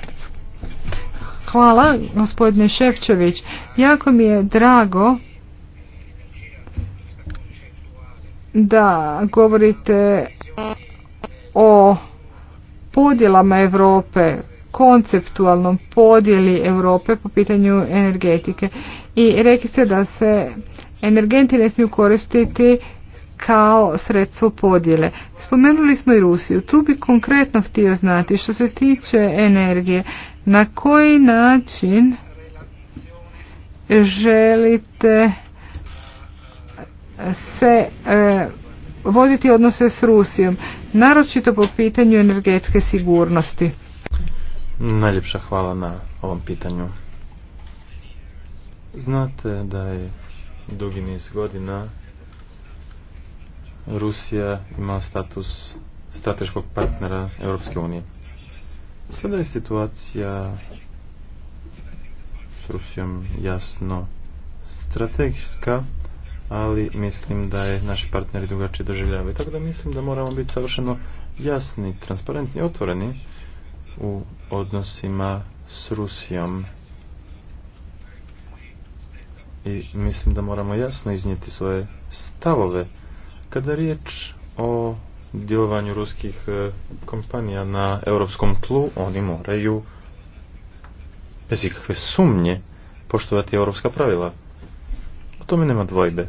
Hvala, gospodine Ševčević. Jako mi je drago da govorite o podjelama Europe, konceptualnom podjeli Europe po pitanju energetike. I rekli ste da se energenti ne smiju koristiti kao sredstvo podjele. Spomenuli smo i Rusiju. Tu bi konkretno htio znati što se tiče energije. Na koji način želite se e, voditi odnose s Rusijom, naročito po pitanju energetske sigurnosti? Najljepša hvala na ovom pitanju. Znate da je dugi niz godina Rusija ima status strateškog partnera Europske unije. Sada je situacija s Rusijom jasno strategijska, ali mislim da je naši partneri drugačije doživljavaju. Tako da mislim da moramo biti savršeno jasni, transparentni, otvoreni u odnosima s Rusijom. I mislim da moramo jasno iznijeti svoje stavove kada je riječ o djelovanju ruskih e, kompanija na europskom tlu, oni moraju bez ikakve sumnje poštovati europska pravila. O tome nema dvojbe.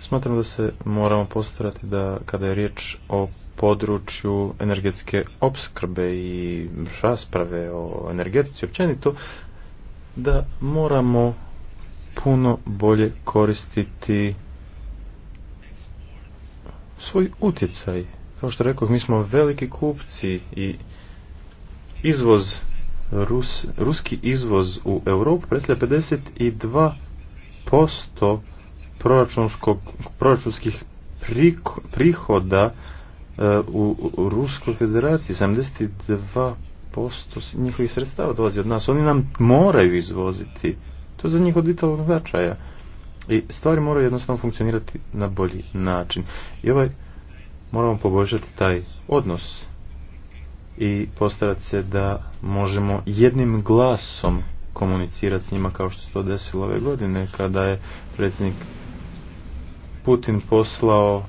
Smatram da se moramo postarati da kada je riječ o području energetske opskrbe i rasprave o energetici općenito, da moramo puno bolje koristiti svoj utjecaj. Kao što rekao, mi smo veliki kupci i izvoz, Rus, ruski izvoz u Europu predstavlja 52% proračunskog, proračunskih prihoda eh, u, u Ruskoj federaciji, 72% njihovih sredstava dolazi od nas. Oni nam moraju izvoziti to je za njih od vitalnog značaja. I stvari moraju jednostavno funkcionirati na bolji način. I ovaj, moramo poboljšati taj odnos i postarati se da možemo jednim glasom komunicirati s njima kao što se to desilo ove godine kada je predsjednik Putin poslao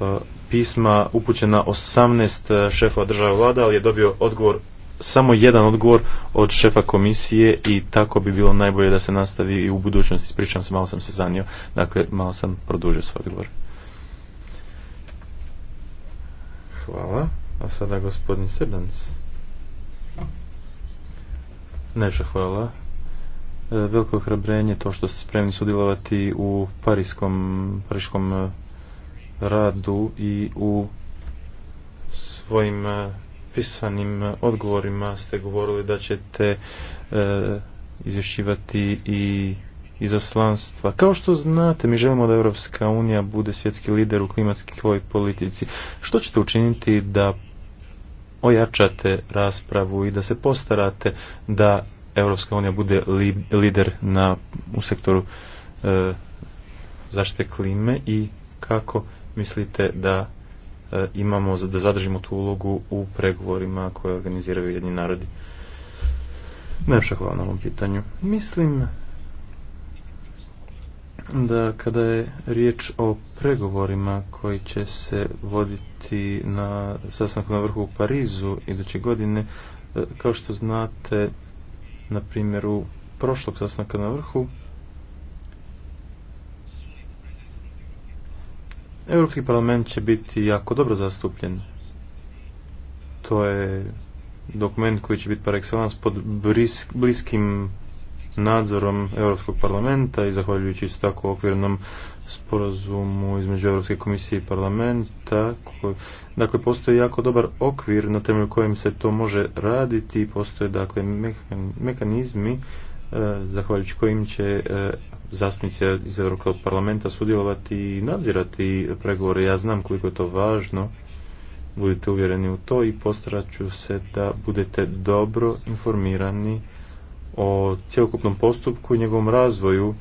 e, pisma upućena 18 šefova država vlada, ali je dobio odgovor samo jedan odgovor od šefa komisije i tako bi bilo najbolje da se nastavi i u budućnosti. Spričam se, malo sam se zanio, dakle malo sam produžio svoj odgovor. Hvala. A sada gospodin Sebans. hvala. E, veliko hrabrenje to što ste spremni sudjelovati u pariskom, pariškom e, radu i u svojim e, pisanim e, odgovorima ste govorili da ćete e, izvješćivati i izaslanstva. Kao što znate, mi želimo da Europska unija bude svjetski lider u klimatskoj politici. Što ćete učiniti da ojačate raspravu i da se postarate da Europska unija bude lider na, u sektoru e, zaštite klime i kako mislite da E, imamo, da zadržimo tu ulogu u pregovorima koje organiziraju jedni narodi. Najpša hvala na ovom pitanju. Mislim da kada je riječ o pregovorima koji će se voditi na sastanku na vrhu u Parizu iduće godine, e, kao što znate na primjeru prošlog sastanka na vrhu, Europski parlament će biti jako dobro zastupljen. To je dokument koji će biti par excellence pod bliskim nadzorom Europskog parlamenta i zahvaljujući isto tako okvirnom sporazumu između Europske komisije i parlamenta. dakle, postoji jako dobar okvir na temelju kojem se to može raditi i postoje dakle mehanizmi E, zahvaljujući kojim će e, zastupnici iz Europskog parlamenta sudjelovati i nadzirati pregovore. Ja znam koliko je to važno, budite uvjereni u to i postarat ću se da budete dobro informirani o cjelokupnom postupku i njegovom razvoju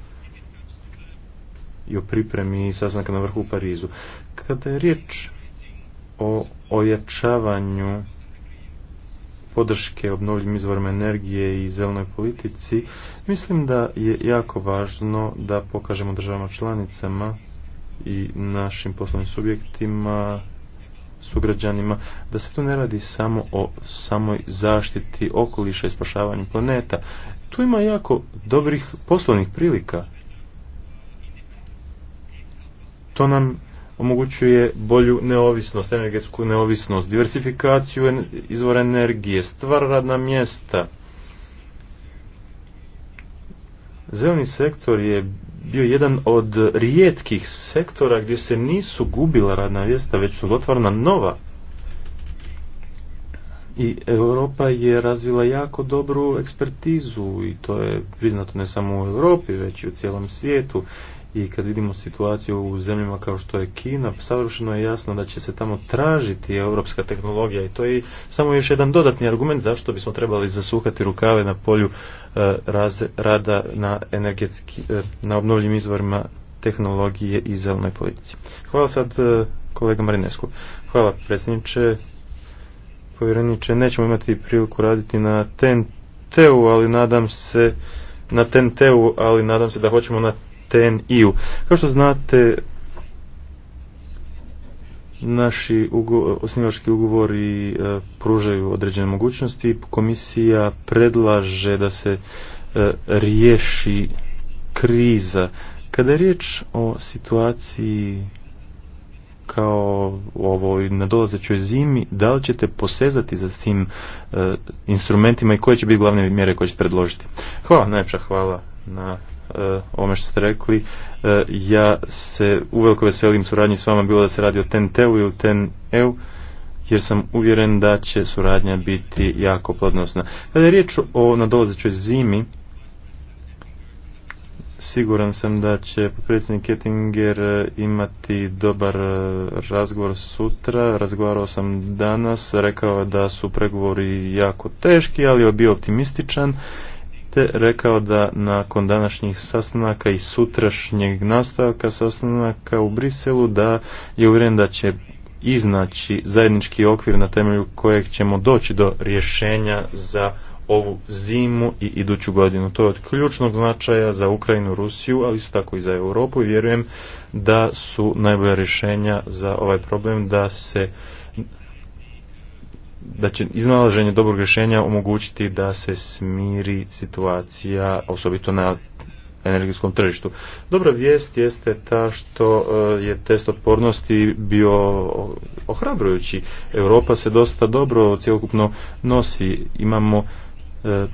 i o pripremi sastanka na vrhu u Parizu. Kada je riječ o ojačavanju podrške obnovljivim izvorima energije i zelenoj politici, mislim da je jako važno da pokažemo državama članicama i našim poslovnim subjektima sugrađanima, da se tu ne radi samo o samoj zaštiti okoliša i spašavanju planeta. Tu ima jako dobrih poslovnih prilika. To nam omogućuje bolju neovisnost, energetsku neovisnost, diversifikaciju izvora energije, stvar radna mjesta. Zeleni sektor je bio jedan od rijetkih sektora gdje se nisu gubila radna mjesta, već su otvorena nova. I Europa je razvila jako dobru ekspertizu i to je priznato ne samo u Europi, već i u cijelom svijetu i kad vidimo situaciju u zemljama kao što je Kina, savršeno je jasno da će se tamo tražiti europska tehnologija i to je samo još jedan dodatni argument zašto bismo trebali zasuhati rukave na polju e, rada na, energetski, e, na obnovljivim izvorima tehnologije i zelenoj politici. Hvala sad e, kolega Marinesku. Hvala predsjedniče, povjereniče, nećemo imati priliku raditi na TNT-u, ali nadam se na TNT-u, ali nadam se da hoćemo na tni Kao što znate, naši ugo osnivački ugovori e, pružaju određene mogućnosti. Komisija predlaže da se e, riješi kriza. Kada je riječ o situaciji kao ovoj nadolazećoj zimi, da li ćete posezati za tim e, instrumentima i koje će biti glavne mjere koje ćete predložiti? Hvala, najpša hvala na E, ovome što ste rekli. E, ja se uveliko veselim suradnji s vama, bilo da se radi o ten ili TEN-EU, jer sam uvjeren da će suradnja biti jako plodnosna. Kada je riječ o nadolazećoj zimi, siguran sam da će predsjednik Kettinger e, imati dobar razgovor sutra. Razgovarao sam danas, rekao da su pregovori jako teški, ali je bio optimističan je rekao da nakon današnjih sastanaka i sutrašnjeg nastavka sastanaka u Briselu da je uvjeren da će iznaći zajednički okvir na temelju kojeg ćemo doći do rješenja za ovu zimu i iduću godinu. To je od ključnog značaja za Ukrajinu, Rusiju, ali isto tako i za Europu i vjerujem da su najbolja rješenja za ovaj problem da se da će iznalaženje dobrog rješenja omogućiti da se smiri situacija, osobito na energetskom tržištu. Dobra vijest jeste ta što e, je test otpornosti bio ohrabrujući. Europa se dosta dobro cjelokupno nosi. Imamo e,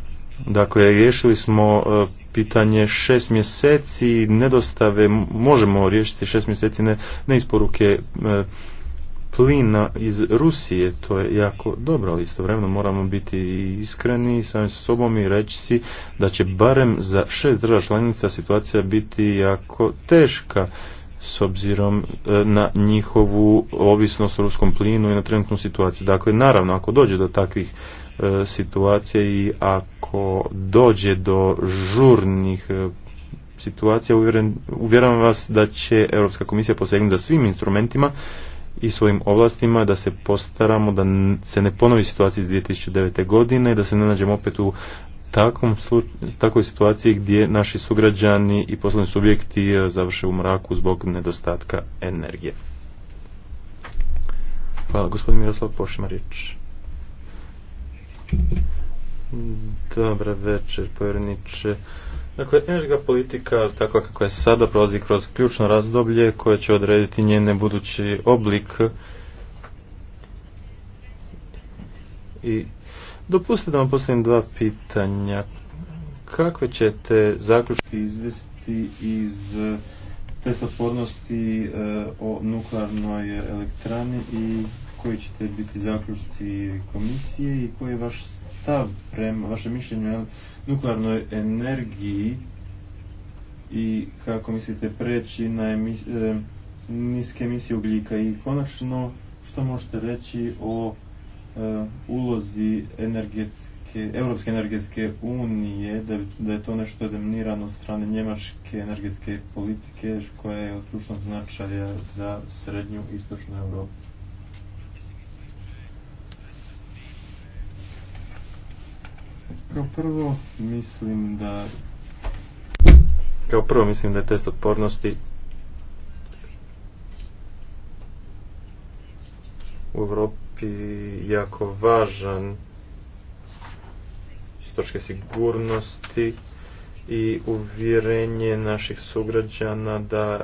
Dakle, riješili smo e, pitanje šest mjeseci nedostave, možemo riješiti šest mjeseci ne, neisporuke plina iz Rusije, to je jako dobro, ali istovremeno moramo biti iskreni sami sa sobom i reći si da će barem za šest država članica situacija biti jako teška s obzirom e, na njihovu ovisnost o ruskom plinu i na trenutnu situaciju. Dakle, naravno, ako dođe do takvih e, situacija i ako dođe do žurnih e, situacija, uvjeram vas da će Europska komisija posegnuti za svim instrumentima i svojim ovlastima da se postaramo da se ne ponovi situacija iz 2009. godine, i da se ne nađemo opet u takvoj situaciji gdje naši sugrađani i poslovni subjekti e, završe u mraku zbog nedostatka energije. Hvala, gospodin Miroslav Pošmarić. Dobar večer, povjerniče. Dakle, energetska politika, tako kako je sada, prolazi kroz ključno razdoblje koje će odrediti njene budući oblik i dopustite da vam postavim dva pitanja. Kakve ćete zaključke izvesti iz eh, testa otpornosti eh, o nuklearnoj elektrani i koji ćete biti zaključci komisije i koji je vaš stav prema vašem mišljenju o nuklearnoj energiji i kako mislite preći na e, niske emisije ugljika i konačno što možete reći o e, ulozi energetske, Europske energetske unije, da, je to nešto demonirano od strane njemačke energetske politike koja je od ključnog značaja za srednju i istočnu Europu. Kao prvo mislim da kao prvo mislim da je test otpornosti u Europi jako važan s točke sigurnosti i uvjerenje naših sugrađana da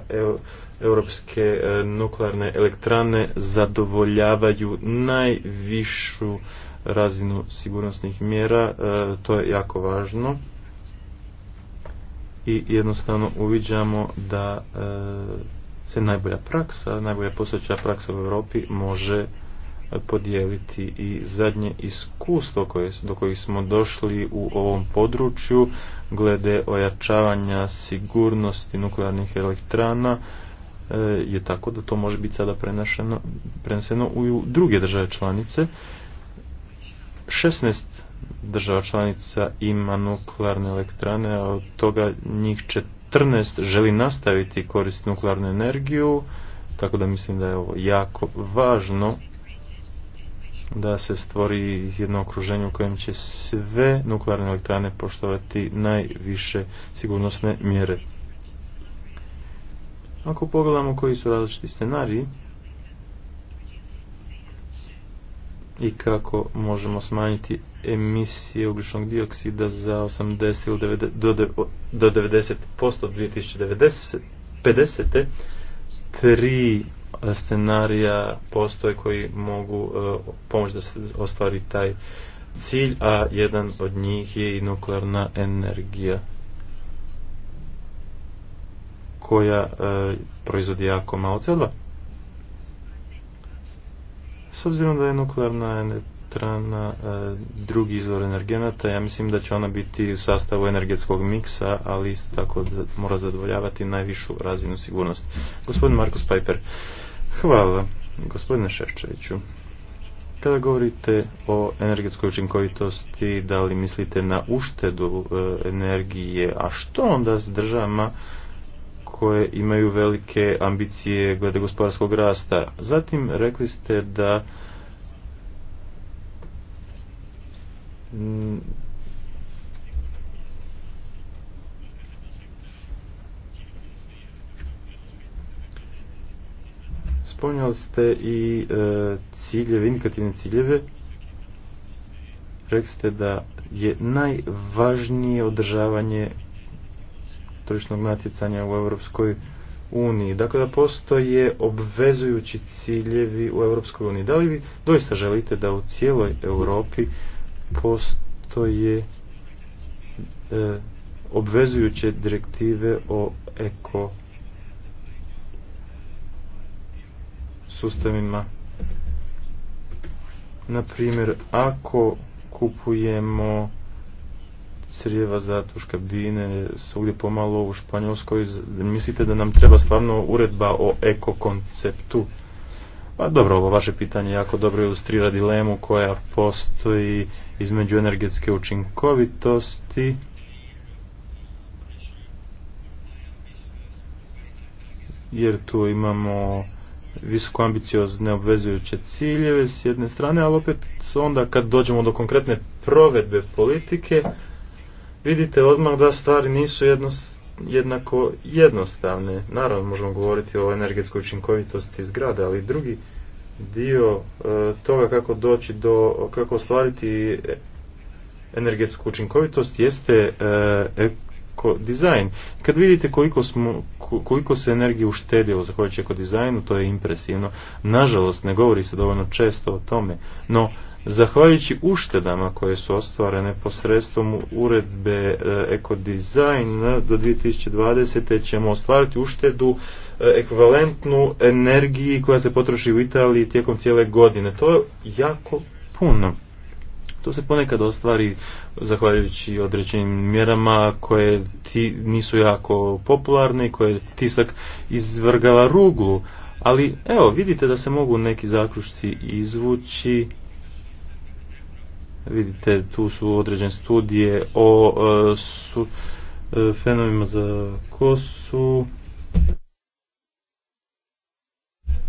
europske e, nuklearne elektrane zadovoljavaju najvišu razinu sigurnosnih mjera, e, to je jako važno i jednostavno uviđamo da e, se najbolja praksa, najbolja postojeća praksa u Europi može podijeliti i zadnje iskustvo koje, do kojih smo došli u ovom području glede ojačavanja sigurnosti nuklearnih elektrana e, je tako da to može biti sada preneseno u druge države članice 16 država članica ima nuklearne elektrane, a od toga njih 14 želi nastaviti koristiti nuklearnu energiju, tako da mislim da je ovo jako važno da se stvori jedno okruženje u kojem će sve nuklearne elektrane poštovati najviše sigurnosne mjere. Ako pogledamo koji su različiti scenariji, i kako možemo smanjiti emisije ugljičnog dioksida za 80 ili 90, do, do 90% od 2050. Tri e, scenarija postoje koji mogu e, pomoći da se ostvari taj cilj, a jedan od njih je i nuklearna energija koja e, proizvodi jako malo co s obzirom da je nuklearna elektrana e, drugi izvor energenata, ja mislim da će ona biti u sastavu energetskog miksa, ali isto tako mora zadovoljavati najvišu razinu sigurnosti. Gospodin Markus Pajper hvala gospodine Ševčeviću. Kada govorite o energetskoj učinkovitosti, da li mislite na uštedu e, energije, a što onda s državama koje imaju velike ambicije glede gospodarskog rasta. Zatim rekli ste da spominjali ste i e, ciljeve, indikativne ciljeve. Rekli ste da je najvažnije održavanje tržišnog natjecanja u Europskoj uniji. Dakle, da postoje obvezujući ciljevi u Europskoj uniji. Da li vi doista želite da u cijeloj Europi postoje e, obvezujuće direktive o eko sustavima. Na ako kupujemo crijeva za Bine, svugdje pomalo u Španjolskoj. Mislite da nam treba stvarno uredba o ekokonceptu? Pa dobro, ovo vaše pitanje jako dobro ilustrira dilemu koja postoji između energetske učinkovitosti jer tu imamo visoko ambiciozne obvezujuće ciljeve s jedne strane, ali opet onda kad dođemo do konkretne provedbe politike, vidite odmah da stvari nisu jednako jednostavne. Naravno, možemo govoriti o energetskoj učinkovitosti zgrada, ali drugi dio e, toga kako doći do, kako ostvariti energetsku učinkovitost jeste e, dizajn. Kad vidite koliko, smo, koliko se energije uštedilo zahvaljujući eko dizajnu, to je impresivno. Nažalost, ne govori se dovoljno često o tome, no Zahvaljujući uštedama koje su ostvarene posredstvom uredbe e, ekodizajn do 2020. ćemo ostvariti uštedu e, ekvivalentnu energiji koja se potroši u Italiji tijekom cijele godine. To je jako puno. To se ponekad ostvari zahvaljujući određenim mjerama koje ti nisu jako popularne i koje tisak izvrgava ruglu. Ali evo, vidite da se mogu neki zakrušci izvući Vidite, tu su određene studije o e, su, e, fenovima za kosu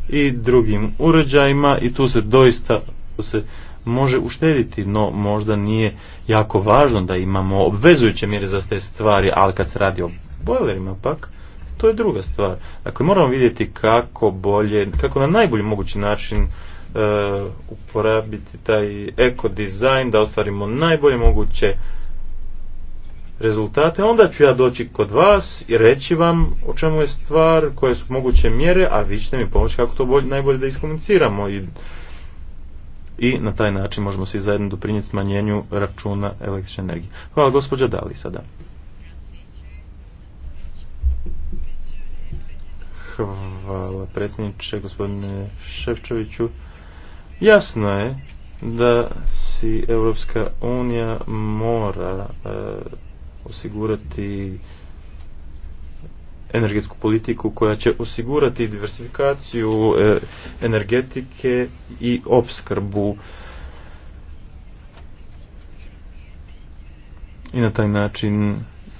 i drugim uređajima i tu se doista se može uštediti, no možda nije jako važno da imamo obvezujuće mjere za te stvari, ali kad se radi o bojlerima pak, to je druga stvar. Dakle, moramo vidjeti kako bolje, kako na najbolji mogući način E, uporabiti taj eko dizajn da ostvarimo najbolje moguće rezultate, onda ću ja doći kod vas i reći vam o čemu je stvar, koje su moguće mjere, a vi ćete mi pomoći kako to najbolje da iskomuniciramo i, i na taj način možemo svi zajedno doprinijeti smanjenju računa električne energije. Hvala gospođa Dali sada. Hvala predsjedniče, gospodine Ševčeviću. Jasno je da si Europska unija mora e, osigurati energetsku politiku koja će osigurati diversifikaciju e, energetike i opskrbu i na taj način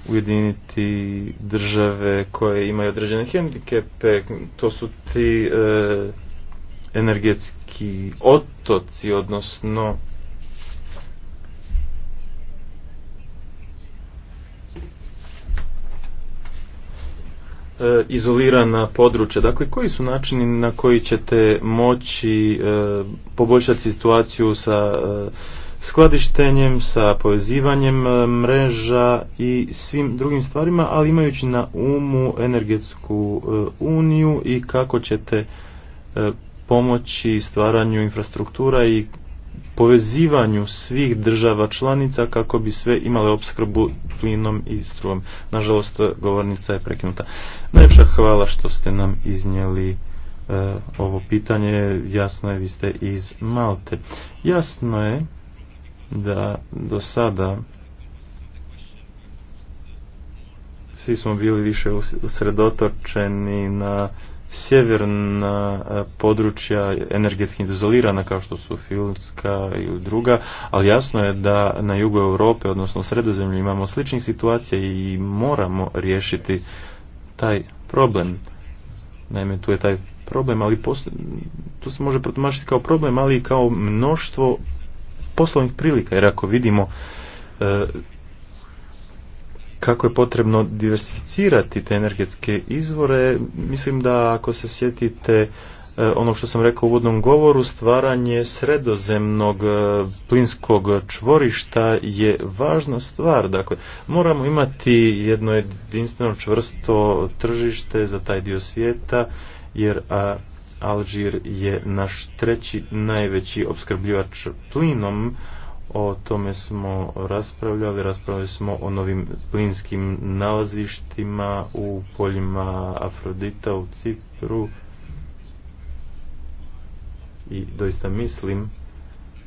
ujediniti države koje imaju određene hendikepe, to su ti e, energetski otoci, odnosno e, izolirana područja. Dakle, koji su načini na koji ćete moći e, poboljšati situaciju sa e, skladištenjem, sa povezivanjem mreža i svim drugim stvarima, ali imajući na umu energetsku uniju i kako ćete pomoći stvaranju infrastruktura i povezivanju svih država članica kako bi sve imale opskrbu plinom i strujom. Nažalost, govornica je prekinuta. Najljepša hvala što ste nam iznijeli e, ovo pitanje. Jasno je, vi ste iz Malte. Jasno je da do sada svi smo bili više usredotočeni na sjeverna e, područja energetski izolirana kao što su Filska i druga, ali jasno je da na jugu Europe, odnosno sredozemlju imamo sličnih situacija i moramo riješiti taj problem. Naime, tu je taj problem, ali posl tu se može protumačiti kao problem, ali i kao mnoštvo poslovnih prilika, jer ako vidimo e, kako je potrebno diversificirati te energetske izvore, mislim da ako se sjetite e, ono što sam rekao u uvodnom govoru, stvaranje sredozemnog e, plinskog čvorišta je važna stvar. Dakle, moramo imati jedno jedinstveno čvrsto tržište za taj dio svijeta, jer Alžir je naš treći najveći opskrbljivač plinom, o tome smo raspravljali, raspravljali smo o novim plinskim nalazištima u poljima Afrodita u Cipru i doista mislim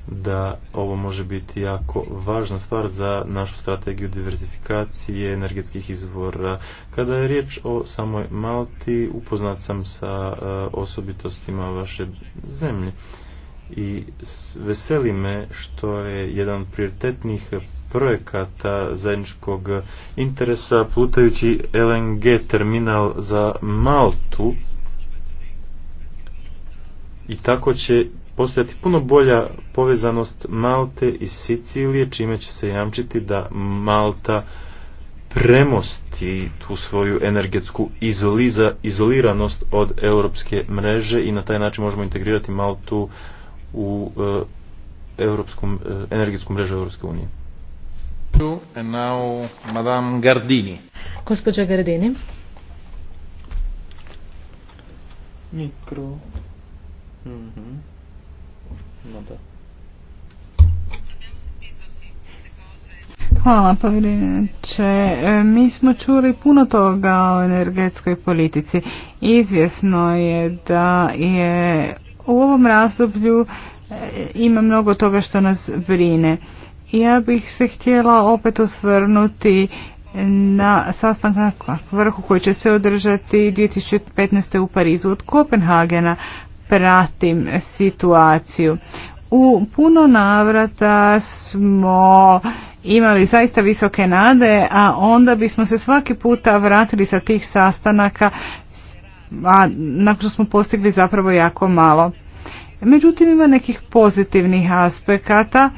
da ovo može biti jako važna stvar za našu strategiju diversifikacije energetskih izvora. Kada je riječ o samoj Malti, upoznat sam sa e, osobitostima vaše zemlje i veseli me što je jedan od prioritetnih projekata zajedničkog interesa plutajući LNG terminal za Maltu i tako će postojati puno bolja povezanost Malte i Sicilije čime će se jamčiti da Malta premosti tu svoju energetsku izoliza, izoliranost od europske mreže i na taj način možemo integrirati Maltu u e, europskom e, energetskom mrežu Europske unije. And now, Madame Gardini. Gospođa Gardini. Mikro. Mm Hvala Pavlinče. E, mi smo čuli puno toga o energetskoj politici. Izvjesno je da je u ovom razdoblju e, ima mnogo toga što nas brine. Ja bih se htjela opet osvrnuti na sastanak vrhu koji će se održati 2015. u Parizu od Kopenhagena pratim situaciju. U puno navrata smo imali zaista visoke nade, a onda bismo se svaki puta vratili sa tih sastanaka a nakon smo postigli zapravo jako malo. Međutim, ima nekih pozitivnih aspekata,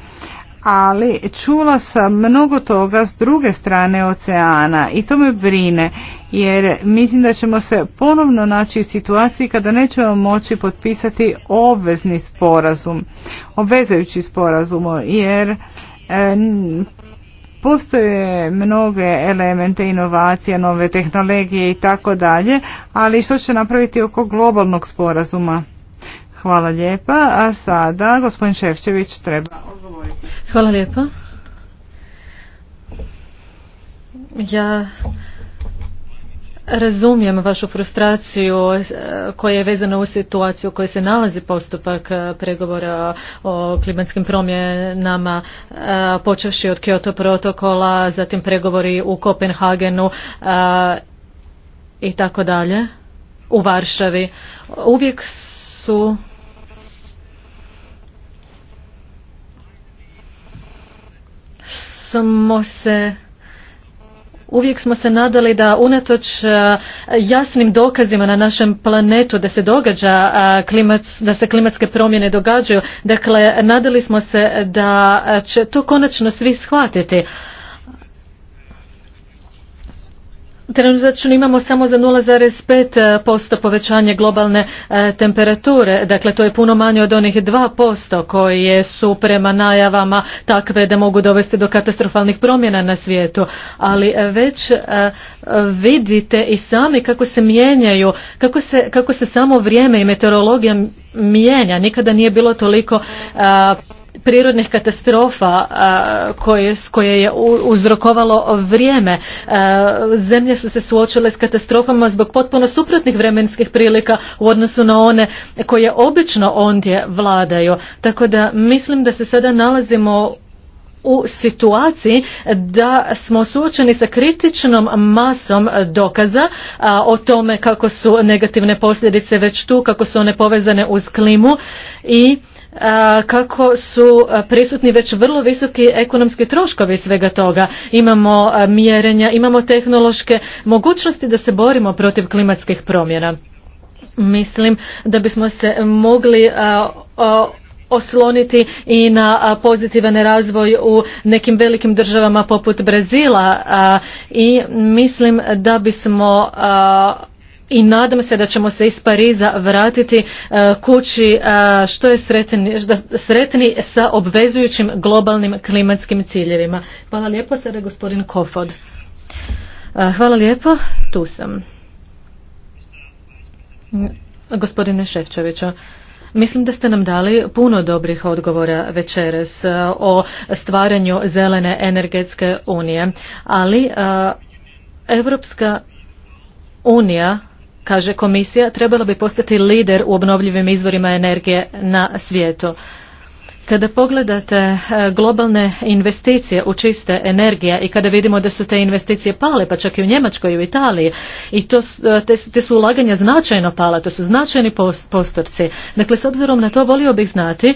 ali čula sam mnogo toga s druge strane oceana i to me brine, jer mislim da ćemo se ponovno naći u situaciji kada nećemo moći potpisati obvezni sporazum, obvezajući sporazum, jer Postoje mnoge elemente inovacije, nove tehnologije i tako dalje, ali što će napraviti oko globalnog sporazuma? Hvala lijepa. A sada gospodin Ševčević treba odgovoriti. Hvala lijepa. Ja Razumijem vašu frustraciju eh, koja je vezana u situaciju u kojoj se nalazi postupak eh, pregovora o klimatskim promjenama, eh, počevši od Kyoto protokola, zatim pregovori u Kopenhagenu i tako dalje, u Varšavi. Uvijek su smo se Uvijek smo se nadali da unatoč e, jasnim dokazima na našem planetu da se događa da se klimatske promjene događaju, dakle nadali smo se da e, će to konačno svi shvatiti. Trenutačno imamo samo za 0,5% povećanje globalne e, temperature, dakle to je puno manje od onih 2% koje su prema najavama takve da mogu dovesti do katastrofalnih promjena na svijetu, ali e, već e, vidite i sami kako se mijenjaju, kako se, kako se samo vrijeme i meteorologija mijenja, nikada nije bilo toliko prirodnih katastrofa koje, koje je uzrokovalo vrijeme. Zemlje su se suočile s katastrofama zbog potpuno suprotnih vremenskih prilika u odnosu na one koje obično ondje vladaju. Tako da mislim da se sada nalazimo u situaciji da smo suočeni sa kritičnom masom dokaza o tome kako su negativne posljedice već tu, kako su one povezane uz klimu i kako su prisutni već vrlo visoki ekonomski troškovi svega toga. Imamo mjerenja, imamo tehnološke mogućnosti da se borimo protiv klimatskih promjena. Mislim da bismo se mogli osloniti i na pozitivan razvoj u nekim velikim državama poput Brazila i mislim da bismo i nadam se da ćemo se iz Pariza vratiti e, kući e, što je sretni, da, sretni sa obvezujućim globalnim klimatskim ciljevima. Hvala lijepo sada gospodin Kofod. Uh, hvala lijepo, tu sam. Gospodine Ševčevića, Mislim da ste nam dali puno dobrih odgovora večeras o stvaranju zelene energetske unije, ali Europska unija kaže komisija, trebala bi postati lider u obnovljivim izvorima energije na svijetu. Kada pogledate e, globalne investicije u čiste energije i kada vidimo da su te investicije pale, pa čak i u Njemačkoj i u Italiji, i to, e, te, te su ulaganja značajno pala, to su značajni postorci. Dakle, s obzirom na to volio bih znati e,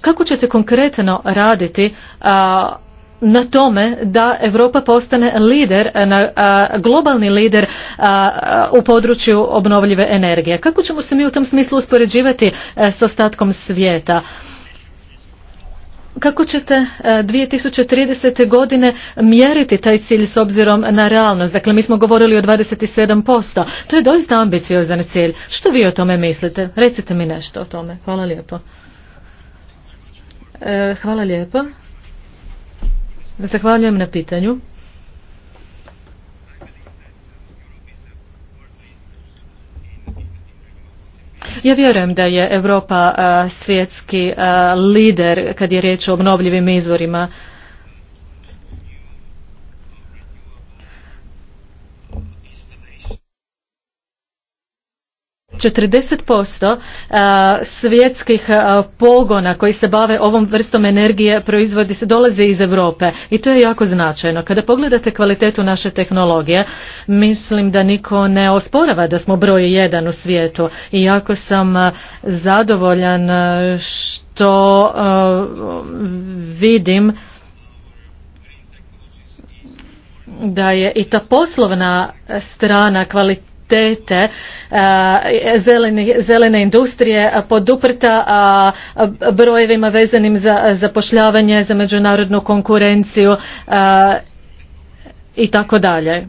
kako ćete konkretno raditi a, na tome da Europa postane lider, eh, eh, globalni lider eh, u području obnovljive energije. Kako ćemo se mi u tom smislu uspoređivati s ostatkom svijeta? Kako ćete 2030. godine mjeriti taj cilj s obzirom na realnost? Dakle, mi smo govorili o 27%. To je doista ambiciozan cilj. Što vi o tome mislite? Recite mi nešto o tome. Hvala lijepo. Hvala lijepo. Zahvaljujem na pitanju. Ja vjerujem da je Europa svjetski lider kad je riječ o obnovljivim izvorima 40% svjetskih pogona koji se bave ovom vrstom energije proizvodi se dolaze iz Europe i to je jako značajno. Kada pogledate kvalitetu naše tehnologije, mislim da niko ne osporava da smo broj jedan u svijetu i jako sam zadovoljan što vidim da je i ta poslovna strana kvaliteta prioritete eh, zelene, zelene industrije eh, poduprta eh, brojevima vezanim za zapošljavanje, za međunarodnu konkurenciju i tako dalje.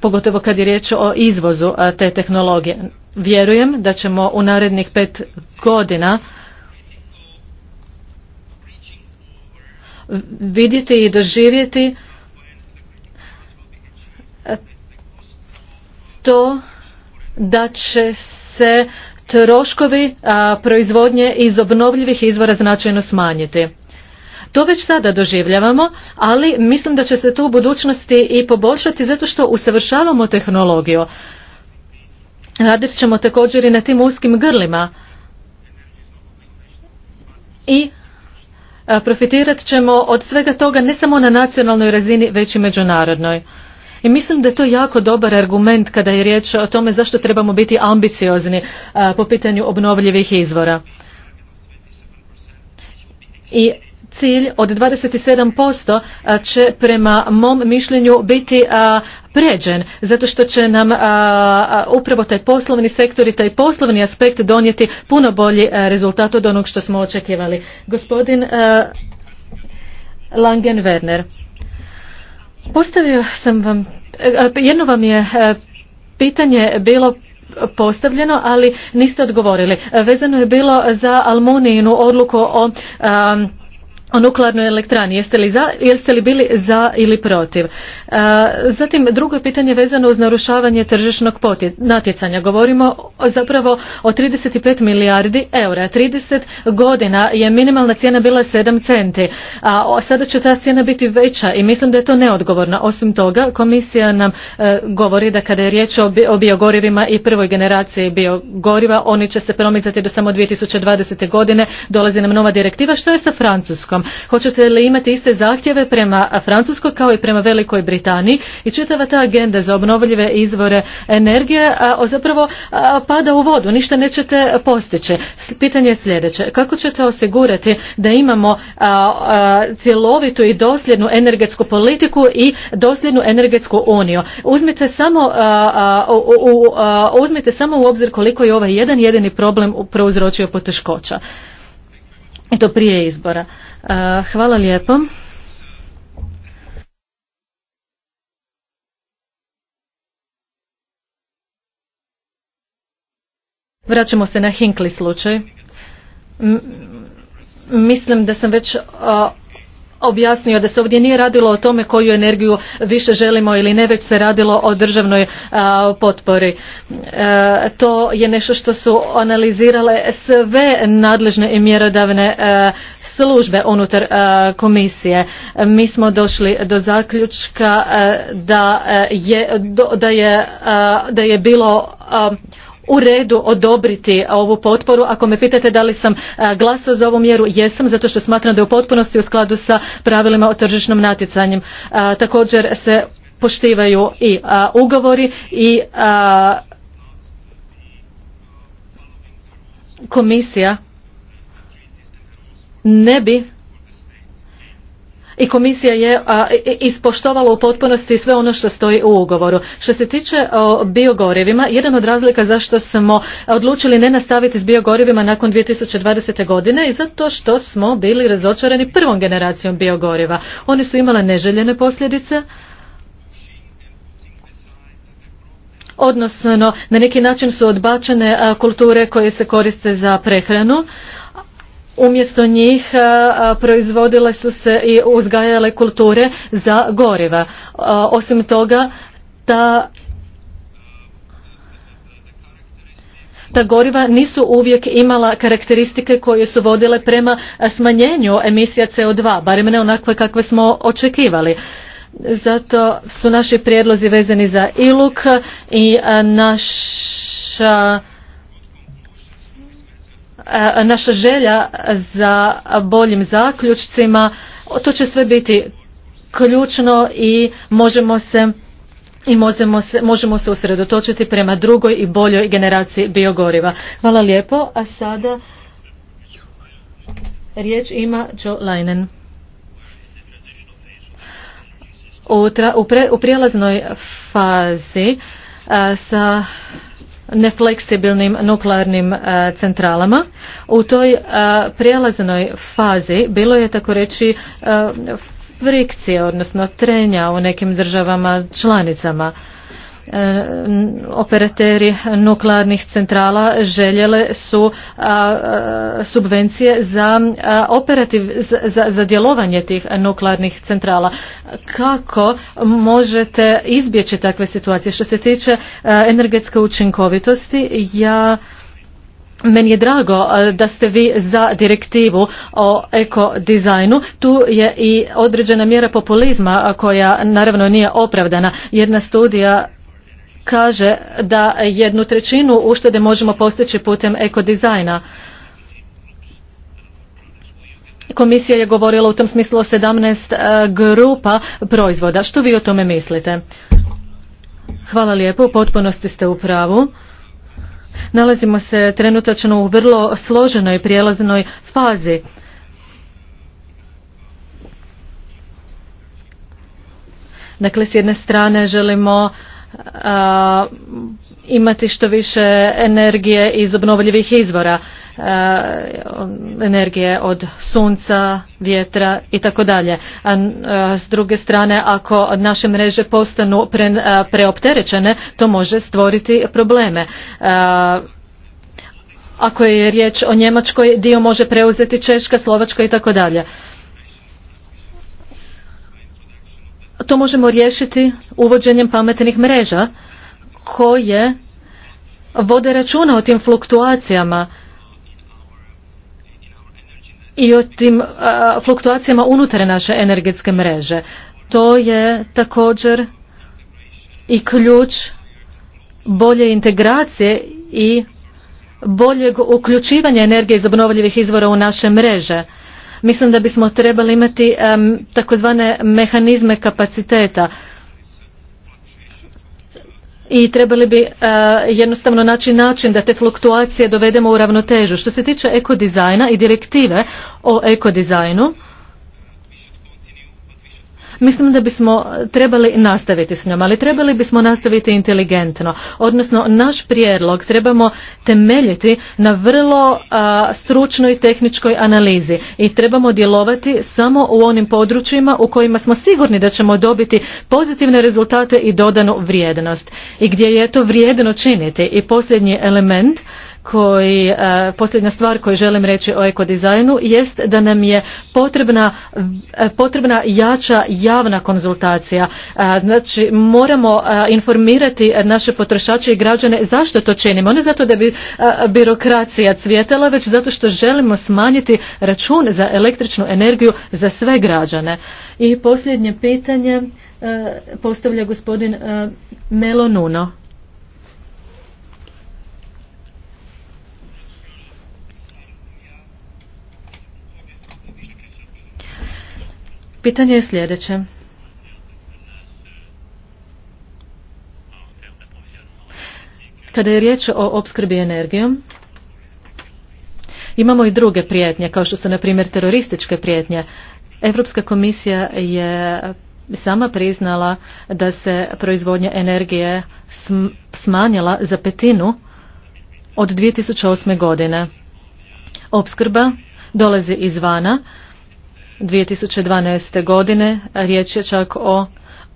Pogotovo kad je riječ o izvozu te tehnologije. Vjerujem da ćemo u narednih pet godina vidjeti i doživjeti to da će se troškovi proizvodnje iz obnovljivih izvora značajno smanjiti. To već sada doživljavamo, ali mislim da će se to u budućnosti i poboljšati zato što usavršavamo tehnologiju. Radit ćemo također i na tim uskim grlima i profitirat ćemo od svega toga ne samo na nacionalnoj razini već i međunarodnoj. I mislim da je to jako dobar argument kada je riječ o tome zašto trebamo biti ambiciozni e, po pitanju obnovljivih izvora. I cilj od 27% e, će prema mom mišljenju biti e, pređen, zato što će nam upravo taj poslovni sektor i taj poslovni aspekt donijeti puno bolji rezultat od onog što smo očekivali. Gospodin Langen Werner. Postavio sam vam, e, e, jedno vam je e, pitanje bilo postavljeno, ali niste odgovorili. Vezano je bilo za Almunijinu odluku o o nuklearnoj elektrani. Jeste li, za, jeste li bili za ili protiv? E, zatim, drugo pitanje vezano uz narušavanje tržišnog natjecanja. Govorimo zapravo o 35 milijardi eura. 30 godina je minimalna cijena bila 7 centi, a sada će ta cijena biti veća i mislim da je to neodgovorno. Osim toga, komisija nam e, govori da kada je riječ o, bi, biogorivima i prvoj generaciji biogoriva, oni će se promicati do samo 2020. godine. Dolazi nam nova direktiva. Što je sa Francuskom? Hoćete li imati iste zahtjeve prema Francuskoj kao i prema Velikoj Britaniji? I čitava ta agenda za obnovljive izvore energije zapravo pada u vodu, ništa nećete postići. Pitanje je sljedeće, kako ćete osigurati da imamo cjelovitu i dosljednu energetsku politiku i dosljednu energetsku uniju? Uzmite samo, u, uzmite samo u obzir koliko je ovaj jedan jedini problem prouzročio poteškoća do prije izbora. Hvala lijepo. Vraćamo se na Hinkley slučaj. mislim da sam već objasnio da se ovdje nije radilo o tome koju energiju više želimo ili ne, već se radilo o državnoj potpori. E, to je nešto što su analizirale sve nadležne i mjerodavne e, službe unutar e, komisije. Mi smo došli do zaključka da je, do, da je, da je bilo u redu odobriti ovu potporu. Ako me pitate da li sam e, glasao za ovu mjeru, jesam, zato što smatram da je u potpunosti u skladu sa pravilima o tržišnom natjecanjem. E, također se poštivaju i e, ugovori i komisija ne bi i komisija je ispoštovala u potpunosti sve ono što stoji u ugovoru. Što se tiče o biogorivima, jedan od razlika zašto smo odlučili ne nastaviti s biogorivima nakon 2020. godine je zato što smo bili razočarani prvom generacijom biogoriva. Oni su imale neželjene posljedice, odnosno na neki način su odbačene kulture koje se koriste za prehranu, umjesto njih e, e, proizvodile su se i uzgajale kulture za goriva. E, osim toga, ta ta goriva nisu uvijek imala karakteristike koje su vodile prema smanjenju emisija CO2, barem ne onakve kakve smo očekivali. Zato su naši prijedlozi vezani za iluk i naša E, naša želja za boljim zaključcima, to će sve biti ključno i možemo se i možemo se, možemo se usredotočiti prema drugoj i boljoj generaciji biogoriva. Hvala lijepo, a sada riječ ima Joe Leinen. U, u, prijelaznoj fazi e, sa nefleksibilnim nuklearnim e, centralama. U toj e, prijelaznoj fazi bilo je tako reći e, frikcije, odnosno trenja u nekim državama članicama. Eh, operateri nuklearnih centrala željele su subvencije za operativ za, djelovanje tih nuklearnih centrala kako možete izbjeći takve situacije što se tiče energetske učinkovitosti ja meni je drago da ste vi za direktivu o ekodizajnu. Tu je i određena mjera populizma koja naravno nije opravdana. Jedna studija kaže da jednu trećinu uštede možemo postići putem ekodizajna. Komisija je govorila u tom smislu o 17 e, grupa proizvoda. Što vi o tome mislite? Hvala lijepo, u potpunosti ste u pravu. Nalazimo se trenutačno u vrlo složenoj prijelaznoj fazi. Dakle, s jedne strane želimo imati što više energije iz obnovljivih izvora energije od sunca, vjetra i tako dalje. S druge strane, ako naše mreže postanu pre, preopterećene, to može stvoriti probleme. Ako je riječ o Njemačkoj, dio može preuzeti Češka, Slovačka i tako dalje. to možemo riješiti uvođenjem pametnih mreža koje vode računa o tim fluktuacijama i o tim fluktuacijama unutar naše energetske mreže. To je također i ključ bolje integracije i boljeg uključivanja energije iz obnovljivih izvora u naše mreže. Mislim da bismo trebali imati takozvane mehanizme kapaciteta i trebali bi eh, jednostavno naći način da te fluktuacije dovedemo u ravnotežu. Što se tiče ekodizajna i direktive o ekodizajnu, Mislim da bismo trebali nastaviti s njom, ali trebali bismo nastaviti inteligentno. Odnosno, naš prijedlog trebamo temeljiti na vrlo stručnoj tehničkoj analizi i trebamo djelovati samo u onim područjima u kojima smo sigurni da ćemo dobiti pozitivne rezultate i dodanu vrijednost. I gdje je to vrijedno činiti. I posljednji element koji, e, posljednja stvar koju želim reći o ekodizajnu jest da nam je potrebna, e, potrebna jača javna konzultacija. E, znači moramo informirati naše potrošače i građane zašto to činimo. Ne zato da bi birokracija cvjetala, već zato što želimo smanjiti račun za električnu energiju za sve građane. I posljednje pitanje postavlja gospodin Nuno. Pitanje je sljedeće. Kada je riječ o opskrbi energijom, imamo i druge prijetnje, kao što su, na primjer, terorističke prijetnje. Europska komisija je sama priznala da se proizvodnja energije smanjila za petinu od 2008. godine. Opskrba dolazi izvana, 2012. godine riječ je čak o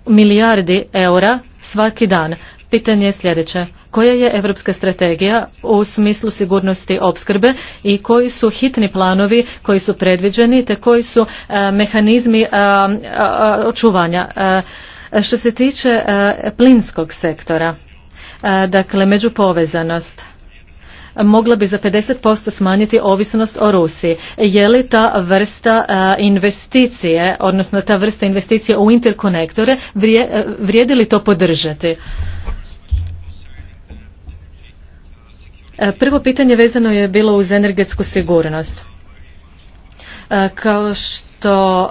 milijardi eura svaki dan. Pitanje je sljedeće. Koja je europska strategija u smislu sigurnosti opskrbe i koji su hitni planovi koji su predviđeni te koji su e, mehanizmi e, e, očuvanja? Što se tiče plinskog sektora, dakle međupovezanost, mogla bi za 50% smanjiti ovisnost o Rusiji. Je li ta vrsta e, investicije, odnosno ta vrsta investicije u interkonektore, e, vrijedi li to podržati? E, prvo pitanje vezano je bilo uz energetsku sigurnost. Kao što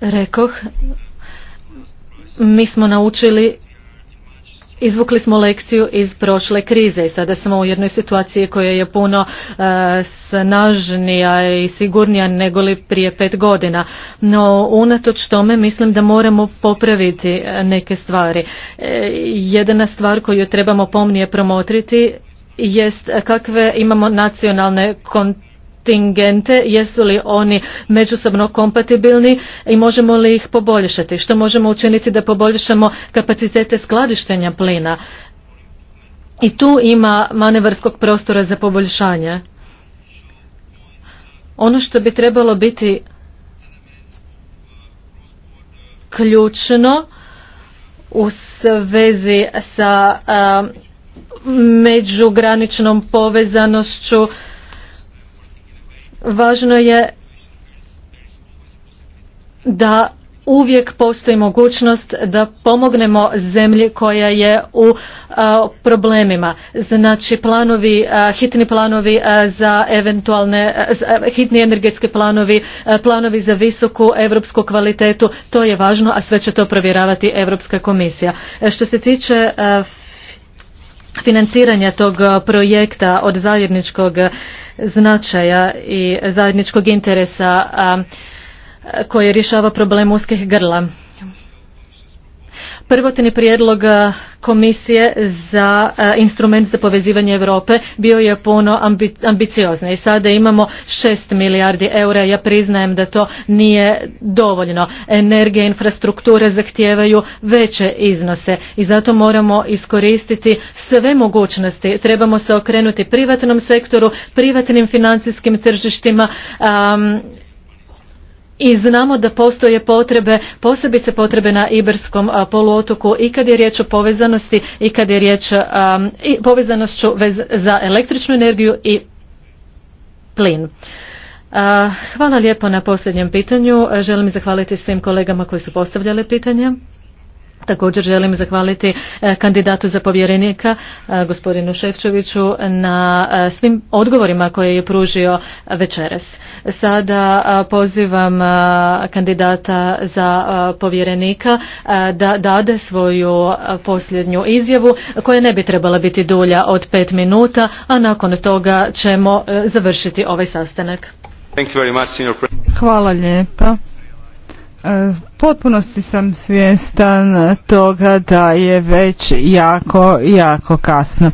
rekoh, mi smo naučili izvukli smo lekciju iz prošle krize i sada smo u jednoj situaciji koja je puno e, snažnija i sigurnija nego li prije pet godina. No, unatoč tome mislim da moramo popraviti e, neke stvari. E, stvar koju trebamo pomnije promotriti jest kakve imamo nacionalne kontakte kontingente, jesu li oni međusobno kompatibilni i možemo li ih poboljšati? Što možemo učiniti da poboljšamo kapacitete skladištenja plina? I tu ima manevarskog prostora za poboljšanje. Ono što bi trebalo biti ključno u svezi sa međugraničnom povezanošću Važno je da uvijek postoji mogućnost da pomognemo zemlji koja je u problemima. Znači planovi, hitni planovi za eventualne, hitni energetski planovi, planovi za visoku europsku kvalitetu, to je važno, a sve će to provjeravati Europska komisija. E, što se tiče financiranja tog eh, projekta od zajedničkog eh, značaja i zajedničkog interesa eh, koje rješava problem uskih grla prvotni prijedlog eh, komisije za eh, instrument za povezivanje Europe bio je puno I Sada imamo 6 milijardi eura. Ja priznajem da to nije dovoljno. Energija i infrastrukture zahtijevaju veće iznose i zato moramo iskoristiti sve mogućnosti. Trebamo se okrenuti privatnom sektoru, privatnim financijskim tržištima, i znamo da postoje potrebe, posebice potrebe na Iberskom poluotoku i kad je riječ o povezanosti i kad je riječ povezanošću vez za električnu energiju i plin. Hvala lijepo na posljednjem pitanju. Želim zahvaliti svim kolegama koji su postavljali pitanja. Također želim zahvaliti e, kandidatu za povjerenika, e, gospodinu Ševčeviću, na e, svim odgovorima koje je pružio večeras. Sada pozivam kandidata za povjerenika da dade svoju posljednju izjavu koja ne bi trebala biti dulja od pet minuta, a nakon toga ćemo završiti ovaj sastanak. Hvala lijepa. E, potpunosti sam svjestan toga da je već jako, jako kasno.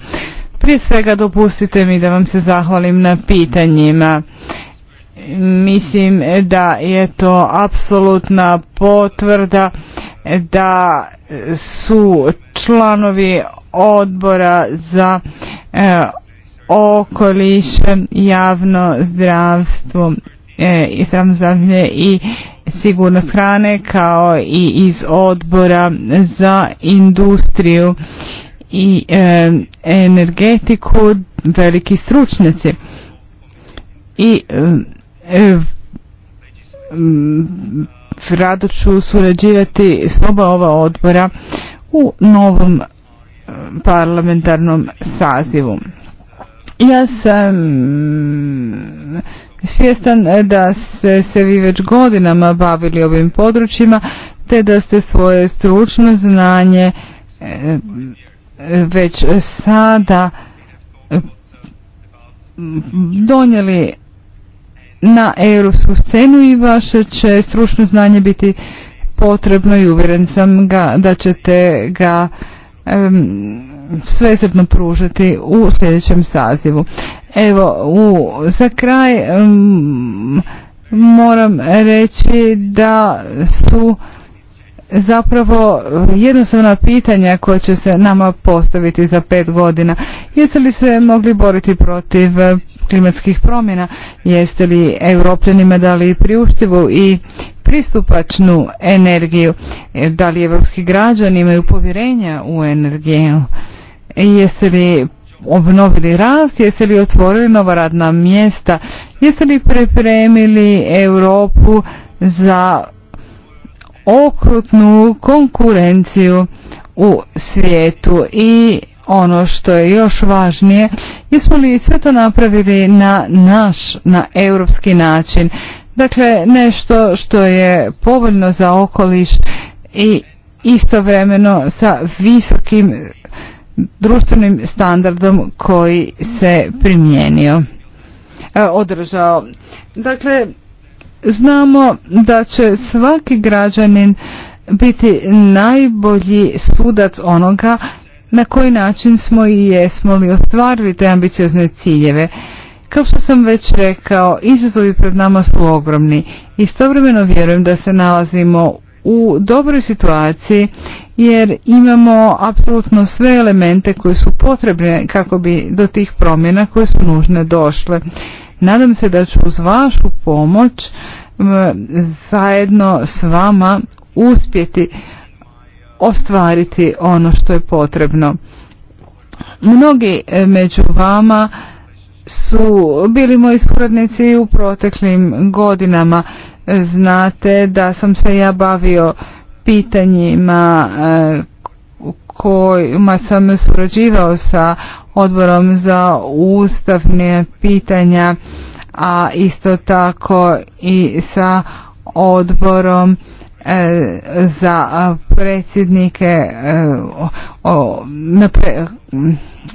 Prije svega dopustite mi da vam se zahvalim na pitanjima. Mislim da je to apsolutna potvrda da su članovi odbora za e, okoliš, javno zdravstvo E, i zdravlje i sigurnost hrane kao i iz odbora za industriju i e, energetiku veliki stručnjaci i e, rado ću surađivati s oba ova odbora u novom parlamentarnom sazivu. Ja sam svjestan e, da ste se vi već godinama bavili ovim područjima te da ste svoje stručno znanje e, već sada donijeli na europsku scenu i vaše će stručno znanje biti potrebno i uvjeren sam ga, da ćete ga um, svesredno pružiti u sljedećem sazivu. Evo, u, za kraj moram reći da su zapravo jednostavna pitanja koja će se nama postaviti za pet godina. Jeste li se mogli boriti protiv eh, klimatskih promjena? Jeste li europljanima dali priuštivu i pristupačnu energiju? Da li evropski građani imaju povjerenja u energiju? Jeste li obnovili rast, jeste li otvorili nova radna mjesta, jeste li pripremili Europu za okrutnu konkurenciju u svijetu i ono što je još važnije, jesmo li sve to napravili na naš, na europski način. Dakle, nešto što je povoljno za okoliš i istovremeno sa visokim društvenim standardom koji se primijenio, e, održao. Dakle, znamo da će svaki građanin biti najbolji sudac onoga na koji način smo i jesmo li ostvarili te ambiciozne ciljeve. Kao što sam već rekao, izazovi pred nama su ogromni. Istovremeno vjerujem da se nalazimo u dobroj situaciji jer imamo apsolutno sve elemente koje su potrebne kako bi do tih promjena koje su nužne došle. Nadam se da ću uz vašu pomoć zajedno s vama uspjeti ostvariti ono što je potrebno. Mnogi e, među vama su bili moji suradnici u proteklim godinama znate da sam se ja bavio pitanjima e, kojima sam surađivao sa odborom za ustavne pitanja, a isto tako i sa odborom e, za predsjednike e, na,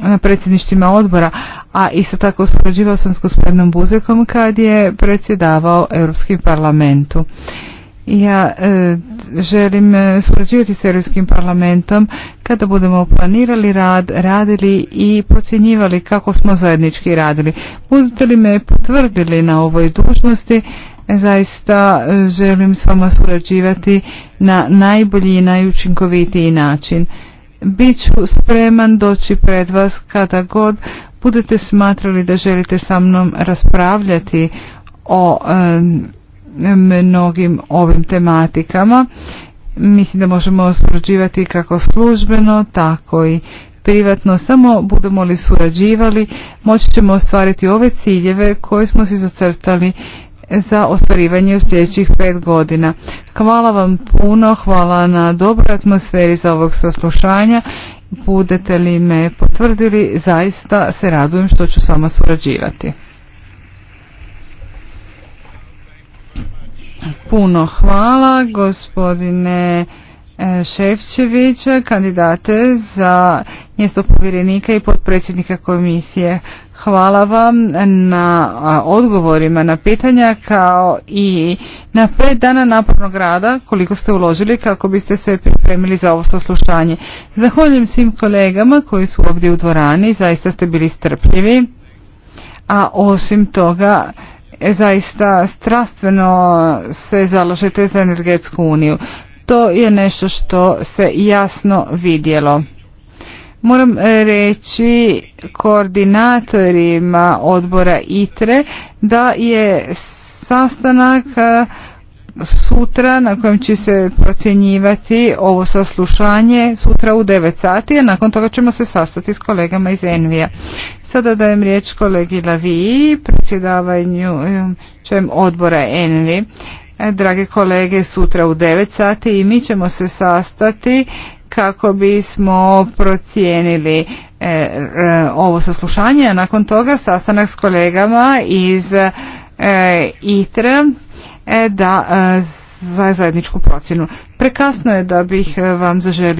na predsjedništima odbora, a isto tako uspoređivao sam s gospodinom Buzekom kad je predsjedavao Europskim parlamentu. Ja e, želim e, surađivati s Europskim parlamentom kada budemo planirali rad, radili i procjenjivali kako smo zajednički radili. Budete li me potvrdili na ovoj dužnosti, e, zaista želim s vama surađivati na najbolji i najučinkovitiji način. Biću spreman doći pred vas kada god budete smatrali da želite sa mnom raspravljati o mnogim ovim tematikama, mislim da možemo surađivati kako službeno, tako i privatno. Samo budemo li surađivali, moći ćemo ostvariti ove ciljeve koje smo si zacrtali za ostvarivanje u sljedećih pet godina. Hvala vam puno, hvala na dobroj atmosferi za ovog saslušanja budete li me potvrdili, zaista se radujem što ću s vama surađivati. Puno hvala gospodine e, Ševčević, kandidate za mjesto povjerenika i potpredsjednika komisije Hvala vam na odgovorima na pitanja kao i na pet dana napornog rada koliko ste uložili kako biste se pripremili za ovo saslušanje. Zahvaljujem svim kolegama koji su ovdje u dvorani, zaista ste bili strpljivi, a osim toga e, zaista strastveno se založite za energetsku uniju. To je nešto što se jasno vidjelo. Moram e, reći koordinatorima odbora ITRE da je sastanak e, sutra na kojem će se procjenjivati ovo saslušanje sutra u 9 sati, a nakon toga ćemo se sastati s kolegama iz Envija. Sada dajem riječ kolegi Laviji, predsjedavanju e, čem odbora Envi. Drage kolege, sutra u 9 sati i mi ćemo se sastati kako bismo procijenili e, e, ovo saslušanje, a nakon toga sastanak s kolegama iz e, ITRE da za zajedničku procjenu. Prekasno je da bih vam zaželi.